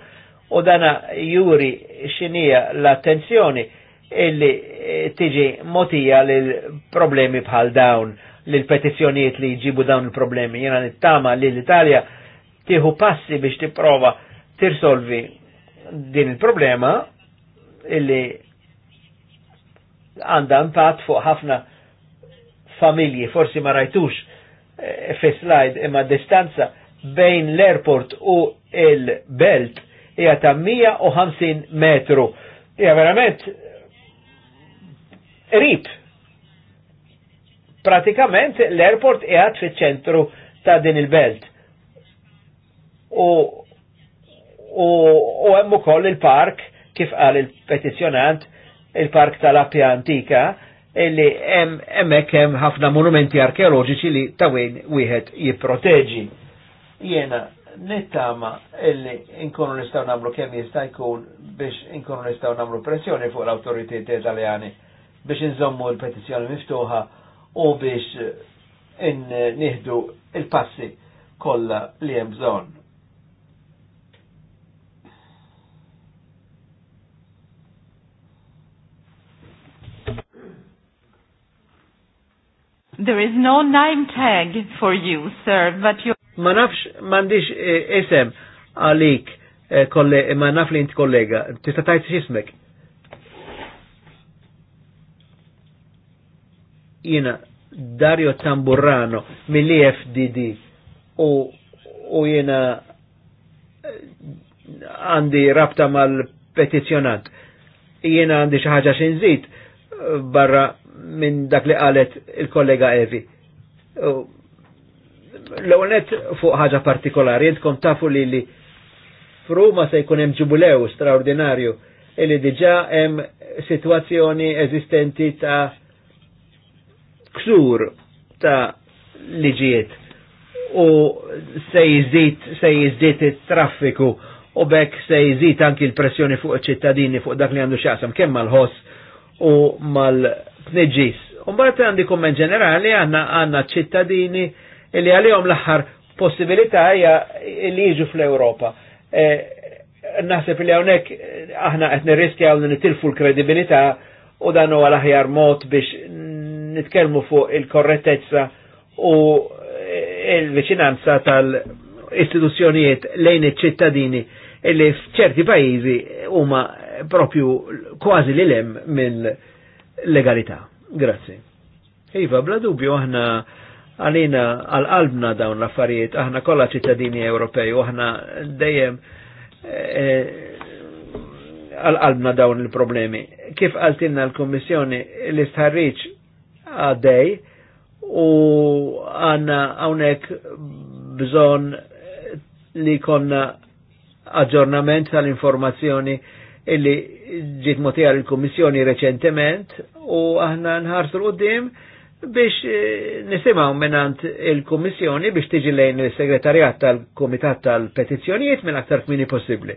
u dana juri xinija l-attenzjoni illi eh, tiġi motija l problemi bħal dawn, lil petizzjonijiet li jġibu dawn il-problemi. Jena nittama li l-Italja tiħu passi biex tipprova tirsolvi din il-problema illi għanda impatt fuq ħafna familji, forsi ma rajtux eh, fi slide imma distanza bejn l-airport u il-belt hija ta' 150 metru. Hija verament rib. Pratikament l-airport qiegħed fiċ-ċentru ta' din il-belt. U u hemm ukoll il-park kif qal il-petizzjonant il-park tal-Appja Antika illi hemmhekk hemm ħafna monumenti arkeoloġiċi li ta' wien wieħed jipproteġi. Jena nittama illi inkonu nistaw namlu kemm jista' jkun biex inkonu nistaw namlu pressjoni fuq l-autoritet italjani biex nżommu l-petizjoni miftuħa u biex eh, nieħdu il-passi kollha li hemm bżonn. There is no name tag for you, sir, but you Ma nafx, mandiġ eh, isem għalik, eh, eh, ma naf li int kollega, tista tajt xismek. Jina, Dario Tamburrano, mill-EFDD, u, u jina għandi rabta mal-petizjonant. Jena għandi xaħġa xinżit barra minn dak li għalet il-kollega Evi l-għonet fuq ħaġa partikolari, jentkom tafu li li fruma se jkun hemm ġubulew straordinarju illi diġa hemm situazzjoni eżistenti ta' ksur ta' liġijiet u se jizdit se jizdit it-traffiku u bekk se jizit anki l-pressjoni fuq ċittadini fuq dak li għandu xaqsam kemm mal-ħoss u mal-tneġis. Umbat għandi komment ġenerali għanna għanna ċittadini illi għalihom l-aħħar possibilità hija li jiġu fl-Ewropa. E, naħseb li hawnhekk e, aħna qed nirriskjaw li nitilfu l-kredibilità u dan huwa l-aħjar mod biex nitkellmu fuq il-korrettezza u e, il-viċinanza tal-istituzzjonijiet lejn iċ-ċittadini illi f'ċerti pajjiżi huma propju kważi li lem mill-legalità. Grazie. Iva, bla dubju aħna għalina għal-qalbna dawn l-affarijiet, aħna kollha ċittadini Ewropej, u aħna dejjem eh, għal-qalbna dawn il-problemi. Kif għaltinna l-Kommissjoni l-istħarriċ għaddej u għanna għawnek bżon li konna aġġornament tal-informazzjoni illi ġiet il l-Kommissjoni reċentement u aħna nħarsu l-qoddim biex eh, nisimaw menant il-Komissjoni biex tiġi lejn il-Segretarjat tal-Komitat tal-Petizzjonijiet minn aktar kmini possibli.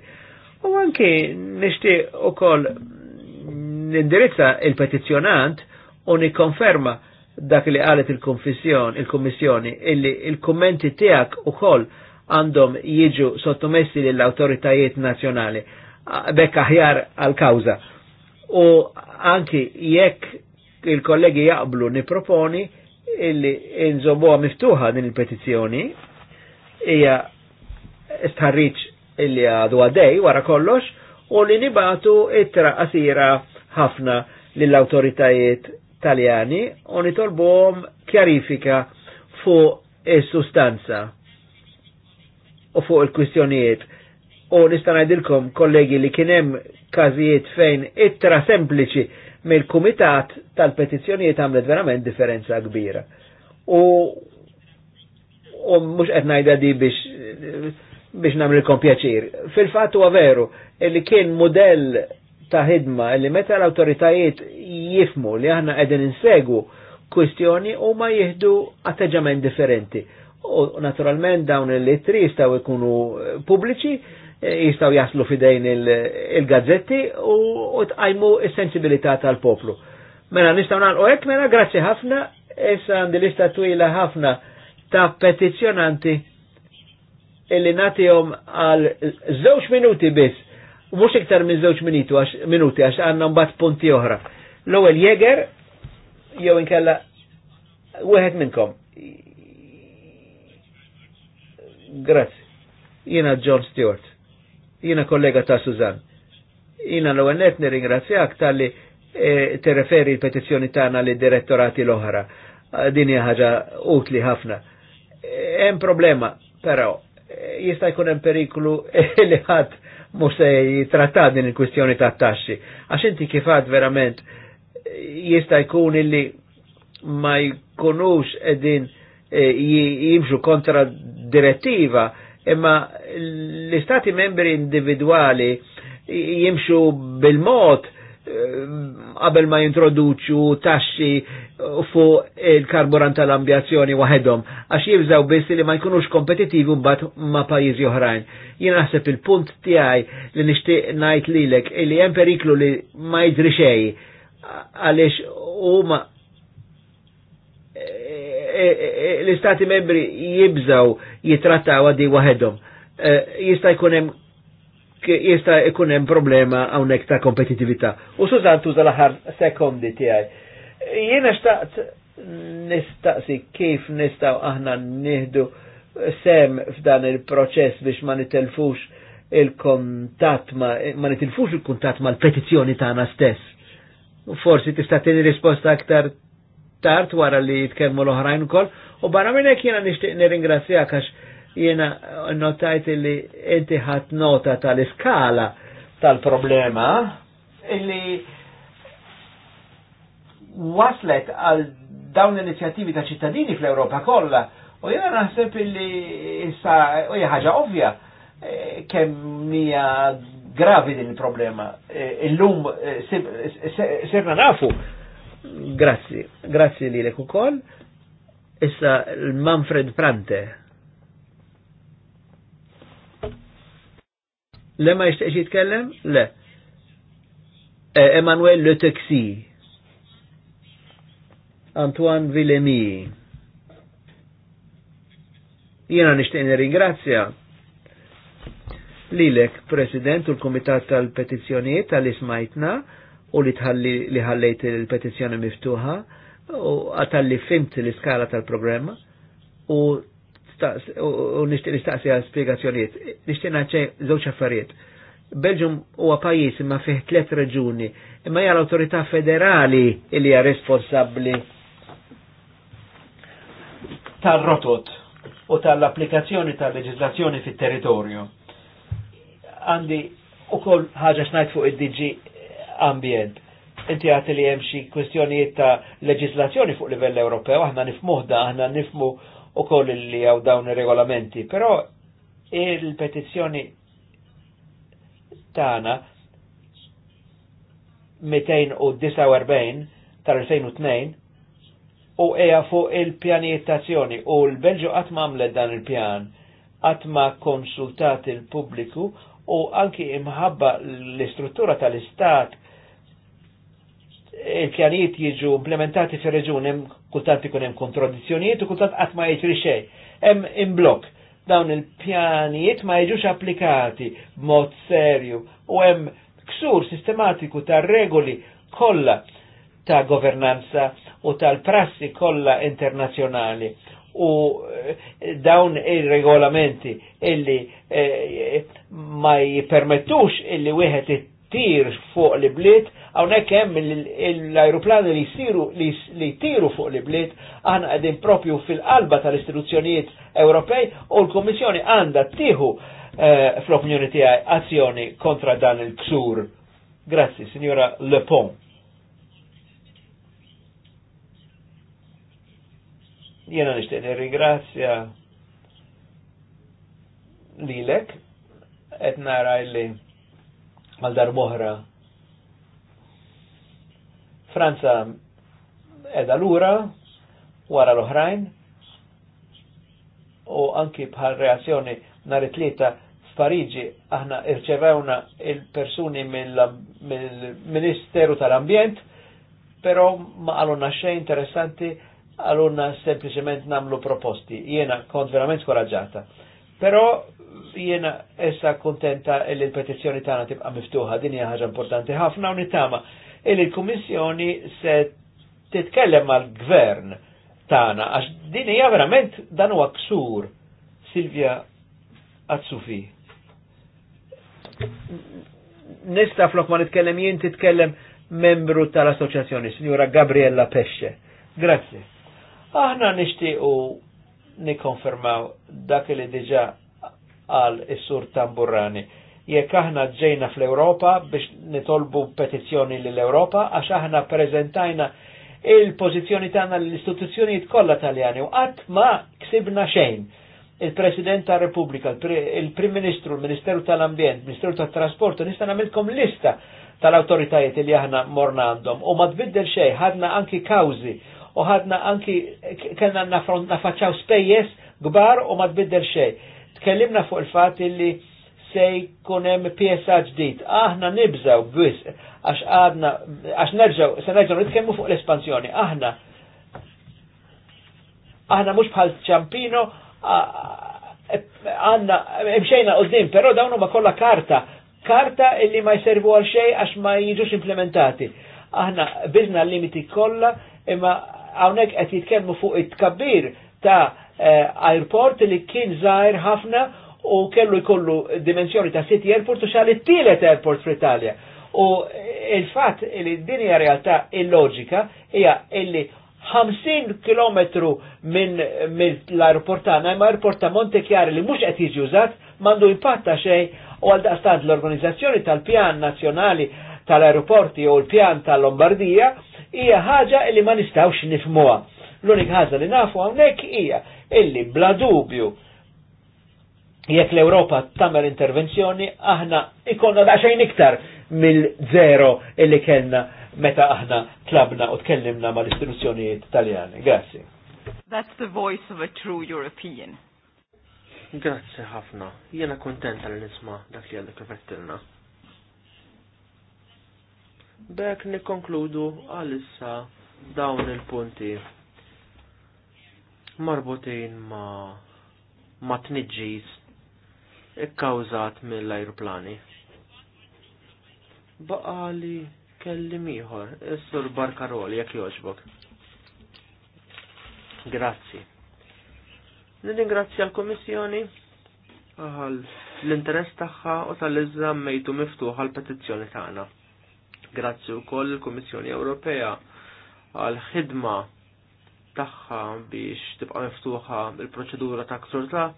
U anki nishti u koll nindirizza il-petizzjonant u nikonferma dak li għalet il-Komissjoni illi il-kommenti tijak u koll għandhom jiġu sottomessi l-autoritajiet nazjonali bekk aħjar għal-kawza. U anki jekk il-kollegi jaqblu niproponi illi inżobuha miftuħa din il-petizzjoni hija istħarriċ illi għadu għadej wara kollox u li nibatu ittra qasira ħafna lill-autoritajiet taljani u nitolbuhom kjarifika fuq is-sustanza u fuq il-kwistjonijiet. U nista' ngħidilkom kollegi li kien hemm każijiet fejn ittra sempliċi mill-Kumitat tal-Petizzjonijiet għamlet verament differenza kbira. U mux qed ngħidha di biex biex nagħmlilkom kompjaċir. Fil-fatt huwa veru li kien modell ta' ħidma li meta l-awtoritajiet jifmu li aħna qegħdin insegwu kwistjoni u ma jihdu atteġġament differenti. U naturalment dawn li tristaw ikunu pubbliċi Eh, jistaw jaslu fidejn il-gazzetti u tqajmu is-sensibilità tal-poplu. Mela nistaw nagħlqu hekk mela grazzi ħafna, issa għandi lista twila ħafna ta' petizzjonanti illi natihom għal żewġ minuti biss, mhux iktar minn żewġ minuti għax għandna mbagħad punti oħra. L-ewwel jeger jew inkella wieħed minnkom. Grazzi. Jiena John Stewart. Jina kollega ta' Suzan. Jina l-għennet nir-ingrazzjak tal-li eh, t-referi l-petizjoni tana li direttorati l-oħra. Eh, din ħaġa utli ħafna. Eh, hemm problema, però jista' jkun hemm periklu li ħadd mhux se jitratta din il-kwistjoni tat-taxxi. Għax inti kif verament jista' jkun illi ma jkunux qegħdin jimxu kontra direttiva imma l-istati membri individuali jimxu bil-mod eh, qabel ma jintroduċu taxxi fuq il-karburant tal-ambjazzjoni waħedhom għax jibżaw biss li ma jkunux kompetitivi mbagħad ma' pajjiżi oħrajn. Jien naħseb il-punt tiegħi li nixtieq ngħid lilek li hemm periklu li ma jidri xej għaliex huma eh, eh, l-istati membri jibżaw jitrattaw għaddi waħedhom. Eh, jista' jkun hemm jista jkun hemm problema hawnhekk ta' kompetitività. U Sużan tuża l-aħħar sekondi tiegħi. Jiena xtaqt nistaqsi kif nistgħu aħna nieħdu sem f'dan il-proċess biex ma nitelfux il-kontatt ma, ma nitilfux il-kuntatt mal-petizzjoni tagħna stess. Forsi tista' tieni risposta aktar tard wara li jitkellmu l-oħrajn ukoll U barra minn hekk jiena nixtieq nirringrazzjak għax jiena notajt li inti ħadd nota tal-iskala tal-problema illi waslet għal dawn l-inizjattivi ta' ċittadini fl-Europa kollha u jena naħseb illi issa u ħaġa ovvja eh, kemm hija gravi din il-problema. Eh, illum eh, sirna nafu. Grazzi, grazzi li l ukoll Issa l-Manfred Prante. Le ma jishtiqx jitkellem? Le. Emanuel Le Texi. Antoine Villemi. Jena nishtiq ringrazzja lilek, President, u l-Komitat tal petizzjonijiet tal-ismajtna u li tħalli li ħallejt il-petizzjoni miftuħa u għatalli fimt l-iskala tal-programma u nistaqsi għal spiegazzjoniet. Nishtiq naċċej żewġ affarijiet. Belġum huwa pajjiż imma fih tliet reġuni, imma hija l-awtorità federali li hija responsabbli tal-rotot u tal-applikazzjoni tal-leġislazzjoni fit-territorju. Għandi u koll ħaġa xnajt fuq id-DG ambjent inti għati li hemm xi kwistjonijiet ta' leġislazzjoni fuq livell Ewropew, aħna da aħna nifmu koll li għaw dawn ir-regolamenti, però il-petizzjoni tagħna 249 tar 2002 u eja fuq il-pjanijiet u l-Belġu qatt għamlet dan il-pjan qatt ma konsultat il-pubbliku u anki imħabba l-istruttura tal-istat il-pjanijiet jiġu implementati fir reġun hemm kultant ikun hemm kontradizzjonijiet u kultant qatt ma jiġri xejn. Hemm imblok dawn il-pjanijiet ma jiġux applikati b'mod serju u hemm ksur sistematiku ta' regoli kollha ta' governanza u tal-prassi kollha internazzjonali u eh, dawn il-regolamenti illi eh, ma jipermettux illi wieħed ittir fuq li bliet Hawnhekk hemm l-ajruplani li jsiru li jtiru fuq li bliet aħna qegħdin propju fil-qalba tal-istituzzjonijiet Ewropej u l-Kummissjoni għandha tiħu eh, fl-opinjoni tiegħi azzjoni kontra dan il-ksur. Grazzi, Signora Le Pont. Jena nishtiq nirringrazzja lilek qed nara li għal darbohra Franza edha lura wara l-oħrajn u anki bħal reazzjoni nhar it-tlieta f'Pariġi aħna irċevewna il-persuni mill-Ministeru tal-Ambjent, però ma għalunna xejn interessanti għalunna sempliciment namlu proposti. Jiena kont verament skoraġġata. Però jiena essa kontenta li l-petizzjoni tagħna tibqa' miftuħa, din hija ħaġa importanti ħafna u nittama il kummissjoni se titkellem mal-gvern tana, għax din hija verament dan huwa ksur Silvia Azzufi. Nista flok ma nitkellem jien titkellem membru tal-Assoċjazzjoni, Signora Gabriella Pesce. Grazie. Aħna nixtiequ nikkonfermaw dak li diġà għal is-sur Tamburrani jekk aħna ġejna fl-Europa biex nitolbu petizzjoni l-Europa għax aħna prezentajna il-pozizjoni tagħna l-istituzzjonijiet kollha Taljani u qatt ma ksibna xejn. Il-President tal Repubblika, il-Prim Ministru, il-Ministeru tal-Ambjent, il-Ministeru tat-Trasport, nista' nagħmilkom lista tal awtoritajiet li aħna morna għandhom u ma tbiddel xejn, ħadna anki kawzi u ħadna anki kellna nafaċċaw spejjeż gbar u ma tbiddel xejn. Tkellimna fuq il-fatt li se jkun hemm pjesa ġdid. Aħna nibżaw bwis, għax għadna għax nerġgħu se nerġgħu nitkemmu fuq l-espansjoni. Aħna aħna mhux bħal ċampino għandna imxejna din, però dawnu ma kolla karta, karta illi ma jservu għal xejn għax ma jiġux implementati. Aħna bizna l-limiti kollha imma hawnhekk qed jitkellmu fuq it-tkabbir ta' eh, airport li kien zaħir ħafna u kellu jkollu dimensjoni ta' City Airport u xali tielet airport fl-Italja. U il-fat li dinja realtà il-loġika hija illi 50 km minn min l-aeroport tagħna imma aeroport ta' Chiari li mhux qed jiġi użat m'għandu impatta xejn u għal daqstant l-organizzazzjoni tal-pjan nazzjonali tal-aeroporti u l-pjan tal-Lombardija hija ħaġa li ma nistgħux nifhmuha. l unik ħaġa li nafu hawnhekk hija illi bla dubju jekk l-Europa tamer intervenzjoni, aħna ikonna daċħajn iktar mill-zero illi kellna meta aħna tlabna u tkellimna ma l-istituzzjonijiet italjani. Grazie. That's the voice of a true European. Grazie ħafna. Jena kontenta li nisma dak li għandek kifettilna. Bek nikonkludu għalissa dawn il-punti marbutin ma ma tniġġis ikkawżat mill-ajruplani. Baqali kelli miħor, is-sur Barkarol, jekk jogħġbok. Grazzi. Nirringrazzja l-Kummissjoni għal l-interess tagħha u tal-iżammejtu miftuħa għal petizzjoni tagħna. Grazzi wkoll il-Kummissjoni Ewropea għal ħidma tagħha biex tibqa' miftuħa il-proċedura taksur ta'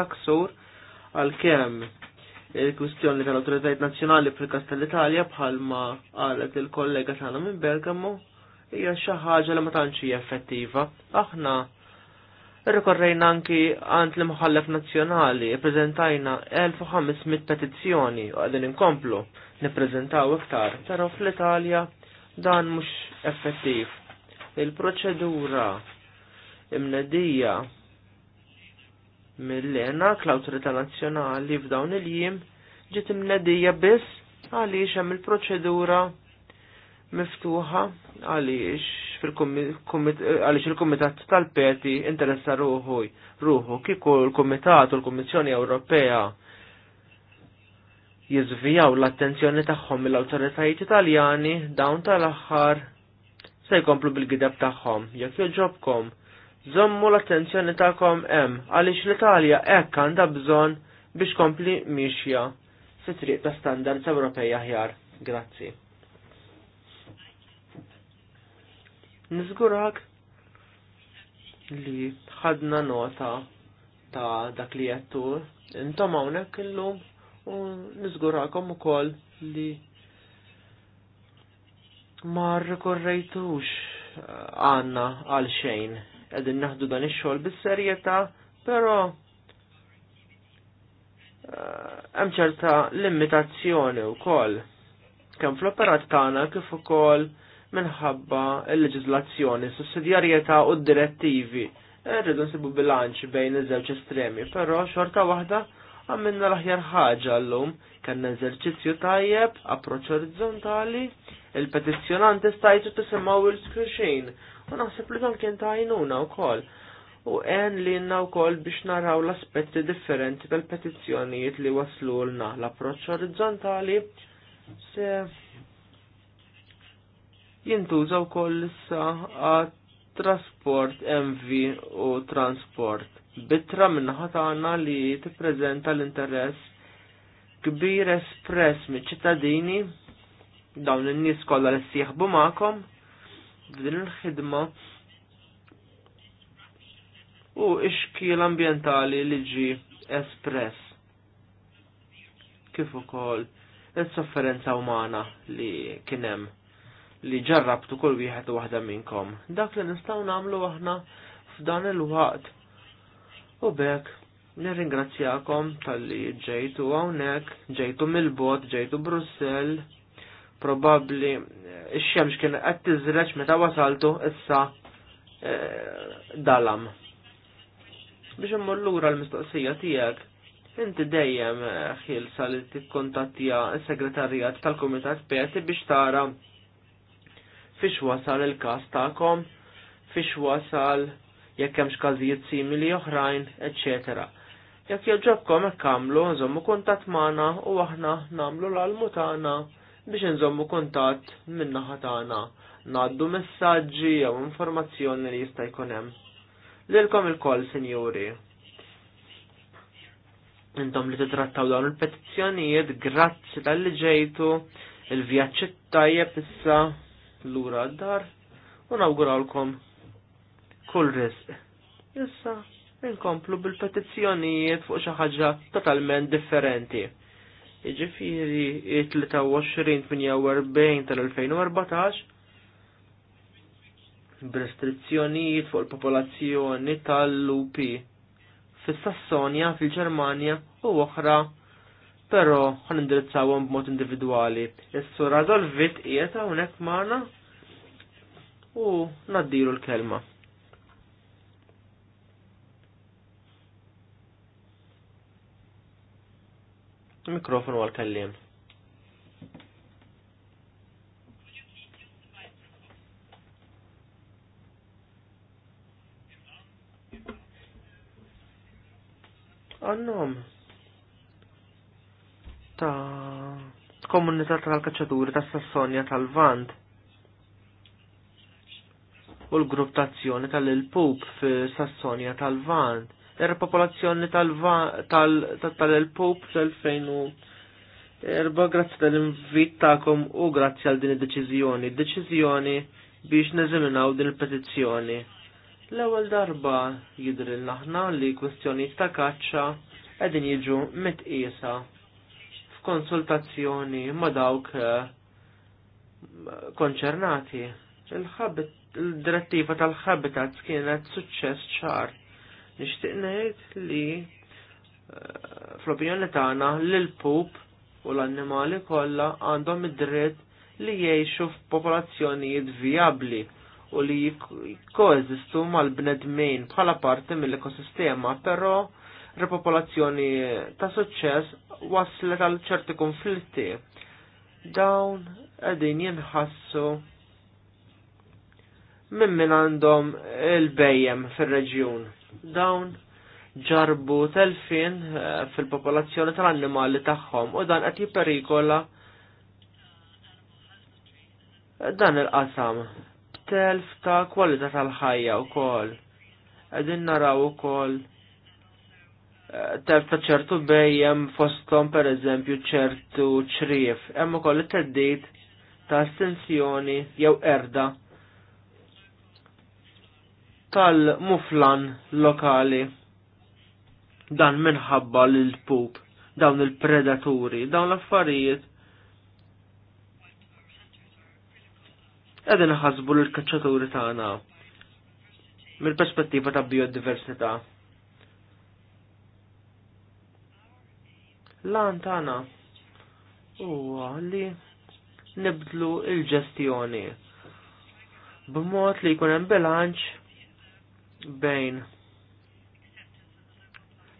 taksur eh, Għalkemm il-kwistjoni tal autoritajt nazzjonali fil kastell tal-Italja bħalma qalet il-kollega tagħna minn Bergamo hija xi ħaġa li ma tantx hija effettiva. Aħna rrekorrejna anki għand l-imħallef nazzjonali, prezentajna 1500 petizzjoni u għadin inkomplu, niprezentaw iktar, pero fl-Italja dan mux effettiv. Il-proċedura imnedija Mill-lena l-Awtorità Nazzjonali f'dawn il-jiem ġiet imnedija biss għaliex hemm il-proċedura miftuħa għaliex għaliex il-Kumitat tal-Peti interessa ruħu ruħu kieku l-Kumitat u l-Kummissjoni Ewropea jizvijaw l-attenzjoni tagħhom mill-awtoritajiet Italjani dawn tal-aħħar se jkomplu bil-gideb tagħhom jekk joġobkom Zommu l-attenzjoni ta'kom hemm għaliex l-Italja hekk għandha bżonn biex kompli mixja fi triq ta' standards Ewropej aħjar. Grazzi. Nizgurak li ħadna nota ta' dak li jettu intom hawnhekk illum u niżgurakom ukoll li ma rrikorrejtux eh, għanna għal xejn qegħdin naħdu dan ix-xogħol bis-serjetà, però eh, hemm ċerta limitazzjoni wkoll kemm fl-operat tagħna kif ukoll minħabba l-leġiżlazzjoni sussidjarjetà u d-direttivi. Rridu nsibu bilanċ bejn iż-żewġ estremi, però xorta waħda għamilna l-aħjar ħaġa llum kellna eżerċizzju tajjeb, approċċ orizzontali, il-petizzjonanti stajtu tisimgħu il-skrixin U naħseb li dan kien ta' għajnuna wkoll. U għen li jenna wkoll biex naraw l-aspetti differenti tal-petizzjonijiet li waslu l-na l-approċċ orizzontali se jintużaw wkoll issa għat trasport MV u transport bitra minnaħat għanna li tippreżenta l-interess kbir espress miċ ċittadini dawn in-nies kollha li ssieħbu magħkom din il-ħidma u ixkiel ambientali li ġi espress. Kif ukoll is-sofferenza umana li kien hemm li ġarrabtu kull wieħed waħda minnkom. Dak li nistgħu nagħmlu aħna f'dan il-waqt. U bekk nirringrazzjakom tal-li ġejtu hawnhekk, ġejtu mill-bot, ġejtu Brussell Probabbli eh, ix-xemx kien qed tiżreġ meta wasaltu issa eh, dalam. Biex immur lura l-mistoqsija tiegħek, inti dejjem eh, ħilsa li tikkontattija s-segretarjat tal-Kumitat Peti biex tara fiex wasal il-każ tagħkom, fiex wasal jekk hemmx każijiet simili oħrajn, eċċetera. Jekk jogħġobkom hekk għamlu, nżommu kuntatt magħna u aħna nagħmlu l almutana tagħna biex nżommu kontatt min-naħa tagħna ngħaddu messaġġi jew informazzjoni li jista' jkun hemm. Lilkom il-koll, sinjuri. Intom li titrattaw dawn il-petizzjonijiet, grazzi tal-li ġejtu, il vjaċċi tajjeb issa lura d-dar u nawgurawlkom kull rizq. Issa inkomplu bil-petizzjonijiet fuq xi ħaġa totalment differenti. Ġifiri 23-48 tal-2014 b'restrizzjonijiet fuq il-popolazzjoni tal-lupi fis-Sassonja, fil-Ġermanja u oħra, però ħan indirizzawhom b'mod individwali. Is-sura dal-vit qiegħed unek magħna u naddilu l-kelma. Mikrofonu għal-kellim. Għannom ta' komunità tal-kaċċaturi ta' Sassonja tal vant u l-grupp tazzjoni tal pup fi Sassonja tal vant il-repopolazzjoni tal-pop tal, 2004 grazzi tal-invit ta'kom u grazzi għal din id-deċizjoni. Deċizjoni biex neżeminaw din il-petizzjoni. L-ewwel darba jidril aħna li kwestjoni ta' kaċċa qegħdin jiġu mitqiesa f'konsultazzjoni ma' dawk eh, konċernati. Il-direttiva tal-habitat kienet suċċess ċart. Nixtieq ngħid li eh, fl-opinjoni tagħna l-pup u l-annimali kollha għandhom id-dritt li jgħixu f'popolazzjonijiet vijabbli u li jikkoeżistu mal-bnedmin bħala parti mill-ekosistema, però repopolazzjoni ta' suċċess waslet għal ċerti konflitti. Dawn qegħdin jinħassu minn min għandhom il-bejjem fir-reġjun dawn ġarbu telfin eh, fil-popolazzjoni tal-annimali tagħhom u dan qed jipperikola dan il-qasam telf ta' kwalità tal-ħajja wkoll. Qegħdin naraw ukoll eh, telf ta' ċertu bejjem fosthom pereżempju ċertu ċrif, hemm ukoll it-teddid ta' estensjoni jew erda tal-muflan lokali. Dan minħabba l-pup, dawn il-predaturi, dawn l-affarijiet. Edin ħasbu l-kacċaturi tagħna mill-perspettiva ta' biodiversità. Lan tagħna huwa li nibdlu l ġestjoni b'mod li jkun hemm bilanċ bejn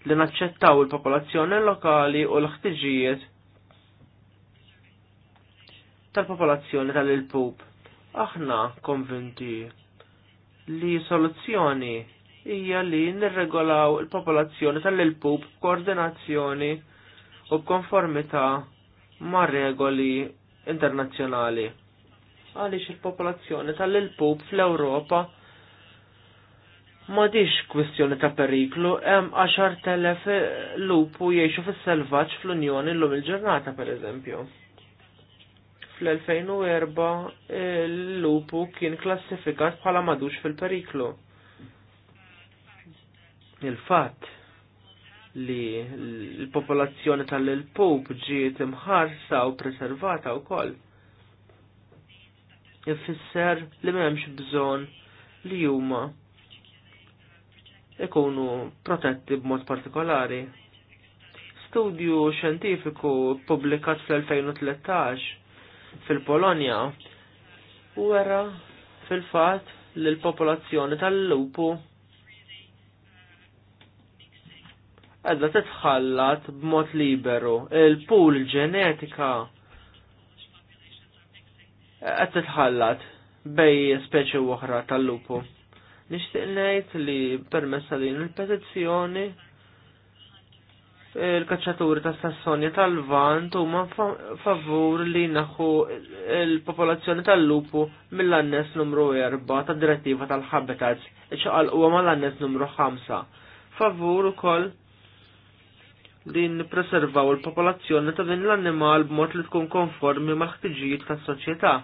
li naċċettaw il-popolazzjoni lokali u l-ħtiġijiet tal-popolazzjoni il pup Aħna konvinti li soluzzjoni hija li nirregolaw il-popolazzjoni il pup koordinazzjoni u konformità ma' regoli internazzjonali. Għaliex il-popolazzjoni il pup fl-Ewropa Ma diċ kwistjoni ta' periklu, hemm 10.000 lupu jiexu fis-selvaġġ fl-Unjoni llum il-ġurnata pereżempju. Fl-2004 l lupu kien klassifikat bħala madux fil-periklu. Il-fatt li l-popolazzjoni tal-pup ġiet imħarsa u preservata wkoll. Ifisser li m'hemmx bżonn li huma ikunu protetti b'mod partikolari. Studju xjentifiku publikat fl-2013 fil-Polonja wera fil-fatt li l-popolazzjoni tal-lupu għadda titħallat b'mod liberu. Il-pool ġenetika għad titħallat bej speċi uħra tal-lupu. Nixtieq ngħid li permessa din il-petizzjoni il-kacċaturi ta' Sassonja tal-Vant huma favur li naħu il-popolazzjoni tal-lupu mill-annes numru 4 ta' direttiva tal-Habitats iċaqal huwa mal-annes numru 5. Favur ukoll li nippreservaw il-popolazzjoni ta' din l-annimal b'mod li tkun konformi mal-ħtiġijiet tas-soċjetà.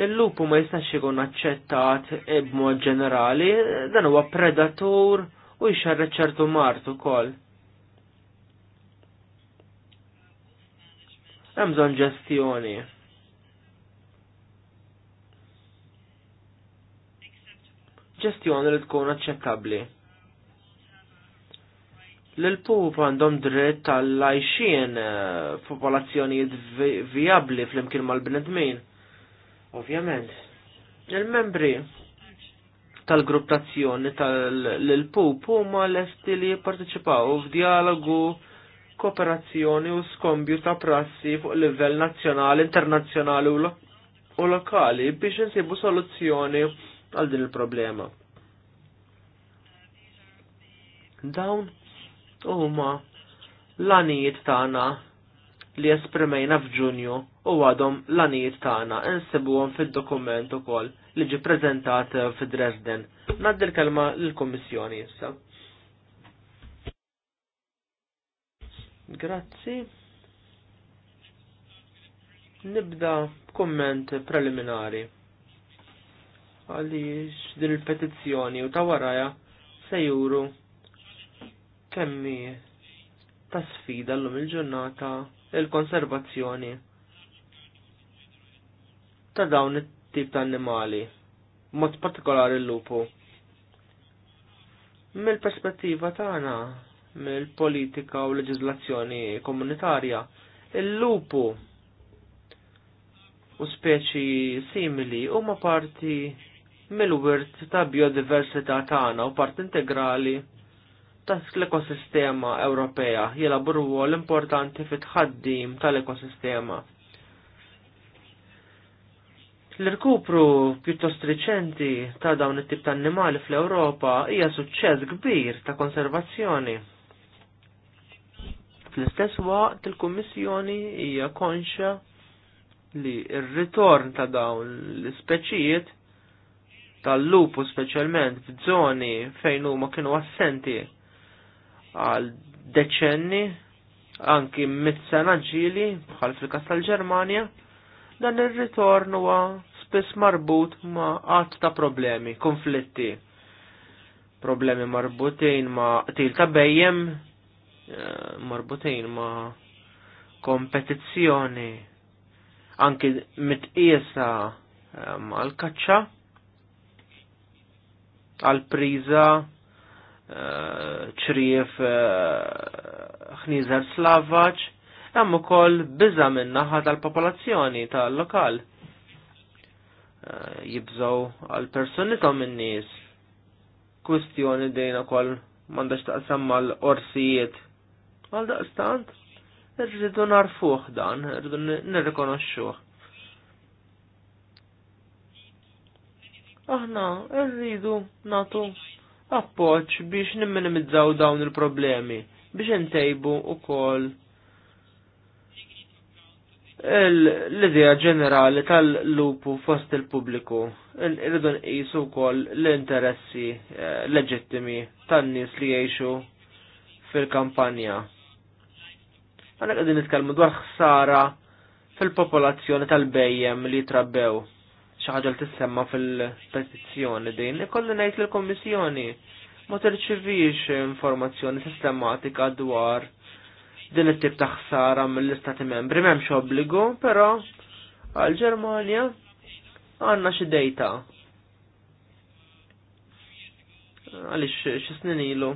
Il-lupu ma jistax ikun aċċettat e b'mod ġenerali, dan huwa predatur u jxarret ċertu mart ukoll. Hemm bżonn ġestjoni. Ġestjoni li tkun aċċettabbli. L-pup għandhom dritt tal-lajxien f'popolazzjonijiet eh, vijabli fl-imkien mal-bnedmin Ovvjament, il-membri tal-grupp tazzjoni tal-pup huma lesti li jipparteċipaw f'dialogu kooperazzjoni u skombju ta' prassi fuq livell nazzjonali, internazzjonali u lokali biex insibu soluzzjoni għal din il-problema. Dawn huma l-anijiet tagħna li esprimejna f'Ġunju u għadhom l-anijiet tagħna insibuhom fid-dokument ukoll li ġi preżentat fi Dresden. Naddi l-kelma l-Kommissjoni issa. Grazzi. Nibda komment preliminari għaliex din il-petizzjoni u ta' waraja se juru kemmi ta' sfida l-lum il-ġurnata il-konservazzjoni ta' dawn it-tip ta' annimali, mod partikolari l-lupu. Mill-perspettiva tagħna, mill-politika u leġiżlazzjoni komunitarja, il-lupu u speċi simili huma parti mill-wirt ta' biodiversità tagħna u parti integrali ta' l-ekosistema Ewropea jilabru l importanti fit-ħaddim tal-ekosistema. L-irkupru pjuttost riċenti ta' dawn it-tip ta' annimali fl-Ewropa hija suċċess kbir ta' konservazzjoni. Fl-istess waqt il-Kummissjoni hija konxa li r-ritorn ta' dawn l-speċijiet tal-lupu speċjalment f'żoni fejn huma kienu assenti għal deċenni anki mit-sena ġili bħal fil-kas tal-Ġermanja dan ir-ritorn huwa spess marbut ma għat ta' problemi, konflitti. Problemi marbutin ma til ta' bejjem, eh, marbutin ma kompetizzjoni, anki mit-qiesa għal-kaċċa, eh, għal-priza, eh, ċrif ħnizar slavaċ, hemm ukoll biża min-naħa tal-popolazzjoni tal-lokal. Eh, jibżaw għal ta' minn nies. Kwistjoni dejna kol mandax taqsam mal orsijiet. Għal stant rridu narfuħ dan, rridu nirrikonoxxuh. Aħna rridu natu appoċ biex nimminimizzaw dawn il-problemi, biex ntejbu u kol l-idea ġenerali tal-lupu fost il-pubbliku. Irridu nqisu wkoll l-interessi eh, leġittimi tan-nies li jgħixu fil-kampanja. Għana qegħdin nitkellmu dwar ħsara fil-popolazzjoni tal-bejjem li trabbew. Xi ħaġa li tissemma fil-petizzjoni din, ikolli ngħid l kummissjoni ma tirċivix informazzjoni sistematika dwar din it-tip ta' ħsara mill-istati membri m'hemmx obbligu, però għal Ġermanja għandna xi dejta. Għaliex xi snin ilu.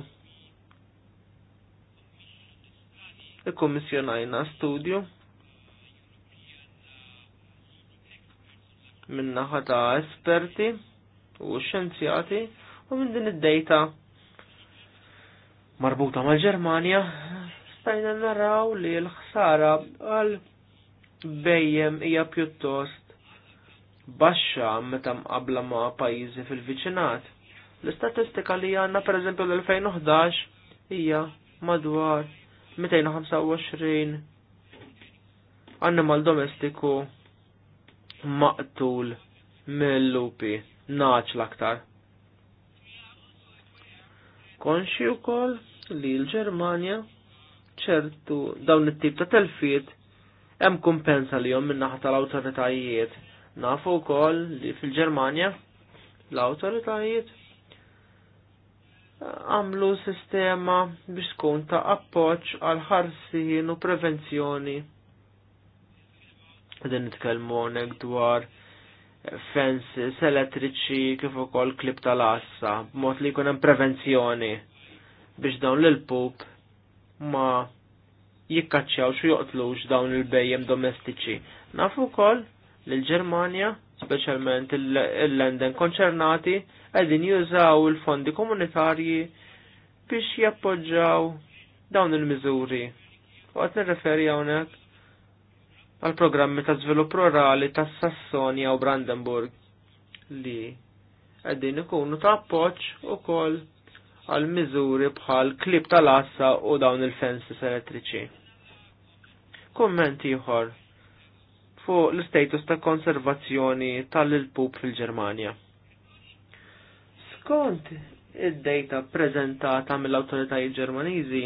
Ikkommissjonajna studju minn naħa ta' esperti u xenzjati u minn din id-dejta marbuta mal-Ġermanja stajna naraw li l-ħsara għal bejjem hija pjuttost baxxa meta mqabla ma' pajjiżi fil-viċinat. L-istatistika li għandna pereżempju l-2011 hija madwar 225 animal domestiku maqtul mill-lupi naċ l-aktar. Konxi u kol li l-Germania ċertu dawn it-tip ta' telfiet hemm kumpensa li jom minnaħa tal-awtoritajiet. Nafu wkoll li fil-Ġermanja l-awtoritajiet għamlu sistema biex tkun ta' appoġġ għal ħarsien u prevenzjoni. Din nitkellmu hawnhekk dwar fences elettriċi kif ukoll klib tal-assa b'mod li jkun hemm prevenzjoni biex dawn l-pup ma jikkaċċjaw xu joqtlux dawn il-bejjem domestiċi. Nafu kol l ġermanja specialment il-Lenden konċernati, għedin jużaw il-fondi komunitarji biex jappoġġaw dawn il-mizuri. U għat nirreferi għonek għal-programmi ta' żvilupp rurali ta' Sassonia u Brandenburg li għedin ikunu ta' appoċ u għal miżuri bħal klib tal-assa u dawn il-fences elettriċi. Kommenti ieħor fuq l-istatus ta' konservazzjoni tal ilpup fil-Ġermanja. Skont id-data prezentata mill-awtoritajiet Ġermaniżi,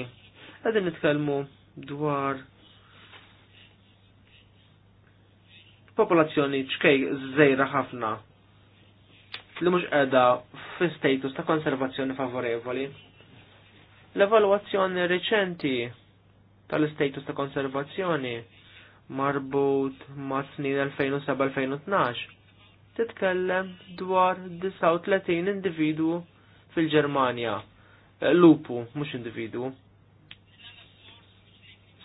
qegħdin nitkellmu dwar popolazzjoni ċkej żejra ħafna li mhux qiegħda fi status ta' konservazzjoni favorevoli. L-evalwazzjoni reċenti tal-status ta' konservazzjoni marbut ma' snin 2007-2012 titkellem dwar 39 individwu fil-Ġermanja. Eh, lupu, mhux individwu.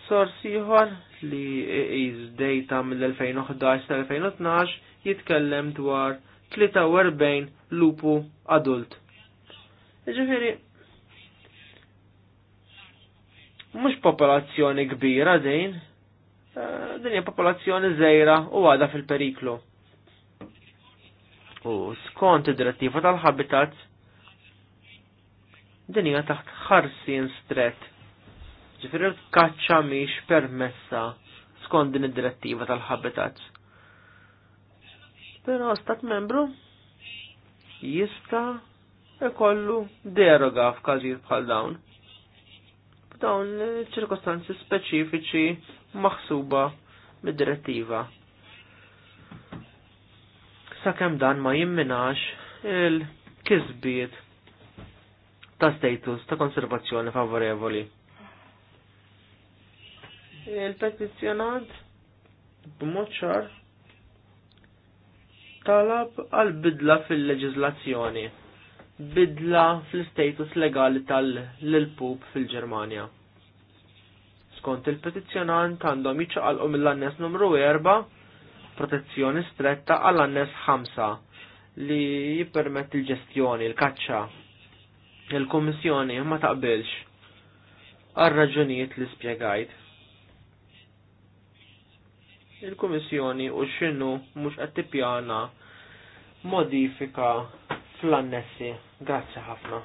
Sorsi ieħor li is data mill-2011 tal-2012 jitkellem dwar 43 lupu adult. Ġifiri, mux popolazzjoni kbira din, eh, din hija popolazzjoni żejra u għada fil-periklu. U skont id-direttiva tal-habitat, din hija taħt ħarsin stret. Ġifiri l-kaċċa miex permessa skont din id-direttiva tal-habitat. Però stat membru jista' ikollu deroga f'każijiet bħal dawn. Dawn ċirkostanzi speċifiċi maħsuba mid-direttiva. Sakemm dan ma jimminax il-kisbiet ta' status ta' konservazzjoni favorevoli. Il-petizjonant b'mod ċar talab għal bidla fil-leġizlazzjoni, bidla fil-status legali tal-lil-pub fil-Germania. Skont il-petizzjonant għandhom jiċċaqalqu mill-annes numru 4 protezzjoni stretta għall-annes 5 li jipermet il-ġestjoni, il-kaċċa. il komissjoni ma taqbilx għal raġunijiet li spjegajt il-Komissjoni u x'inhu mhux qed tippjana modifika fl-annessi. Grazzi ħafna.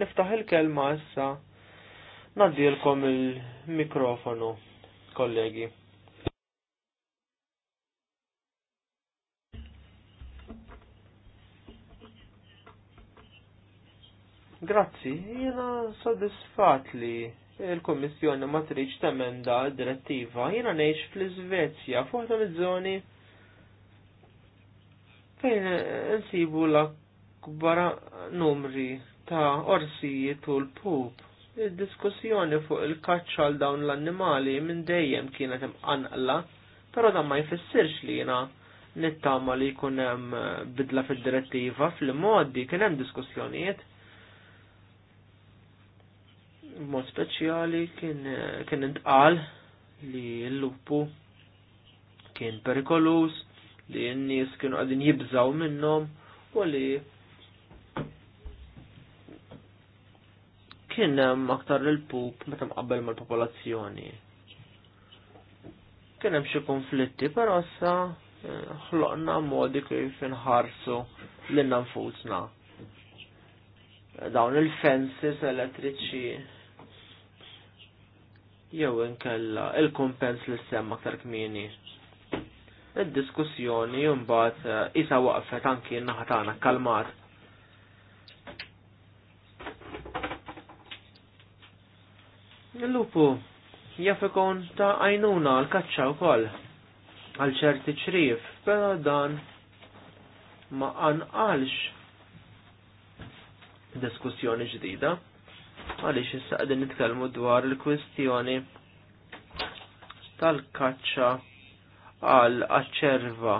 Niftaħ il-kelma issa nadilkom il-mikrofonu, kollegi. Grazzi, jena soddisfat li il-Kommissjoni ma tridx temenda direttiva Jiena ngħix fl-Iżvezja fuq iż-żoni fejn insibu l-akbar numri ta' orsijiet u l-pup. Id-diskussjoni fuq il-kaċċa għal dawn l-annimali minn dejjem kienet imqanqla, però dan ma jfissirx li jiena nittama li jkun hemm bidla fid-direttiva fil-modi kien hemm diskussjonijiet mod speċjali kien intqal li l-lupu kien perikolus, li n-nies kienu għadin jibżaw minnom u li kien hemm aktar il-pup meta mqabbel mal-popolazzjoni. Kien hemm xi konflitti, però issa eh, ħloqna modi kif inħarsu lil innanfusna Dawn il-fences elettriċi jew inkella il-kumpens li semma aktar kmieni. Id-diskussjoni mbagħad eh, isa waqfet anki n-naħa tagħna kalmat. Il-lupu jafikon ta' għajnuna l-kaċċa u koll għal ċerti ċrif, pero dan ma' anqalx diskussjoni ġdida għaliex issa qegħdin nitkellmu dwar il-kwistjoni tal-kaċċa għal aċċerva.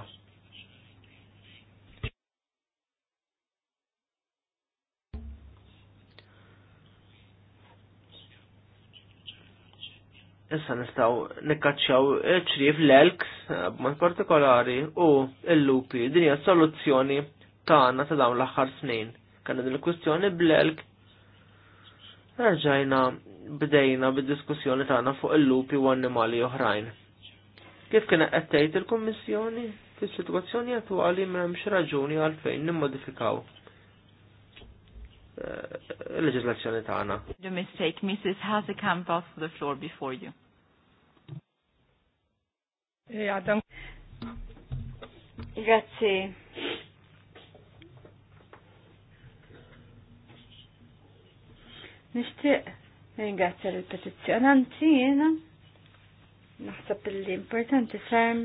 Issa nistaw nikkaċċaw ċrif l-elks b'mod partikolari u l-lupi din hija soluzzjoni tagħna ta' dawn l-aħħar snin. Kanna din il-kwistjoni bl-elk Rġajna bdejna bid-diskussjoni tagħna fuq il-lupi u annimali oħrajn. Kif kien qed tgħid il-Kummissjoni fis-sitwazzjoni attwali m'hemmx raġuni għalfejn nimmodifikaw eh, il-leġislazzjoni tagħna. The mistake, Mrs. Hasekam was the floor before you. Grazie, Nishtiq ringrazzja l-petizzjonanti jena. Naħseb li importanti ferm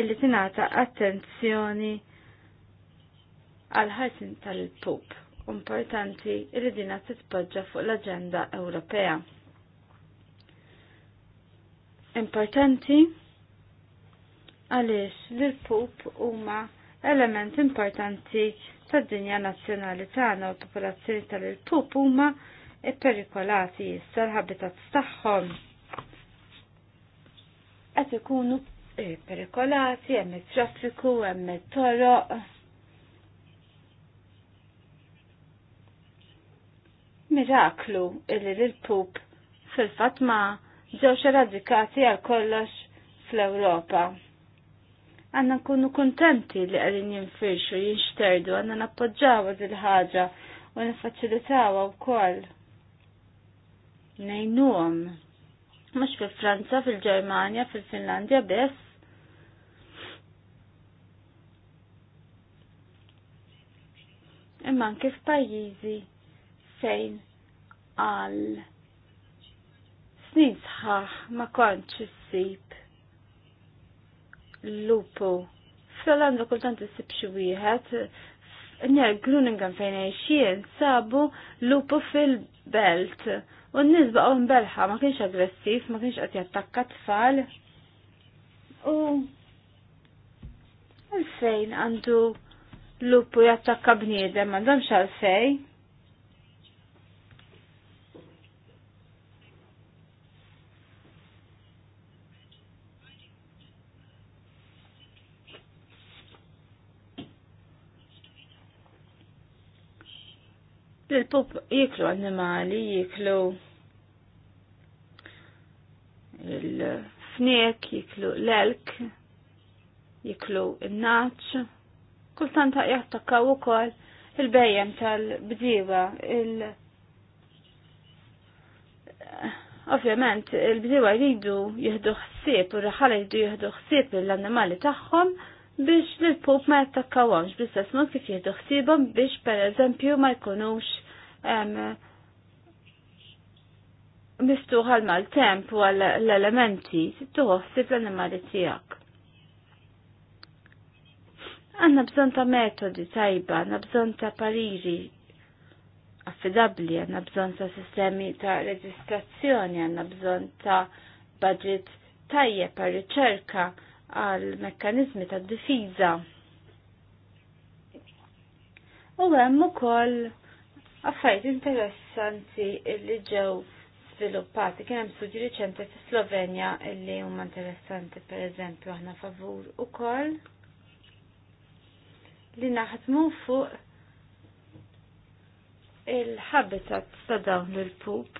illi tinata attenzjoni għal-ħarsin tal-pup. Importanti illi dina titpoġġa fuq l-agenda Ewropea. Importanti għaliex li l-pup huma element importanti tad-dinja nazzjonali tagħna u l-popolazzjoni tal-pup huma ipperikolati issa l-habitat tagħhom qed ikunu eh, perikolati, hemm it-traffiku, hemm it-toroq. Miraklu il il pup fil-fatt ma ġewx eradikati għal kollox fl-Ewropa. Għanna nkunu kontenti li għalin jinfirxu, jinxterdu, għanna nappoġġawa dil-ħagġa u nifaċilitawa u koll nejnuhom. Mhux fil-Franza, fil-Ġermanja, fil-Finlandja biss. Imma anke f'pajjiżi fejn għal snin sħaħ ma kontx issib lupu. fil olanda kultant issib xi wieħed Nja, Gruningan fejn għajxien sabu lupu fil-belt U n-nisba u mbelħa ma kienx aggressiv, ma kienx qed jattakka tfal. U għalfejn għandu lupu jattakka bniedem, għandhom xalfej. il pup jiklu annimali, jiklu il-fnek, jiklu l-elk, jiklu il-naċ, kultant jattakkaw u kol il-bejjem tal bdiva il- Ovvjament, il-bdiwa jridu jihdu xsib, u raħala jridu jihdu xsib l-annimali taħħom, biex l-pup ma jattakkawomx bl-istess mod kif jieħdu ħsiebhom biex pereżempju ma jkunux mistuħ għal mal-temp u għal elementi elementi tuħossib l-animali tijak. Għanna bżon ta' metodi tajba, għanna bżon ta' pariri affidabli, għanna bżon ta' sistemi ta' reġistrazzjoni, għanna bżon ta' budget tajje pa' riċerka għal mekkanizmi ta' difiża. U hemm ukoll affarijiet interessanti li ġew sviluppati kien hemm studji riċenti fi Slovenja li huma interessanti pereżempju aħna favur ukoll li naħdmu fuq il-habitat ta' dawn il-pup.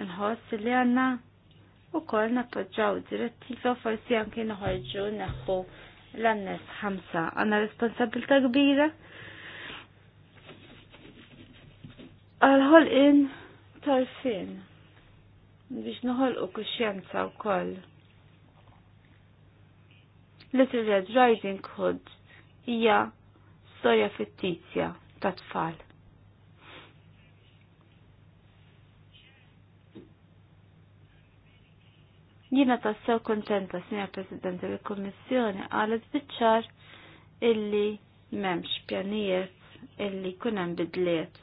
Nħoss li għanna u kol nappoġġaw direttiva forsi anki nħorġu neħu l-annes ħamsa. Għanna responsabilta kbira għal in tarfin biex noħolqu kuxjenza wkoll. Little Red Riding Hood hija storja fittizja ta' tfal. Jina tassew kontenta, Sinja President il-Kommissjoni, għalet bitċar illi memx pjanijiet illi kunem bidliet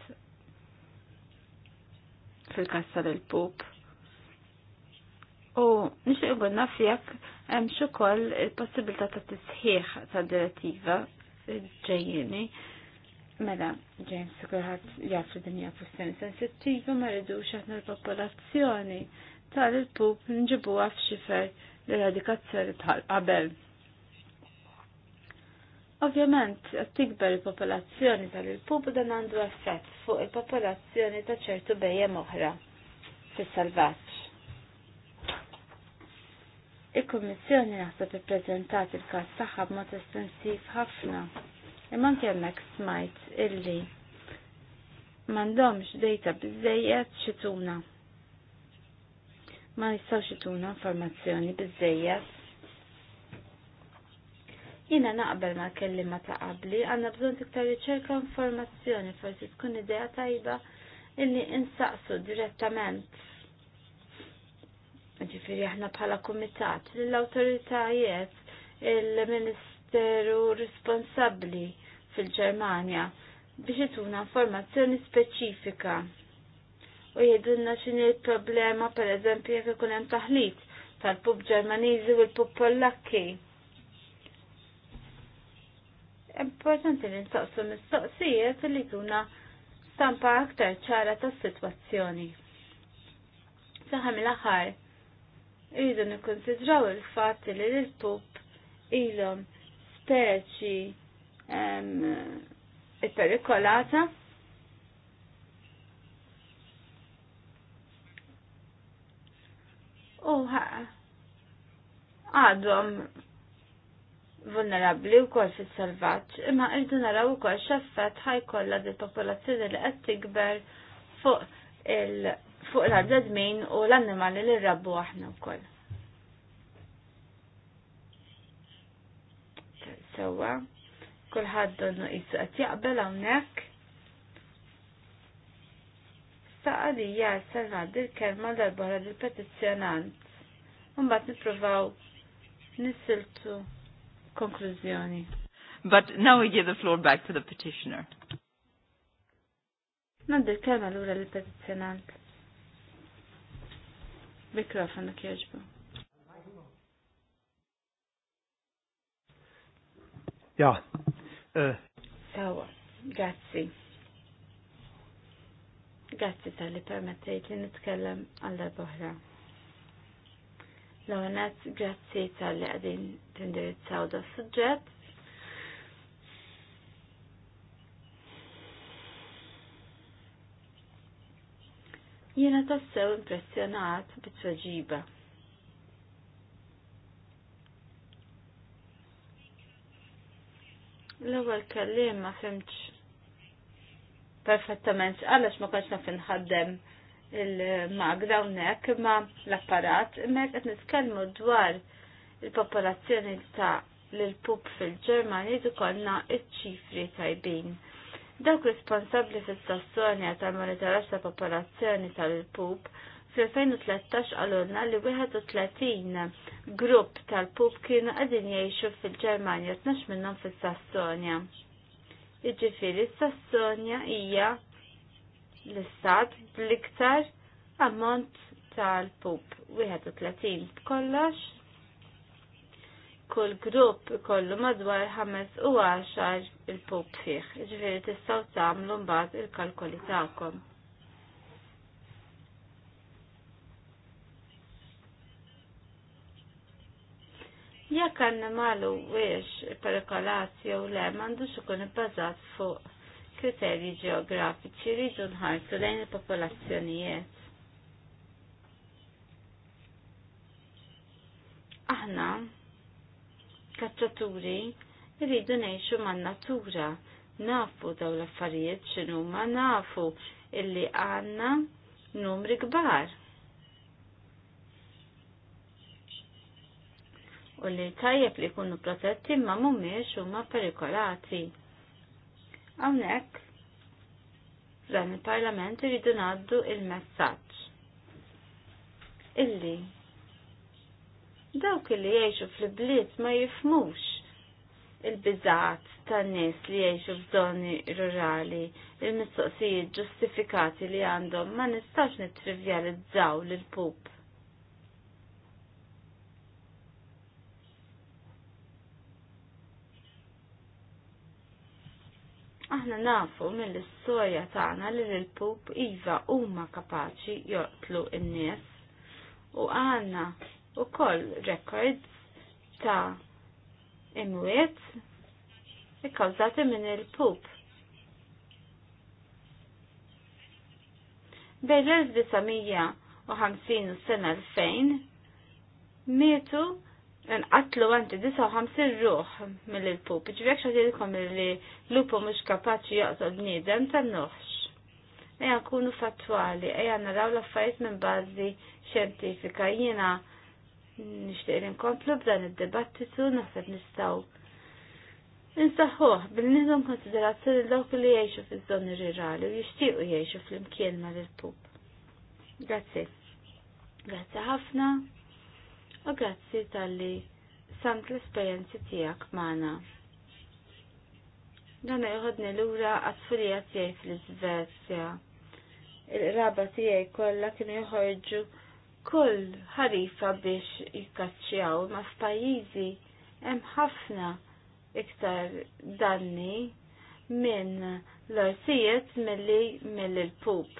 fil-kassa del pup U nixi ikun naf jekk hemm ukoll il possibilta ta' tisħiħ ta' direttiva ġejjieni. Mela, James, kulħadd jaf li dinja kwistjoni sensittiva ma rridux aħna l-popolazzjoni tal-pup nġibuha f'xifer l-eradikazzjoni tal-qabel. Ovvjament, tikber il-popolazzjoni il pub dan għandu effett fuq il-popolazzjoni ta' ċertu bejjem oħra fis-salvaġġ. Il-Kummissjoni naħseb ippreżentat il-każ tagħha b'mod estensiv ħafna. Imma anke hemmhekk smajt illi m'għandhomx dejta biżejjed xituna. Ma jistgħux ituna informazzjoni biżejjed Jina naqbel ma kellima ta' qabli, għanna bżon tiktar riċerka informazzjoni, forsi tkun idea tajba illi insaqsu direttament. Ġifiri aħna bħala komitat, l-autoritajiet, il-ministeru responsabli fil-Ġermanja biex jituna informazzjoni speċifika u jgħidulna xini il-problema per eżempju jek ikun hemm taħlit tal-pub Ġermaniżi u l-pub Pollakki Importanti li nistaqsu mistoqsijiet li tuna stampa aktar ċara tas situazzjoni. Saħam l-aħħar, irridu nikkonsidraw il-fatt li l-pup ilhom speċi ipperikolata u għadhom vulnerabli u kol fit salvaġġ imma irdu naraw u kol xaffet kolla di popolazzjoni li qed tikber fuq il fuq l-bledmin u l-annimali li rrabbu aħna u kol. Sewa, kullħad donnu jissu qed jaqbel hawnhekk. Saqalija s-salvaddi l-kelma dal dil-petizjonant. l bat Mbagħad nippruvaw nisiltu konklużjoni. But now we give the floor back to the petitioner. Naddi kelma l-ura l-petizjonant. Mikrofon So jieġbu. Ja. Eh. Sawa, grazzi. Grazzi tal-li permettejt li nitkellem għall-boħra. L-għonet, grazzi tal-li għadin tindirizzaw da suġġett. Jena tassew impressjonat bit-tweġiba. L-ewwel kelliem ma fimx perfettament għalax ma kontx naf inħaddem il-magra unnek ma l-apparat, mek għet nitkellmu dwar il-popolazzjoni ta' l-pup fil-Ġermani konna il ċifri tajbin. Dawk responsabli fil-sassonja tal-monitoraġġ ta' popolazzjoni tal-pup fil-2013 għalurna li 31 grupp tal-pup kienu għadin jiexu fil-Ġermanja 12 minnhom fil-Sassonja. Iġifiri, Sassonja hija l-istat bl-iktar ammont tal-pup 31 kollox kull grupp kollu madwar 5 u 10 il-pup fih, ġviri tistaw tamlu mbagħad il-kalkoli tagħkom. Jekk ja malu wiex perikolat jew le m'għandux ikun ibbażat fuq kriterji ġeografiċi rridu nħarsu lejn il-popolazzjonijiet. Aħna, kattaturi, rridu nejxu man natura, nafu daw l-affarijiet xinu ma nafu illi għanna numri kbar. U li tajjeb li kunu protetti ma mumiex u ma perikolati. Hawnhekk dan il-Parlament iridu naddu il-messaġġ illi dawk illi jgħixu fl-bliet ma jifmux il-biżat tan-nies li jgħixu f'żoni rurali, il-mistoqsijiet ġustifikati li għandhom ma nistax nittrivjalizzaw lil pup Aħna nafu mill-istorja tagħna li l-pup iva huma kapaċi joqtlu n-nies u għandna wkoll records ta' imwiet ikkawżati minn il-pup. Bejn l-1950 u sena 2000 mietu nqatlu għanti 59 ruħ mill-pup, ġivek xatilkom li lupo mux kapaċi jaqtol bnidem ta' nuħx. Eja kunu fattuali, eja naraw l-affarijiet minn bazi xjentifika jiena nishtiq li nkomplu b'dan id-dibattitu naħseb nistaw. Insaħħuħ bil-nidhom konsiderazzjoni dawk li jgħixu fiż-żoni rirali u jixtiequ jgħixu fl-imkien mal-pup. Grazzi. Grazzi ħafna u grazzi tal-li samt l-esperienzi tijak maħna. Dan iħodni l-ura għatfulija tijaj fl-Svezja. Il-raba tijaj kolla kienu jħorġu kull ħarifa biex jikkaċċjaw ma f'pajjiżi hemm ħafna iktar danni minn l-orsijiet milli mill-pup.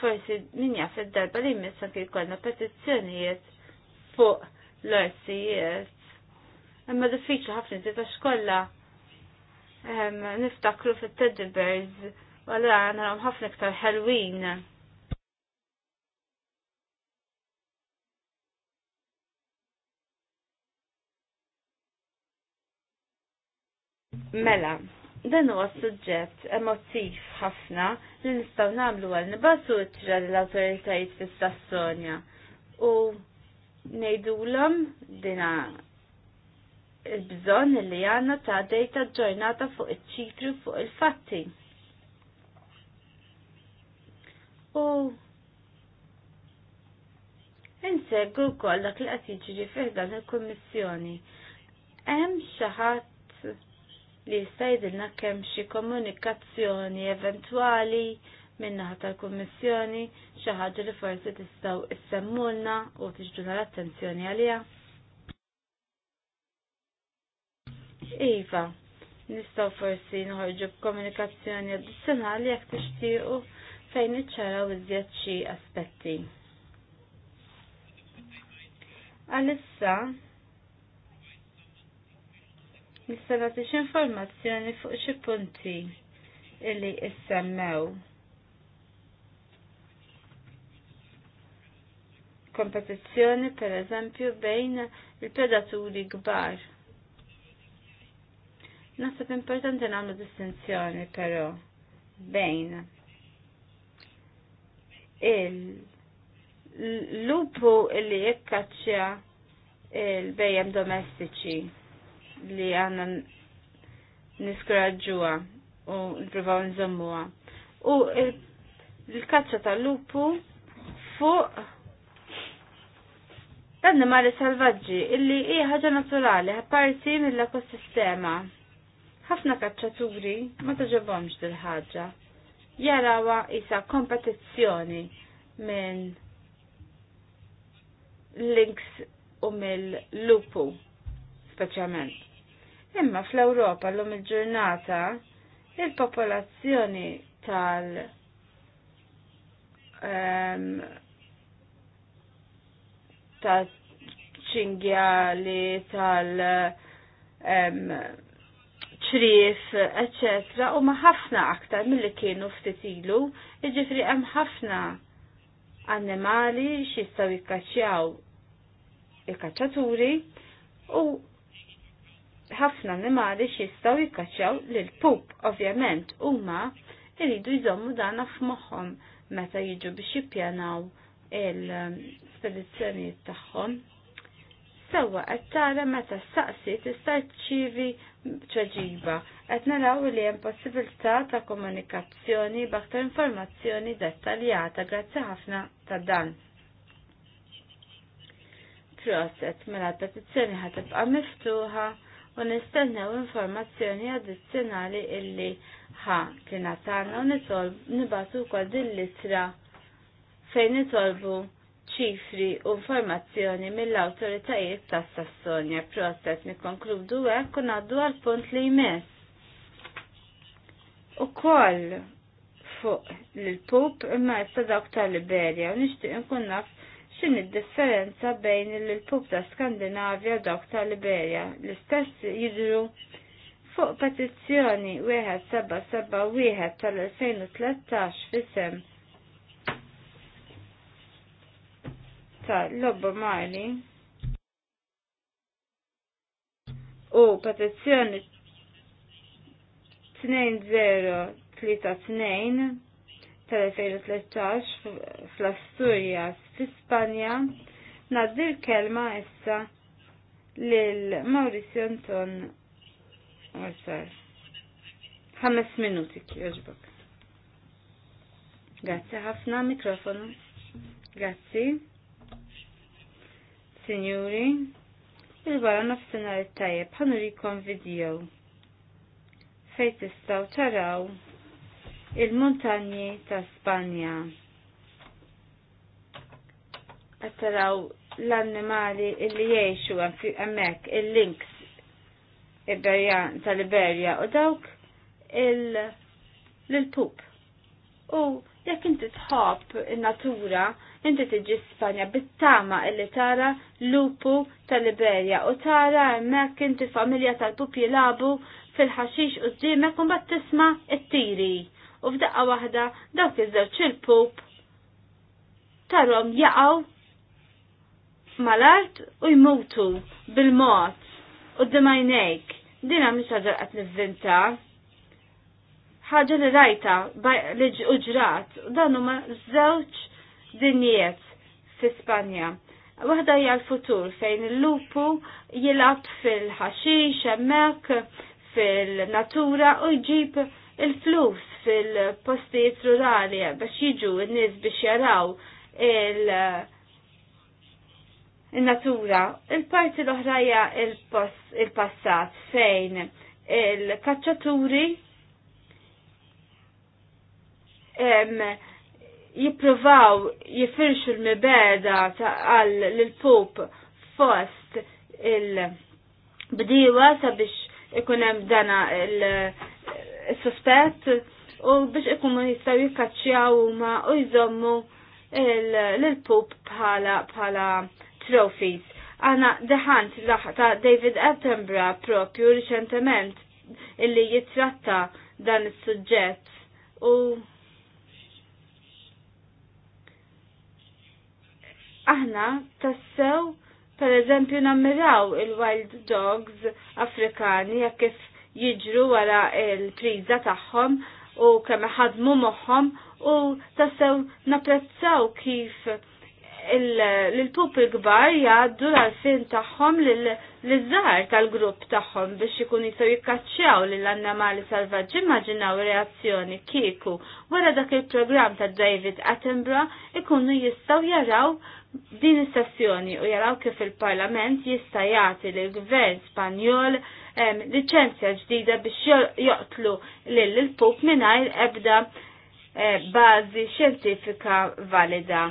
Forsi min jaf id-darba li jmiss anke jkollna petizzjonijiet fuq l-RCS. Imma diffiċli ħafna ti għax kollha ehm, niftakru fit-teddy bears u għallura ħafna iktar ħelwin. Mela, dan huwa suġġett emoztiv ħafna li nistgħu nagħmlu għal nibasu t-tira l-awtoritajiet fis-Sassonja u nejdulom dina il-bżon li għanna ta' dejta ġornata fuq il-ċitru fuq il-fatti. U inseggu kol dak li qed jiġri fiħdan il-Kummissjoni. Hemm xi ħadd li jista' jidilna kemm xi komunikazzjoni eventwali minnaħa tal-Kummissjoni xi ħaġa li forsi tistgħu issemmulna u tiġdu l-attenzjoni għaliha. Iva, nistgħu forsi nħorġu b'komunikazzjoni addizzjonali jekk tixtiequ fejn iċċaraw iżjed xi aspetti. Għalissa, nista' xi informazzjoni fuq xi punti illi issemmew. kompetizzjoni per eżempju bejn il-predaturi kbar. Naħseb importanti nagħmlu distinzjoni però bejn il-lupu li jikkaċċja il-bejjem domestiċi li għanna niskraġġuha u nipruvaw nżommuha. U l kaċċa tal-lupu fuq l-annimali salvaġġi illi hija ħaġa naturali apparti mill-ekosistema. Ħafna kaċċaturi ma taġobhomx dil-ħaġa. Jarawa isa kompetizzjoni minn links u mill-lupu speċjalment. Imma fl-Ewropa l-lum il-ġurnata il-popolazzjoni tal- um, ta' ċingjali tal ċrif, eccetera, u ma ħafna aktar mill-li kienu ftit ilu, iġifri hemm ħafna annimali xistaw jikkaċċjaw il-kaċċaturi u ħafna annimali xistaw jikkaċċjaw lil pup ovvjament huma iridu jżommu dana f'moħħhom meta jiġu biex jippjanaw l soluzzjonijiet tagħhom. Sewwa qed tara meta saqsi tista' ċivi ċoġiba. Qed naraw li hemm possibilità ta' komunikazzjoni b'aktar informazzjoni dettaljata grazzi ħafna ta' dan. Proset mela l-petizzjoni tibqa' miftuħa u nistennew informazzjoni addizzjonali illi ħa kien għatana u nibatu wkoll din l-litra fejn nitolbu ċifri u informazzjoni mill-autoritajiet tas Sassonja process nikkonkludu hekk u ngħaddu għal punt li jmiss. Ukoll fuq l-pup imma ta' dawk tal-Liberja u nixtieq inkun naf x'inhi d-differenza bejn il-pup ta' Skandinavja u dawk tal liberia L-istess jidru fuq petizzjoni wieħed seba' seba' wieħed tal-2013 fisem ta' Lobba Marli u petizzjoni 2032 tal-2013 fl asturias fi Spanja nadir l-kelma issa lil Mauricio Anton Orsar. Ħames minuti kjoġbok. Grazie ħafna mikrofonu. Grazie. Signori, il-wara nofsinhar it-tajjeb ħanurikom video fejn tistgħu taraw il-muntanji ta' Spanja. Qed taraw l-annimali illi jgħixu hemmhekk il-links Iberjan tal-Iberja u dawk il-pup. U jekk inti tħobb in-natura inti tiġi Spanja bit-tama illi tara lupu tal-Iberja u tara hemmhekk inti familja tal-pup jilabu fil-ħaxix u d un tisma it-tiri. U f'daqqa waħda dawk iż-żewġ il-pup tarhom jaqgħu mal-art u jmutu bil-mod u d-dimajnejk. Dina mhix ħaġa qed nivvinta. Ħaġa li rajta li uġrat u dan huma żewġ dinjiet fi Spanja. Waħda hija l-futur fejn il-lupu jilab fil-ħaxix hemmhekk fil-natura u jġib il-flus fil-postijiet rurali biex jiġu n-nies biex jaraw il- il-natura. Il-parti l-oħra hija il-passat fejn il-kaċċaturi jippruvaw jifirxu l-mibeda l-pup fost il-bdiwa sabiex ikunem dana il sospet u biex ikunu jistaw jikkaċċjaw ma u jżommu l-pup bħala bħala trophies. Għana deħant ta' David Attenborough propju riċentement illi jitratta dan is-suġġett u aħna tassew per eżempju nammiraw il-wild dogs afrikani jekk kif jiġru wara il priza tagħhom u kemm ħadmu moħħom u tassew napprezzaw kif l-pup il-gbar jaddu l-alfin tagħhom l-żar tal-grupp tagħhom biex ikun jistgħu jikkaċċjaw lill-annamali salvaġġi immaġinaw reazzjoni kieku wara dak il-programm ta' David Attenborough ikunu jistgħu jaraw din is-sessjoni u jaraw kif il-Parlament jista' jagħti lil gvern Spanjol liċenzja ġdida biex joqtlu lil il-pup mingħajr ebda eh, bażi xjentifika valida.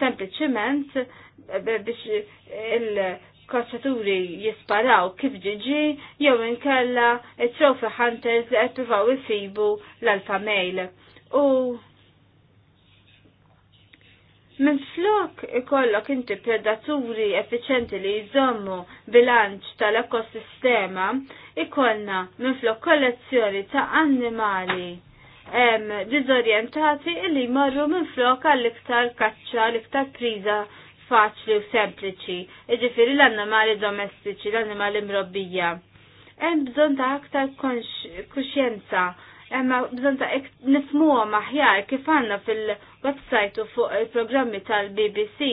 Sempliċiment eh, biex il kaċċaturi jisparaw kif ġiġi jew inkella it-trophy hunters li qed ifibu l-alfa mail. U Min flok ikollok inti predaturi effiċenti li jżommu bilanċ tal-ekosistema, ikollna minn flok kollezzjoni ta' animali dizorientati illi marru minn flok għall-iktar kaċċa, l-iktar priza faċli u sempliċi, iġifiri l-annimali domestiċi, l-annimali mrobbija. Hemm bżonn ta' aktar kuxjenza Emma bżon ta' nifmuhom aħjar kif għandna fil-website u fuq il-programmi tal-BBC.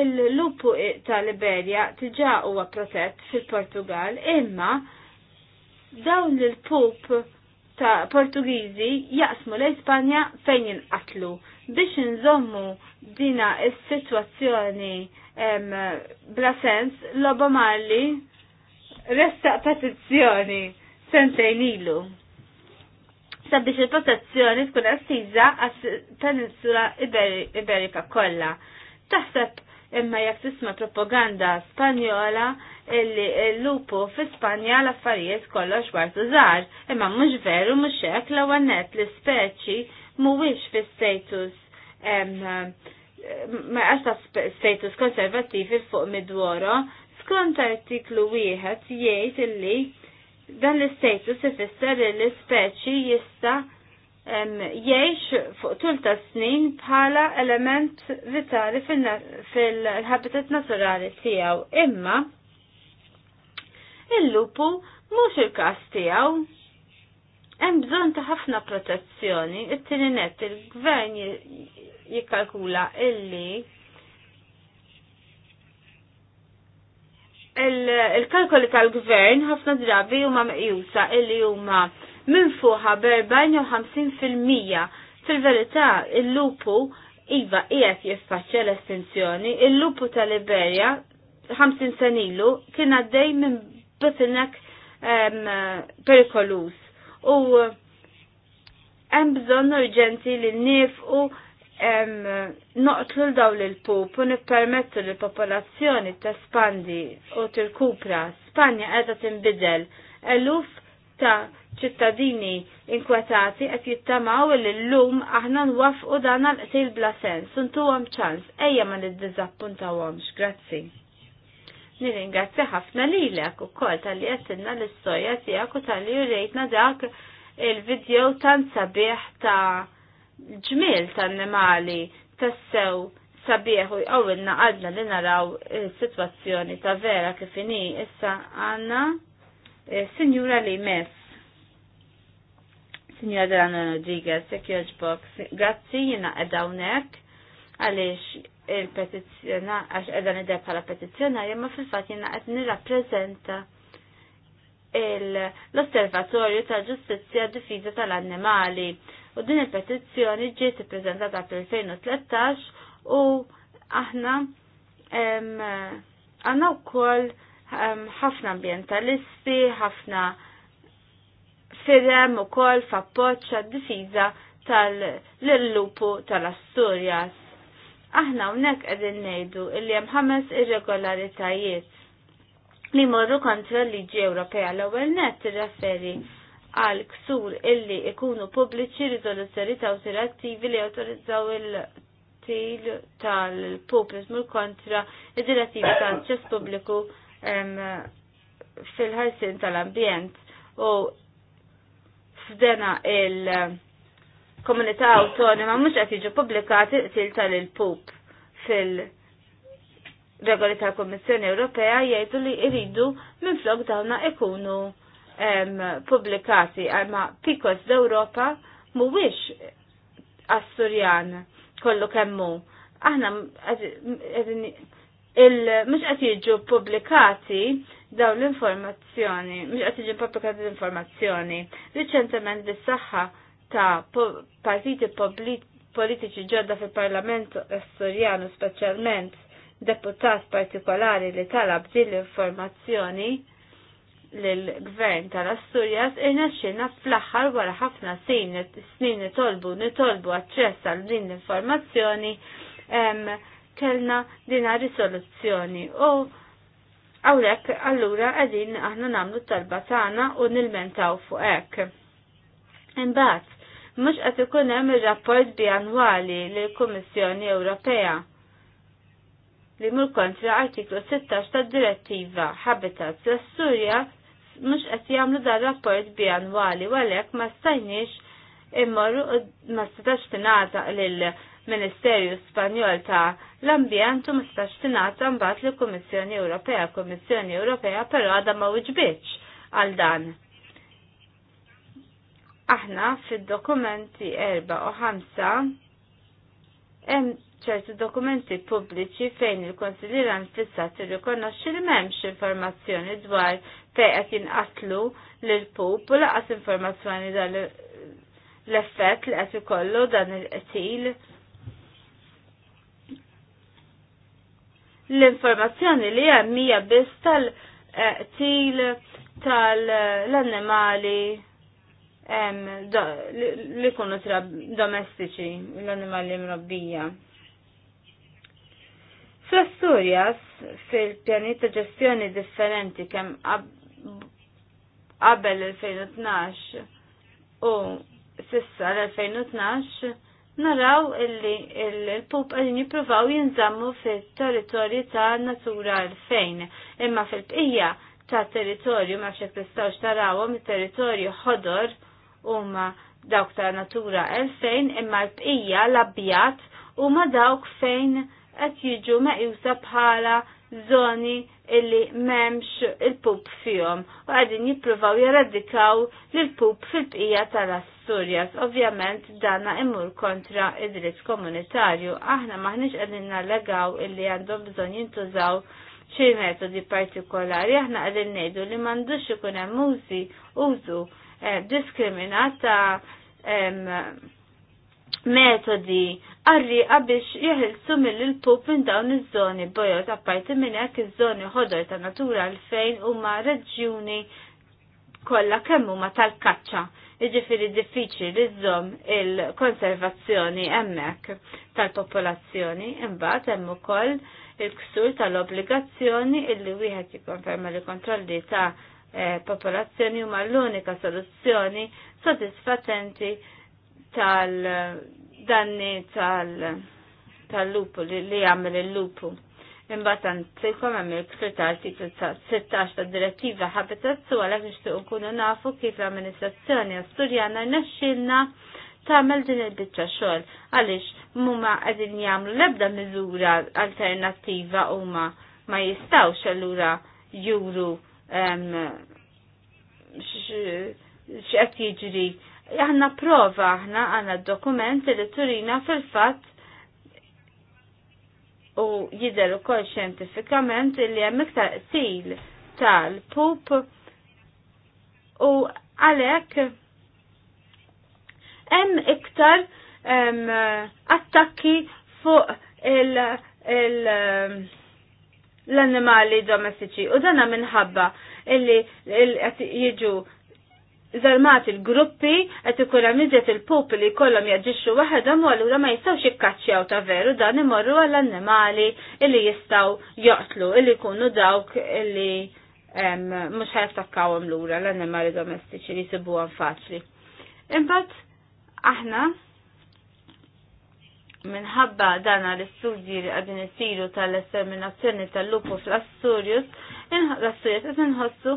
Il-lupu tal-Iberja tiġa huwa protett fil-Portugal, imma dawn il-pup ta' Portugiżi jaqsmu l-Ispanja fejn jinqatlu biex nżommu dina s sitwazzjoni bla sens l-Obamalli resta petizzjoni sentejn ilu sabiex il-protezzjoni tkun assiża għas peninsula Iberika kollha. Taħseb imma jekk tisma propaganda Spanjola illi l-lupu fi Spanja l-affarijiet kollox wartu żgħar, imma mhux veru mhux hekk l net li speċi mhuwiex fi status ma għax ta' status konservativi fuq midworo, skont artiklu wieħed jgħid illi Dan l-istatus ifisser li l-speċi jista' jgħix fuq tul ta' snin bħala element vitali fil-habitat naturali tiegħu. Imma il-lupu mhux il-każ tiegħu. Hemm bżonn ta' ħafna protezzjoni. It-tieni il-gvern jikkalkula illi il-kalkoli tal-gvern ħafna drabi huma meqjusa illi huma minn fuqha b'40 fil 50 fil-verità il-lupu iva qiegħed jiffaċċja l-estinzjoni, il-lupu tal-Iberja 50 sen ilu kien għaddej minn bottleneck perikolus u hemm bżonn urġenti li nniefqu noqtlu l-daw l-pup u nippermettu l-popolazzjoni t-espandi u t-kupra. Spanja għedha timbidel eluf ta' ċittadini inkwetati qed jittamaw li l-lum aħna nwafqu dan għal-qtil bla sens, untuhom ċans, ejja ma niddiżappuntawhomx, grazzi. Nirringrazzja ħafna lilek ukoll tal-li għetinna l-istorja tiegħek u tal-li rejtna dak il-video tan sabiħ ta' ġmil tan-nimali tassew sabieħu jqawilna għadna li naraw situazzjoni ta' vera kif issa għanna eh, Signora li mess. Signora Delano Rodriguez, Security Box, grazzi jina edawnek għalix il-petizjona, għax edan id bħala petizjona, jemma fil-fat jina għed nirrapprezenta l-Osservatorju tal-Ġustizja Difiża tal-Annimali u din il-petizzjoni ġiet ippreżentata fil 2013 u aħna għandna wkoll ħafna ambientalisti, ħafna firem ukoll f'appoġġ għad-difiża tal-lupu tal-Asturjas. Aħna hawnhekk qegħdin ngħidu li hemm ħames irregolaritajiet li morru kontra l-liġi Ewropea l-ewwel nett irreferi għal ksur illi ikunu pubbliċi rizoluzzjoni ta' attivi li autorizzaw il-til tal-populizmu kontra id-direttivi tal-ċess pubbliku fil-ħarsin tal-ambjent u f'dena il-komunità autonoma mhux qed jiġu pubblikati til tal-pup fil- regoli tal-Kommissjoni Ewropea jgħidu li jridu minflok dawna ikunu publikati għalma Pikos d'Europa mhuwiex Assurjan kollu kemmu. Aħna mhux qed jiġu publikati dawn l-informazzjoni, mux qed jiġu publikati l-informazzjoni. Riċentement bis-saħħa ta' partiti politiċi ġodda fil-Parlament Assurjan u speċjalment deputat partikolari li talab din l-informazzjoni l-gvern tal-Asturjas irnexxilna fl-aħħar wara ħafna snin nitolbu nitolbu aċċess għal din l-informazzjoni kellna dina risoluzzjoni u għawlek allura għedin aħna namlu talba tagħna u nilmentaw fuq hekk. Imbagħad, mhux qed ikun hemm ir-rapport bianwali lill komissjoni Ewropea li mur kontra artiklu 16 tad direttiva Habitat l-Assurja mhux qed jagħmlu dan rapport bianwali u għalhekk ma stajniex immorru ma setax tingħata lil Ministerju Spanjol ta' l-Ambjent u ma setax tingħata mbagħad lill Kummissjoni Ewropea. Kummissjoni Ewropea però għadha ma wiġbitx għal dan. Aħna fid-dokumenti erba' u 5 hemm ċertu dokumenti pubbliċi fejn il-konsiljeran fissat irrikonoxxi li m'hemmx informazzjoni dwar fejn qed jinqatlu lil pup u laqas informazzjoni dan l-effett li qed ikollu dan il-qtil. L-informazzjoni li hemm hija biss tal-qtil tal-annimali li kunu tra domestiċi l annimali mrobbija. Fl-Asturjas, fil-pjanit ta' ġestjoni differenti kemm qabel il-2012 u sissa l-2012, naraw illi il-pup għalin jipruvaw jinżammu fil-territorju ta' natura l-fejn, imma fil-bqija ta' territorju ma' xek tistawx tarawhom il-territorju ħodor u ma' dawk ta' natura l-fejn, imma l-bqija l-abjat u ma' dawk fejn qed jiġu meqjusa bħala zoni illi memx il-pup fihom u għadin jippruvaw jeradikaw l-pup fil-bqija tal-Asturjas. Ovvjament danna imur kontra id-dritt komunitarju. Aħna maħniex qegħdin nallegaw illi għandhom bżonn jintużaw xi metodi partikolari, aħna qegħdin ngħidu li m'għandux ikun hemm użi użu eh, metodi għarriqa biex jeħilsu mill pup minn dawn iż-żoni bojot apparti minn hekk iż-żoni ħodor ta' natura għalfejn huma reġjuni kollha kemm huma tal-kaċċa. Jiġifieri diffiċli li żomm il-konservazzjoni hemmhekk tal-popolazzjoni imbagħad hemm ukoll il-ksur tal-obbligazzjoni illi wieħed jikkonferma li kontrolli ta' eh, popolazzjoni huma l-unika soluzzjoni sodisfatenti tal- danni tal-lupu li jagħmel il-lupu. Imbagħad tilkom hemm il-krit artiklu 16 tad-direttiva Habitat u għalhekk nixtieq nkunu nafu kif l-amministrazzjoni Asturjana nexxilna tagħmel din il-biċċa xogħol għaliex huma qegħdin jagħmlu l-ebda miżura alternattiva huma ma jistawx allura juru x'qed jiġri Aħna prova aħna għanna dokument li turina fil-fatt u jidher ukoll xjentifikament li hemm iktar qtil tal-pup u għalhekk hemm iktar attakki fuq il- il- l-annimali domestiċi u danna minħabba illi jiġu Zalmat il-gruppi qed ikun hemm il il-popoli kollom jaġixxu waħedhom u allura ma jistgħux jikkaċċjaw ta' veru dan imorru għall-annimali illi jistgħu joqtlu illi jkunu dawk illi mhux ħajftakkawhom lura l-annimali domestiċi li jsibuhom faċli. Imbagħad aħna minħabba dana l-istudji li għadin isiru tal-esterminazzjoni tal-lupu fl-Asturjus, l-Asturjus għed nħossu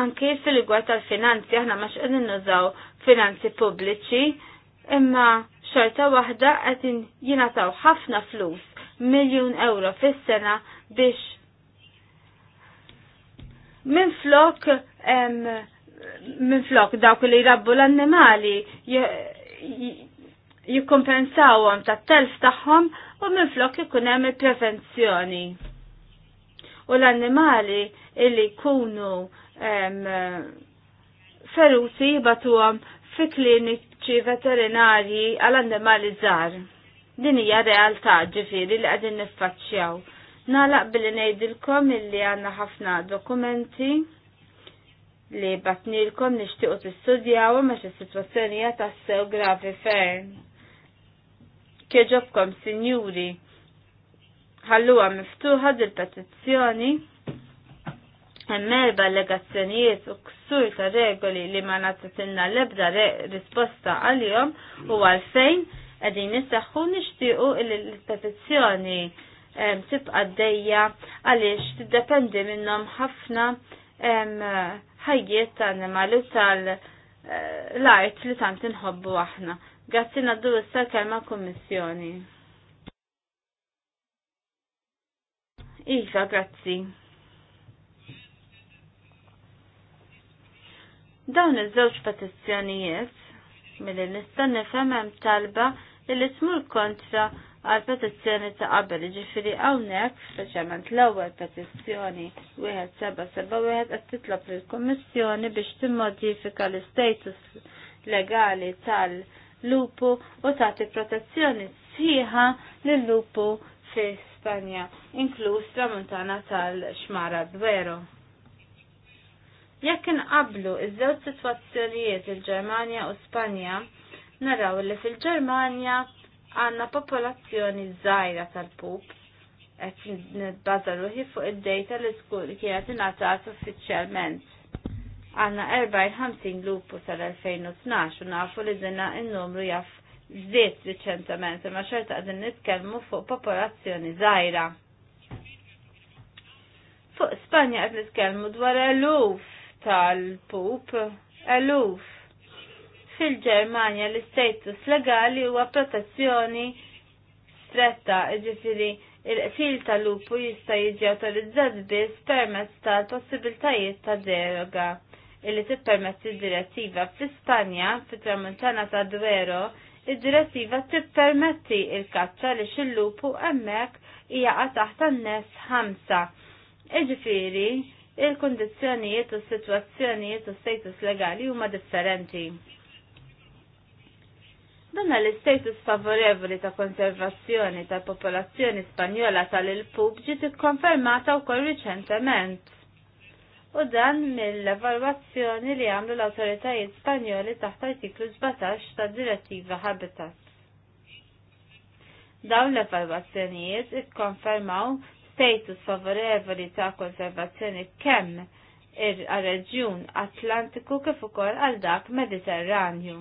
anke fil għuħat tal-finanzi aħna ma x'qegħdin nużaw finanzi pubbliċi imma xorta waħda qed jingħataw ħafna flus miljun euro fis-sena biex minn flok minn flok dawk li rabbu l-annimali jikkompensawhom tat-telf tagħhom u minn flok ikun hemm il-prevenzjoni. U l-annimali illi jkunu feruti batuhom fi kliniċi veterinarji għal annimali żgħar. Din hija realtà ġifieri li qegħdin niffaċċjaw. Nalaq billi ngħidilkom illi għandna ħafna dokumenti li batnilkom nixtiequ tistudjaw ma xi sitwazzjonijiet tassew gravi ferm. Kieġobkom, sinjuri, ħalluha miftuħa dil-petizzjoni hemm erba' allegazzjonijiet u ksur ta' regoli li ma nagħtitilna l-ebda risposta għalihom u għalfejn qegħdin nissaħħu nixtiequ il-petizzjoni ehm, tibqa' d-dejja għaliex tiddependi minnhom ħafna ehm, ħajjiet ta' animali tal-art li tant inħobbu aħna. Grazzi naddu issa kelma kummissjoni. Iva, grazzi. Dawn iż-żewġ petizzjonijiet milli nista' nifhem hemm talba li tmur kontra għal petizzjoni ta' qabel, ġifiri hawnhekk, speċjalment l-ewwel petizzjoni wieħed seba' seba' wieħed qed titlob lill-Kummissjoni biex timmodifika l-istatus legali tal-lupu u tagħti protezzjoni sħiħa lill-lupu fi Spanja, inkluż tramuntana tal-xmara Dwero. Jekk inqablu iż-żewġ sitwazzjonijiet il-Ġermanja u Spanja, naraw li fil-Ġermanja għandna popolazzjoni żgħira tal-pup qed nibbaża ruħi fuq id-dejta li tkun kienet ingħatat uffiċjalment. Għandna 50 lupu tal 2012 u nafu li dinna n-numru jaf żied riċentament imma xorta qegħdin nitkellmu fuq popolazzjoni żgħira. Fuq Spanja qed nitkellmu dwar eluf tal-pup eluf. fil ġermania l-istatus legali huwa protezzjoni stretta, ġifiri il fil tal-lupu jista' jiġi autorizzat biss permezz tal-possibiltajiet ta' deroga illi tippermetti d-direttiva fl-Ispanja fit-tramuntana ta' Duero id-direttiva tippermetti il-kaċċa li xillupu emmek hija taħt tan-nes ħamsa. Iġifiri, il-kondizjonijiet u s-situazzjonijiet u status legali huma differenti. Danna l-istatus favorevoli ta' konservazzjoni tal-popolazzjoni spanjola tal-il-pub ġiet ikkonfermata wkoll riċentement. U dan mill-evalwazzjoni li għamlu l awtoritajiet spanjoli taħt artiklu 17 ta' direttiva Habitat. Dawn l-evalwazzjonijiet ikkonfermaw status favorevoli ta' konservazzjoni kemm ir-reġjun Atlantiku kif ukoll għal dak Mediterranju.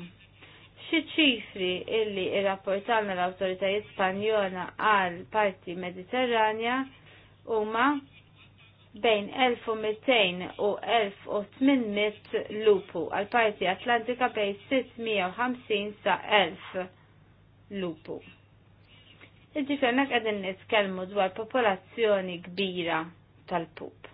Xi ċifri illi rrapportalna l-awtoritajiet Spanjola għal parti Mediterranja huma bejn 1200 u 1800 lupu għal parti Atlantika bejn 650 sa 1000 lupu. Iġifieri qegħdin nitkellmu dwar popolazzjoni kbira tal-pup.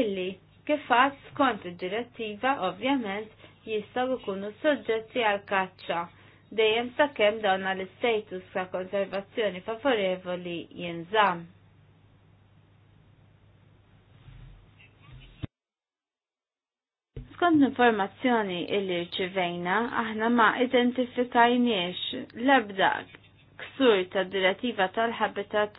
Illi kif għad skont id-direttiva ovvjament jistgħu jkunu soġġetti għal kaċċa dejjem sakemm dawn l istatus ta' konservazzjoni favorevoli jinżamm. Skont informazzjoni illi rċivejna, aħna ma identifikajniex l-ebda ksur ta' direttiva tal-habitat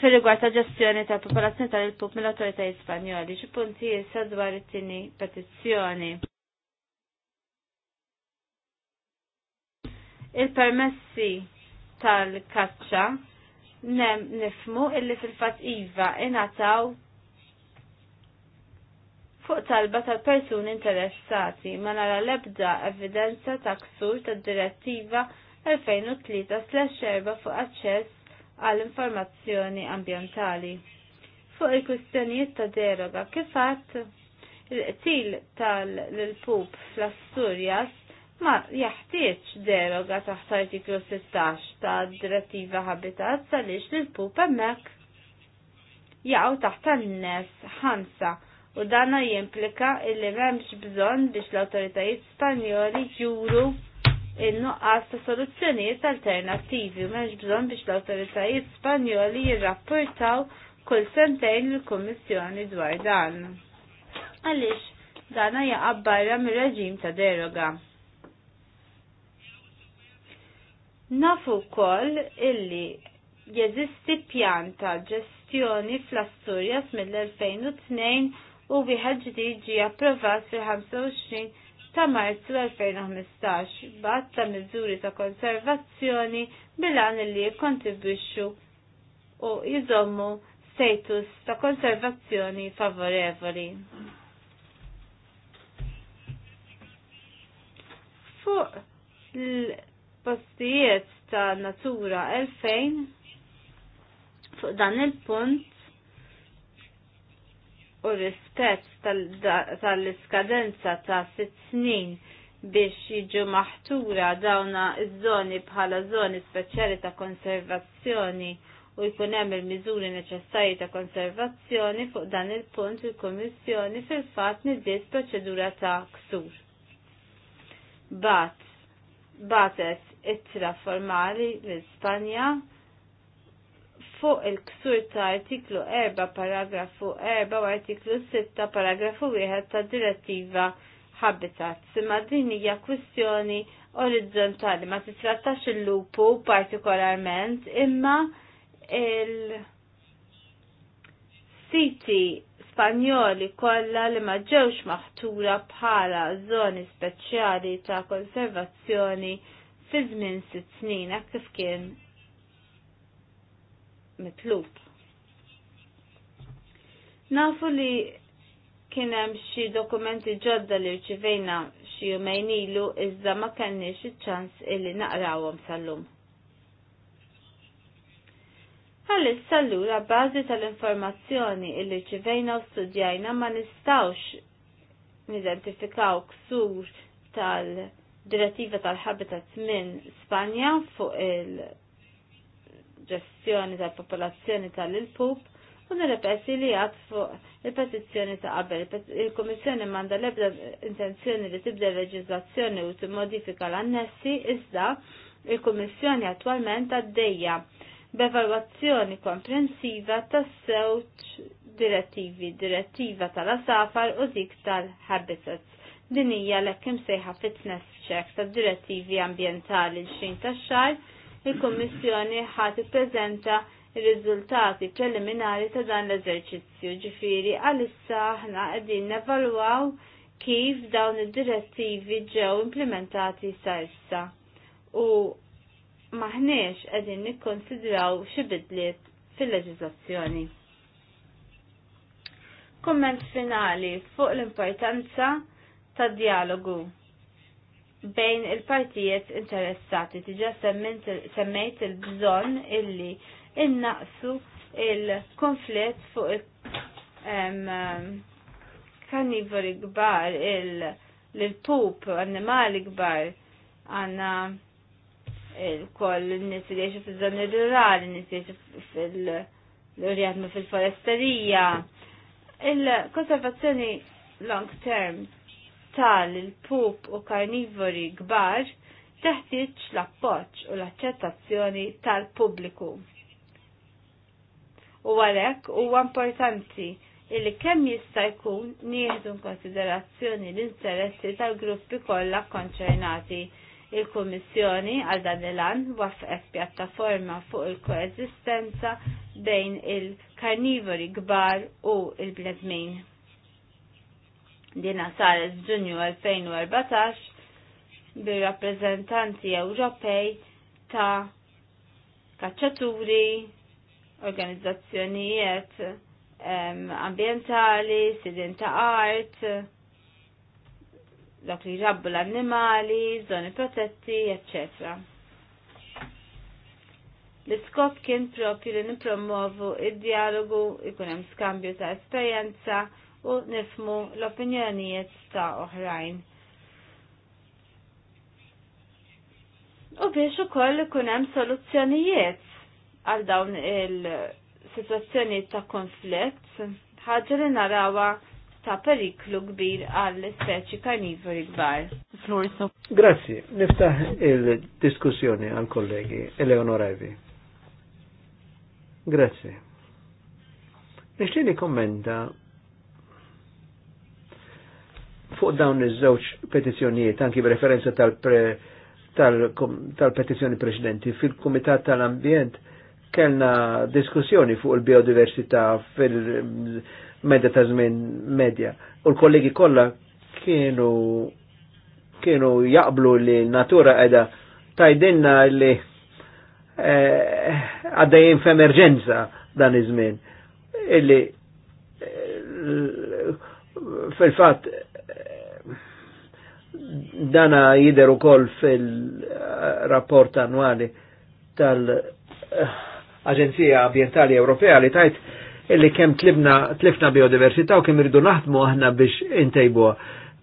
fil-rigward ta' ġestjoni ta' popolazzjoni tal-pup mill-autoritajiet Spanjoli, xi punti issa dwar it-tieni petizzjoni. Il-permessi tal-kaċċa nifmu illi fil-fatt iva inataw fuq talba tal-persuni interessati ma nara lebda evidenza ta' ksur ta' direttiva 2003-4 fuq aċċess għall informazzjoni ambientali. Fuq il-kustjonijiet ta' deroga kifat il-qtil tal pup fl-Asturjas ma jaħtieġ deroga taħt artiklu 16 ta' direttiva Habitat saliex l pup hemmhekk jaqgħu taħt tan-nes ħamsa u dana jimplika illi memx bżon biex l-autoritajiet spanjoli juru innu nuqqas ta' soluzzjonijiet alternativi u memx bżon biex l-autoritajiet spanjoli jirrapportaw kull sentejn l-Kommissjoni dwar dan. Għalix dana jaqab barra mir-reġim ta' deroga. Nafu kol illi jeżisti pjan ta' ġestjoni fl-Asturjas mill-2002 u wieħed ġdid ġie approvat fil-25 ta' Marzu 2015 b'att ta' miżuri ta' konservazzjoni bilan li jikkontribwixxu u jżommu status ta' konservazzjoni favorevoli. Fuq l-postijiet ta' Natura 2000 fuq dan il-punt u rispett tal-iskadenza ta' sitt snin biex jiġu maħtura dawna iż-żoni bħala żoni speċjali ta' konservazzjoni u jkun hemm il-miżuri neċessarji ta' konservazzjoni fuq dan il-punt il-Kummissjoni fil-fatt niddiet proċedura ta' ksur. Bat, batet ittra formali l-Ispanja fuq il-ksur ta' artiklu 4 paragrafu 4 u artiklu 6 paragrafu 1 ta' direttiva Habitat. Sima din hija kwistjoni orizzontali ma titrattax il-lupu partikolarment imma il- siti Spanjoli kollha li ma ġewx maħtura bħala żoni speċjali ta' konservazzjoni fi żmien sitt snin kif kien mitlub. Nafu li kienem xi dokumenti ġodda li rċivejna xi jumejn ilu iżda ma kenniex iċ-ċans illi naqrawhom sal-lum. Għalissa lura bażi tal-informazzjoni illi ċivejna u studjajna ma nistawx nidentifikaw ksur tal-direttiva tal-habitat minn Spanja fuq il- ġestjoni tal-popolazzjoni tal-il-pup u nirrepeti li għad fuq il-petizzjoni ta' qabel. Il-Komissjoni manda lebda intenzjoni li tibda leġizlazzjoni u timmodifika l-annessi iżda il-Komissjoni attualment għaddejja b'evalwazzjoni komprensiva tas sewċ direttivi, direttiva tal-asafar u dik tal-habitats. Din hija l-ekkim sejħa fitness check tad direttivi ambientali l-xin tax-xar il-Kommissjoni ħat ippreżenta il riżultati preliminari ta' dan l-eżerċizzju. għal għalissa aħna qegħdin nevalwaw kif dawn id-direttivi ġew implementati sa issa. U maħniex qegħdin nikkonsidraw xi bidliet fil-leġiżlazzjoni. Komment finali fuq l-importanza ta' dialogu bejn il-partijiet interessati. Tiġa semmejt il-bżon illi innaqsu il-konflitt fuq il-kannivori gbar, il-pup, animali gbar, għanna il-koll n-nis li jiexu fil rurali, n-nis jiexu fil fil-foresterija. Il-konservazzjoni long term tal-pup u karnivori kbar teħtieġ l-appoġġ u l-aċċettazzjoni tal-pubbliku. U għalhekk huwa importanti illi kemm jista' jkun nieħdu konsiderazzjoni l-interessi tal-gruppi kollha konċernati. Il-Kummissjoni għal dan il-an waffqet pjattaforma fuq il-koeżistenza bejn il-karnivori kbar u il bledmin dina saret ġunju 2014 bir-rappreżentanti Ewropej ta' kaċċaturi, organizzazzjonijiet um, ambientali, sidin ta' art, dok li rabbu l-annimali, zoni protetti, etc. L-iskop kien propju li nipromovu id-dialogu, ikunem hemm skambju ta' esperjenza, u nifmu l-opinjonijiet ta' oħrajn. U biex ukoll koll hemm soluzzjonijiet għal dawn il-sitwazzjoni ta' konflitt, ħaġa li narawa ta' periklu kbir għall speċi karnivori kbar. Grazzi, niftaħ il-diskussjoni għal kollegi Eleonora Evi. Grazie. Nishtini kommenta fuq dawn iż-żewġ petizzjonijiet anki b'referenza tal-petizzjoni preċedenti fil-Kumitat tal-Ambjent kellna diskussjoni fuq il-biodiversità fil-medja ta' żmien medja u l-kollegi kollha kienu kienu jaqblu li natura qiegħda tajdinna li eh, għaddejjin f'emerġenza dan iż-żmien illi eh, fil-fatt dana jideru ukoll fil-rapport annuali tal-Aġenzija Ambientali Ewropea li tajt illi kemm tlibna tlifna biodiversità u kemm irridu naħdmu aħna biex intejbuha.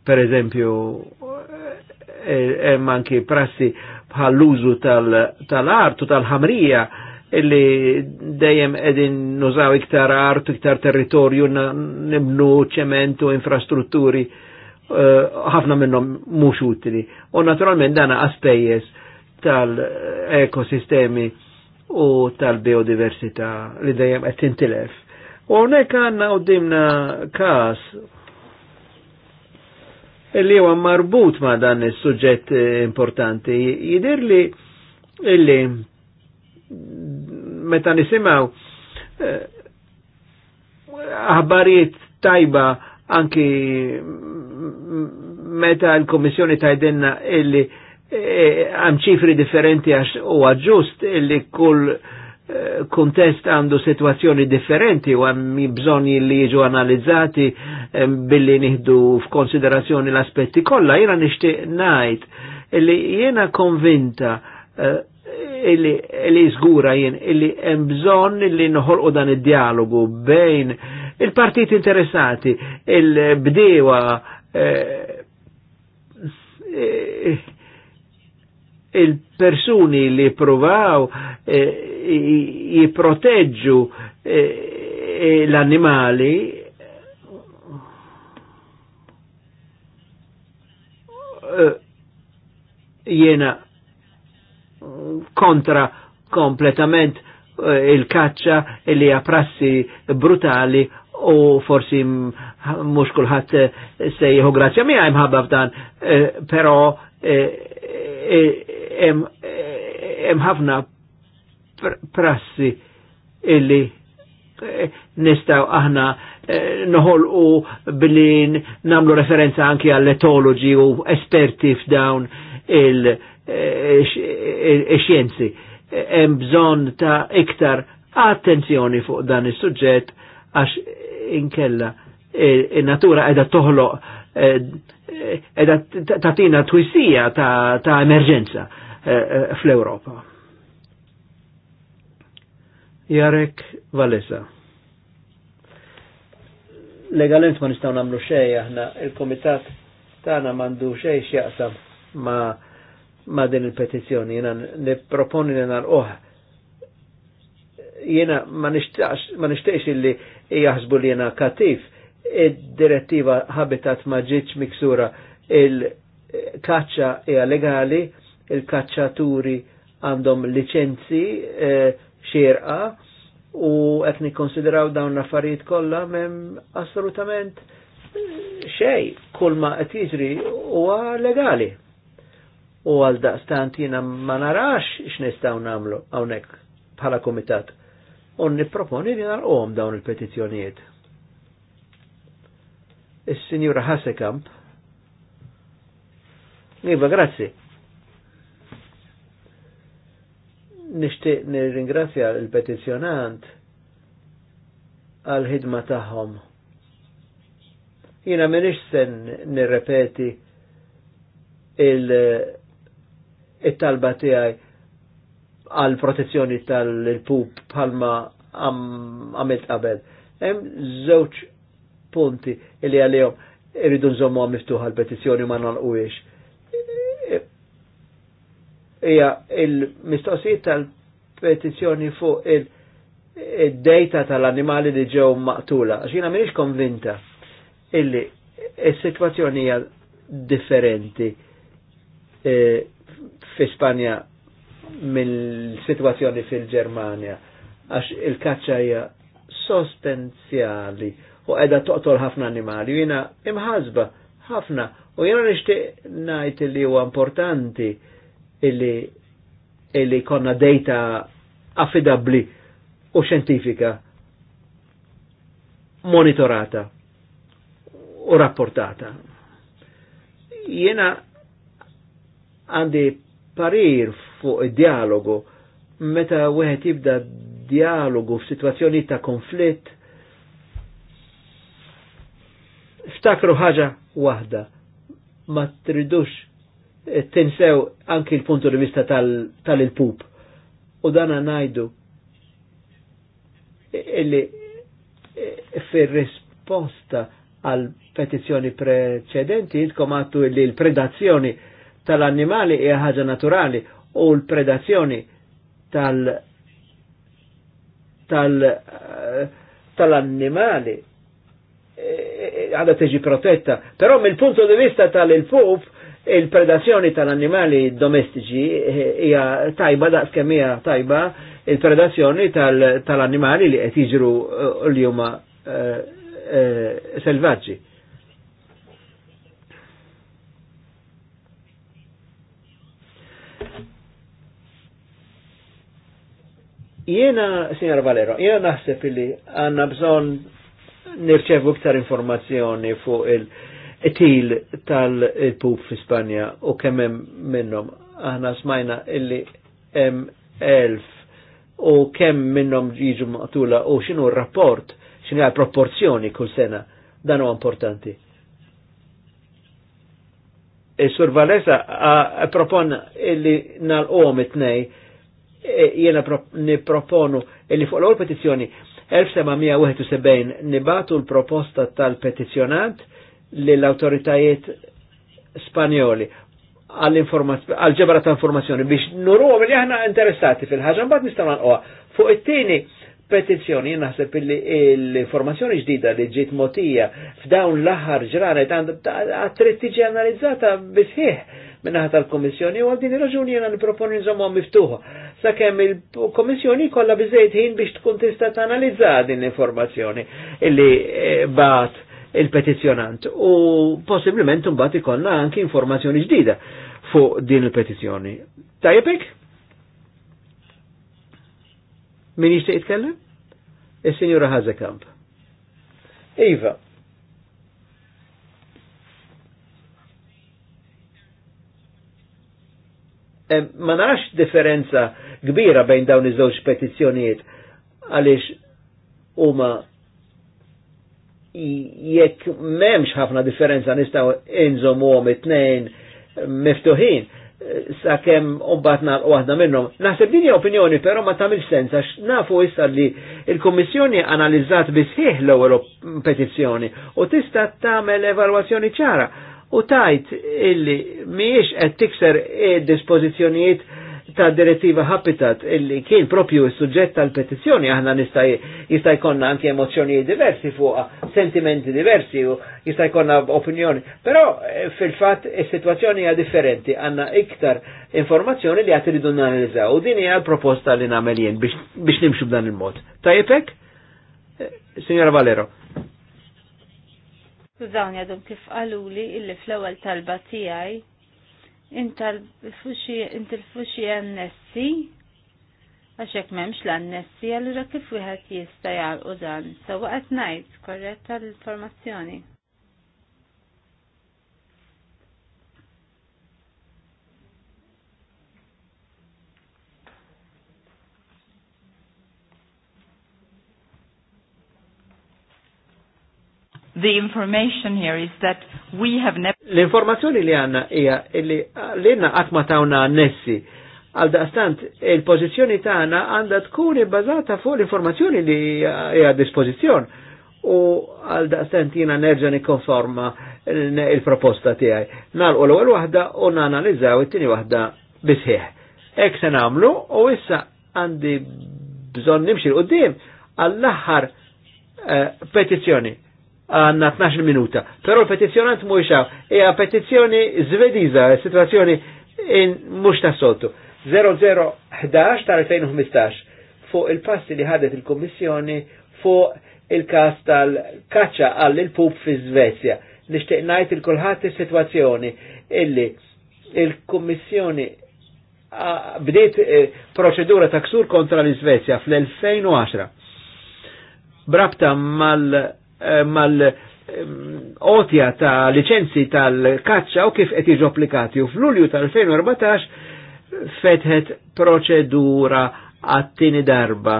Per eżempju, e, e, hemm anki prassi bħall-użu tal-art u tal-ħamrija illi dejjem edin nużaw iktar art, iktar territorju, nimnu ċementu, infrastrutturi Eh, ħafna uh, minnhom mhux utili. U naturalment dana aspejjeż tal-ekosistemi u tal biodiversita li dajem qed tintilef. U hawnhekk għandna qudiemna każ illi huwa marbut ma' dan is-suġġett importanti. Jidir li illi meta nisimgħu eh, aħbarijiet tajba anki meta l-Komissjoni tajdenna illi għam e, ċifri differenti għax u għadġust illi kull e, kontest għandu situazzjoni differenti u għam bżonni li jiġu analizzati e, billi nihdu f'konsiderazzjoni l-aspetti kollha. Jena nishti najt illi jena konvinta e, illi, zgura jien illi hemm bżonn illi noħolqu dan id-dialogu bejn il-partiti interessati, il-bdewa, Eh, eh, il-persuni li provaw eh, jiproteġu l-animali jena kontra kompletament il-kaċċa li prassi brutali u forsi mm, mux kullħat eh, se jieħu grazzja mi għajm ħabba f'dan, eh, pero eh, hemm ħafna prassi illi nistaw aħna u billi namlu referenza anki għall-etologi u esperti f'dawn il-xjenzi. Hemm bżonn ta' iktar attenzjoni fuq dan is-suġġett għax inkella in-natura eh, qiegħda toħloq eh, edha tatina twissija ta', ta emerġenza eh, fl-Europa. Jarek Valesa. Legalment ma nistaw namlu xej aħna il-komitat tagħna mandu xej x'jaqsam ma ma din il-petizzjoni jiena nipproponi li oħ jiena ma nixtieqx illi jaħsbu li jiena kattif id-direttiva Habitat ma ġietx miksura il-kaċċa hija legali, il-kaċċaturi għandhom licenzi eh, xerqa, u qed nikkonsidraw dawn l-affarijiet kollha m'hemm assolutament xej kull ma qed jiġri huwa legali. U għal daqstant jiena ma narax x'nistgħu nagħmlu hawnhekk bħala kumitat. U nipproponi li nagħlqhom dawn il-petizzjonijiet il-Sinjura Hasekamp. Iva, grazzi. Nishti nir-ringrazzja il-petizjonant għal-ħidma tagħhom. Jina minix sen nirrepeti il-talba il tiegħi għal protezzjoni tal-pup palma għamilt qabel. Hemm żewġ punti li għalihom irridu nżommu għam miftuħa l-petizjoni ma nalqux. Ija il-mistoqsijiet tal-petizjoni fuq il-dejta tal-animali li ġew maqtula. Xina minix konvinta illi il-situazzjoni hija differenti e, fi Spanja mill-situazzjoni fil-Germania għax il-kaċċa hija sostenzjali u edha toqtol ħafna animali, u jina imħazba ħafna, u jina nishtiq najt li huwa importanti illi illi konna data affidabli u xentifika monitorata u rapportata. Jena għandi parir fuq id-dialogu meta wieħed jibda dialogu f'sitwazzjoni ta' konflitt ftakru ħaġa waħda ma tridux eh, tinsew anki l-puntu li vista tal-il-pup. Tal u dana najdu illi eh, fil-risposta għal petizjoni preċedenti jitkom għattu illi l-predazzjoni tal-annimali hija ħaġa naturali u l-predazzjoni tal- tal- eh, tal-annimali tal għada teġi protetta. Però mill-punto di vista tal il fuf il-predazzjoni tal-annimali domestiċi eh, hija tajba da' skemija tajba il-predazzjoni tal-annimali li qed jiġru eh, l huma eh, selvaġġi. Jena, signor Valero, jena naħseb li għanna bżon nirċevu ktar informazzjoni fuq il-til tal-pup fi Spanja u kemmem minnom. Aħna smajna illi m elf u kemm minnom jiġu maqtula u xinu rapport xinu proporzjoni kull sena, dan huwa importanti. E sur Valesa propon illi nal-qom it-nej, e, jena niproponu illi fuq l-ewwel petizzjoni 1771 nibatu l-proposta tal-petizjonant l-autoritajiet spanjoli għal-ġebra ta' informazzjoni biex nuru li aħna interessati fil-ħagġa mbagħad nistgħu naqwa. Fuq it-tieni petizzjoni naħseb li l-informazzjoni ġdida li ġiet motija f'dawn l-aħħar ġranet għad trid analizzata bisħieħ minnaħat tal-Komissjoni u għaddini raġuni jena niproponi nżommu miftuħa. Sakemm il-Komissjoni kolla bizzejt ħin biex tkun tista tanalizza din informazzjoni illi eh, bat il-petizjonant u possibilment mbagħad ikollna anki informazzjoni ġdida fuq din il-petizzjoni. Tajjebek? Min jixtieq jitkellem? Is-Sinjura Ħażekamp. Iva, ma narax differenza kbira bejn dawn iż-żewġ petizzjonijiet għaliex huma jekk m'hemmx ħafna differenza nistgħu huhom it-tnejn miftuħin sakemm mbagħad nagħlq waħda minnhom. Naħseb din opinjoni però ma tagħmel sens għax nafu issa li l-Kummissjoni analizzat bisħieħ l-ewwel petizzjoni u tista' tagħmel evalwazzjoni ċara u tajt illi miex qed tikser dispożizzjonijiet ta' direttiva Habitat illi kien propju s-suġġett tal-petizzjoni aħna nista' jista' jkollna anke emozzjonijiet diversi fuqha, sentimenti diversi u jista' jkollna opinjoni. Però eh, fil-fatt is-sitwazzjoni hija differenti, għandna iktar informazzjoni li qed iridu nanalizzaw u din hija l-proposta li nagħmel jien biex nimxu b'dan il-mod. Tajjeb hekk? Eh, signora Valero dawn jadhom kif qaluli illi fl-ewwel talba tiegħi intilfu xi annessi għax hekk m'hemmx l-annessi allura kif wieħed jista' jagħqu dan sewwa qed ngħid korretta l-informazzjoni. the information here is that we have never... L-informazzjoni li għanna hija li l għatma tawna nessi għal daqstant il-pozizjoni tagħna għandha tkun ibbażata fuq l-informazzjoni li hija dispozizjon u għal daqstant jiena nerġa' nikkonforma il-proposta tiegħi. u l għal waħda u nanalizzaw it-tieni waħda bisħieħ. Ek se nagħmlu u issa għandi bżonn nimxi l għall-aħħar eh, petizzjoni għanna 12 minuta. Pero l-petizjonant mux għaw, hija petizjoni zvediza, situazzjoni mux ta' soltu 0011 tal-2015 fuq il-passi li ħadet il-Kommissjoni fuq il-kas tal-kaċċa għall il-pub fi Svezja. Nishtiq najt il kolħat il-situazzjoni illi il-Kommissjoni bdiet eh, proċedura ta' ksur kontra l-Svezja fl-2010. Brabta mal- Eh, mal-otja ta' licenzi tal kaccia u kif qed jiġu applikati. U fl-Ulju tal-2014 fetħet proċedura għattini darba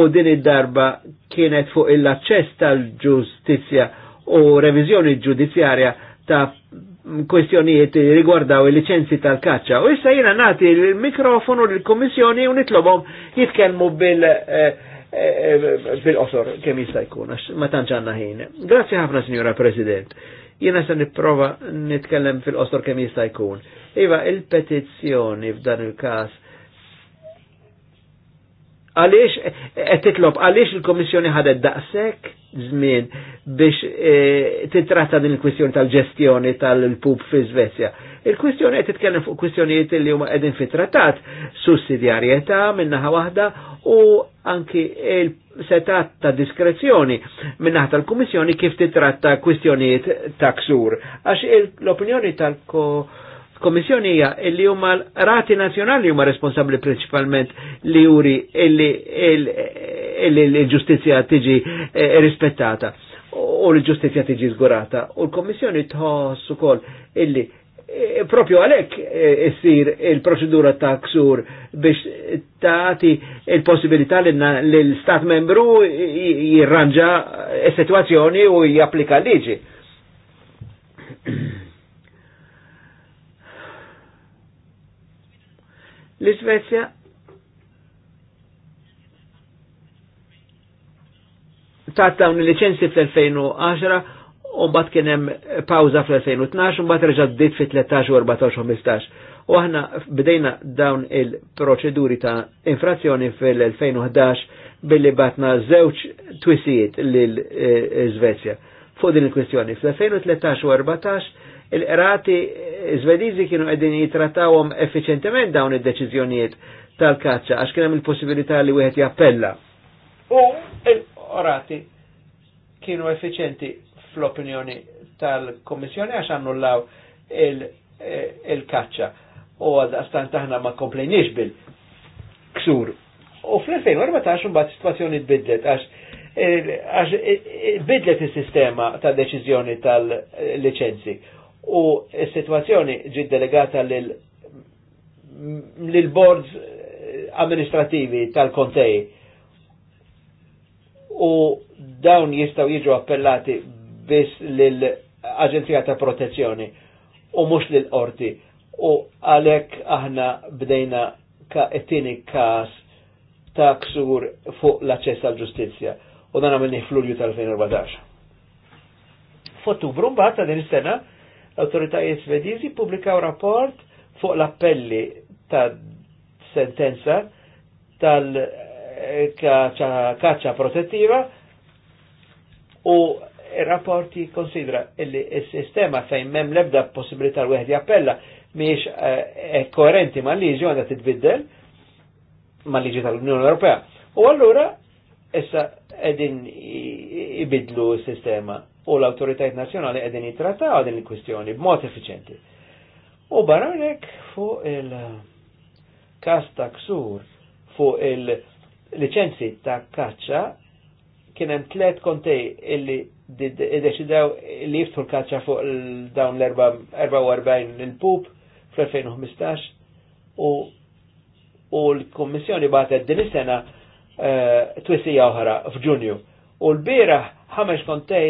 u din id-darba kienet fuq il-aċċess tal-ġustizja u revizjoni ġudizjarja ta' kwestjonijiet rigwardaw il-licenzi tal-kaċċa. U issa jina nati il-mikrofonu l-Komissjoni u nitlobhom jitkellmu bil- eh, fil-qosor eh, eh, kemm jista' jkun għax ma tantx għandna ħin. Grazzi ħafna Signora President. Jiena se nipprova nitkellem fil-qosor kemm jista' jkun. Iva, il-petizzjoni f'dan il-każ Għaliex, qed eh, titlob, għaliex il-Komissjoni ħadet daqshekk żmien biex eh, titratta din il-kwistjoni tal-ġestjoni tal-pub fi Svezja. Il-kwistjoni qed titkellem fuq kwistjonijiet li huma qegħdin fi trattat, sussidjarjetà naħa waħda u anki il-setat ta' diskrezzjoni min-naħa tal-Kummissjoni kif titratta kwistjonijiet ta' ksur. Għax l-opinjoni tal ko Komissjoni hija illi huma rati nazzjonali huma responsabbli prinċipalment li juri li l-ġustizzja tiġi eh, rispettata u l-ġustizzja tiġi żgurata. U l-Komissjoni tħoss ukoll illi eh, propju għalhekk eh, issir il-proċedura ta' ksur biex tagħti il-possibilità l-Stat membru jirranġa situazzjoni u japplika liġi. L-Svezja tat dawn il-licenzi fl-2010 u mbagħad kien hemm pawża fl-2012 u bat reġa' d-dit fit-13 u 14 u 15. U aħna bdejna dawn il-proċeduri ta' infrazzjoni fil-2011 billi batna żewġ twisijiet l eh, Svezja fuq din il-kwistjoni. Fl-2013 u 14 Il-qrati Zvedizi kienu qegħdin jitratawhom effiċjentement dawn id-deċiżjonijiet tal-kaċċa għax kien hemm il-possibilità li wieħed jappella. U l qrati kienu effiċenti fl-opinjoni tal komissjoni għax annullaw eh, il-kaċċa. U għastan taħna ma komplejniex bil-ksur. U fl-2014 mbagħad situazzjoni tbidlet għax eh, għax eh, bidlet il-sistema ta' deċiżjoni tal-licenzi u s-situazzjoni ġi delegata l boards eh, amministrativi tal-kontej u dawn jistaw jiġu appellati biss l aġenzija ta' Protezzjoni u mux l orti u għalek aħna bdejna ka ettini kas ta' ksur fuq l-aċċess għal ġustizzja u dan għamilni fl-Ulju tal-2014. F'Ottubru mbagħad ta' din is-sena L-autoritajiet svedizi publikaw rapport fuq l-appelli ta' sentenza tal-kaċċa protettiva u il-rapporti konsidra li il-sistema fejn mem lebda possibilità l-wieħed appella miex e koerenti ma' liġi għanda titbiddel ma' liġi tal-Unjoni Ewropea. U allura essa edin ibidlu s-sistema u l-autoritajt nazjonali għedin jitrataw għadin il-kwistjoni b'mod effiċenti. U baranek fuq il-kas ta' ksur fuq il-licenzi ta' kaċċa kienem tlet kontej illi id-deċidaw li jiftħu l-kaċċa fuq dawn l-44 il-pup fl-2015 u u l-Kommissjoni batet din is-sena eh, twissija oħra f'Ġunju. U l-bira ħames kontej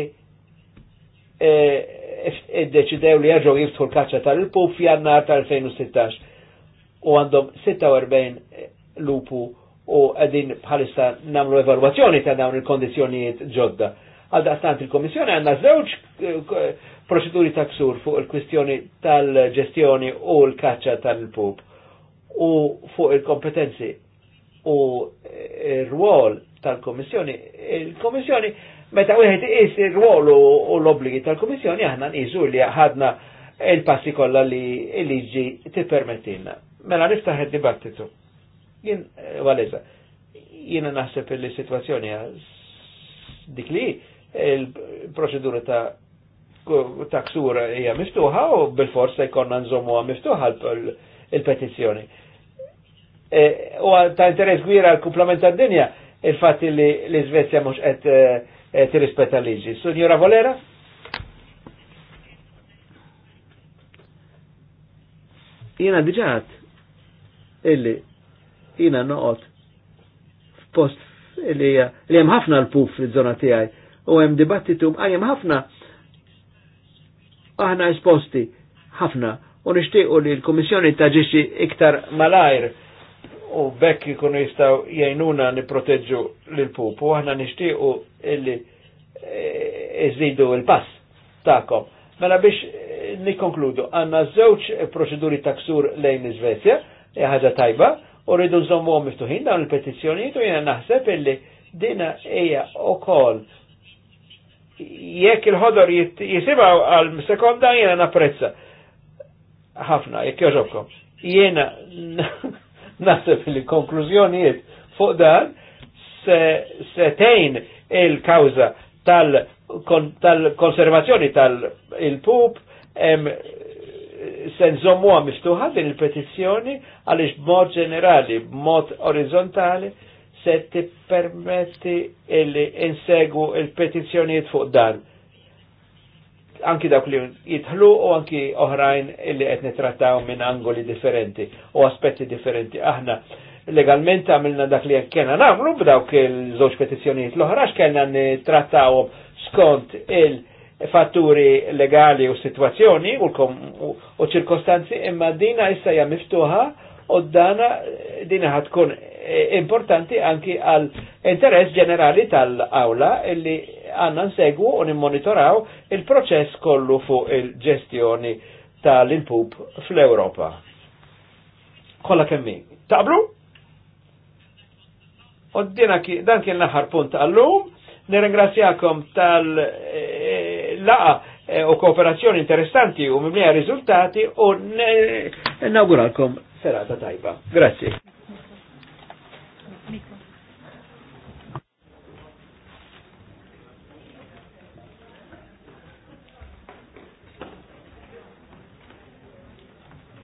id-deċidew e, e, li jaġu jiftħu l-kaċċa tal-lupu f'jannar tal-2016 u għandhom 46 lupu u għedin bħalissa namlu evalwazzjoni ta' dawn il-kondizjonijiet ġodda. Għaldaqstant il-Komissjoni għandna żewġ eh, proċeduri ta' ksur fuq il-kwistjoni tal-ġestjoni u l-kaċċa tal-pub u fuq il-kompetenzi u eh, il rwol tal-Komissjoni. Il-Komissjoni il komissjoni Meta wieħed is ir u l-obbligi tal-Kummissjoni aħna nisu li ħadna il-passi kollha li l-liġi tippermettilna. Mela niftaħ id-dibattitu. Jien eh, Waleza, jiena naħseb li situazzjoni dik li il-proċedura ta' ta' ksura hija miftuħa u bil-forsa jkollna nżommuha miftuħa il-petizzjoni. Eh, u ta' interess gwira l kumplament tad-dinja il fatti li l-Iżvezja mhux qed eh, E tirrispetta liġi. Sunjura Valera? Jena diġat illi jena noqot f'post illi li hemm ħafna l-puf fil-żona tiegħi u hemm dibattitu jem ah, ħafna aħna esposti ħafna u nixtiequ li l-Kummissjoni taġixxi iktar malajr u bekk ikunu jistaw jajnuna niproteġu l-pupu, aħna nishtiqu illi eh, iżidu il-pass ta'kom. Mela biex eh, nikonkludu, għanna zewċ proċeduri taksur lejn l-Svezja, ħaġa tajba, u rridu nżommu għom miftuħin dawn il petizjonijiet u jena naħseb illi dina eja u kol jekk il-ħodor jisiba għal-sekonda jena naprezza ħafna, jekk joġobkom. Jena Nasib li konklużjonijiet fuq dan setejn il-kawza tal-konservazzjoni tal-il-pup sen zommuha miftuħa din il-petizzjoni għaliex mod ġenerali, b'mod orizzontali, se ti permetti il-insegu il petizjoniet fuq dan anki dawk li jitħlu u anki oħrajn li qed nitrattaw minn angoli differenti u aspetti differenti. Aħna legalment għamilna dak li kena nagħmlu b'dawk il-żewġ petizzjonijiet l-oħrax kellna nittrattawhom skont il-fatturi legali u situazzjoni u ċirkostanzi imma dina issa hija miftuħa u dana dina ħatkun eh, importanti anki għal interess ġenerali tal-awla illi għanna nsegwu u nimmonitoraw il-proċess kollu fuq il-ġestjoni tal-impub fl-Europa. Kolla kemmi. Tablu? U dan kien l-aħħar punt għallum. Nirringrazzjakom tal-laqa eh, eh, u kooperazzjoni interessanti u mimlija riżultati u inauguralkom serata tajba. Grazie.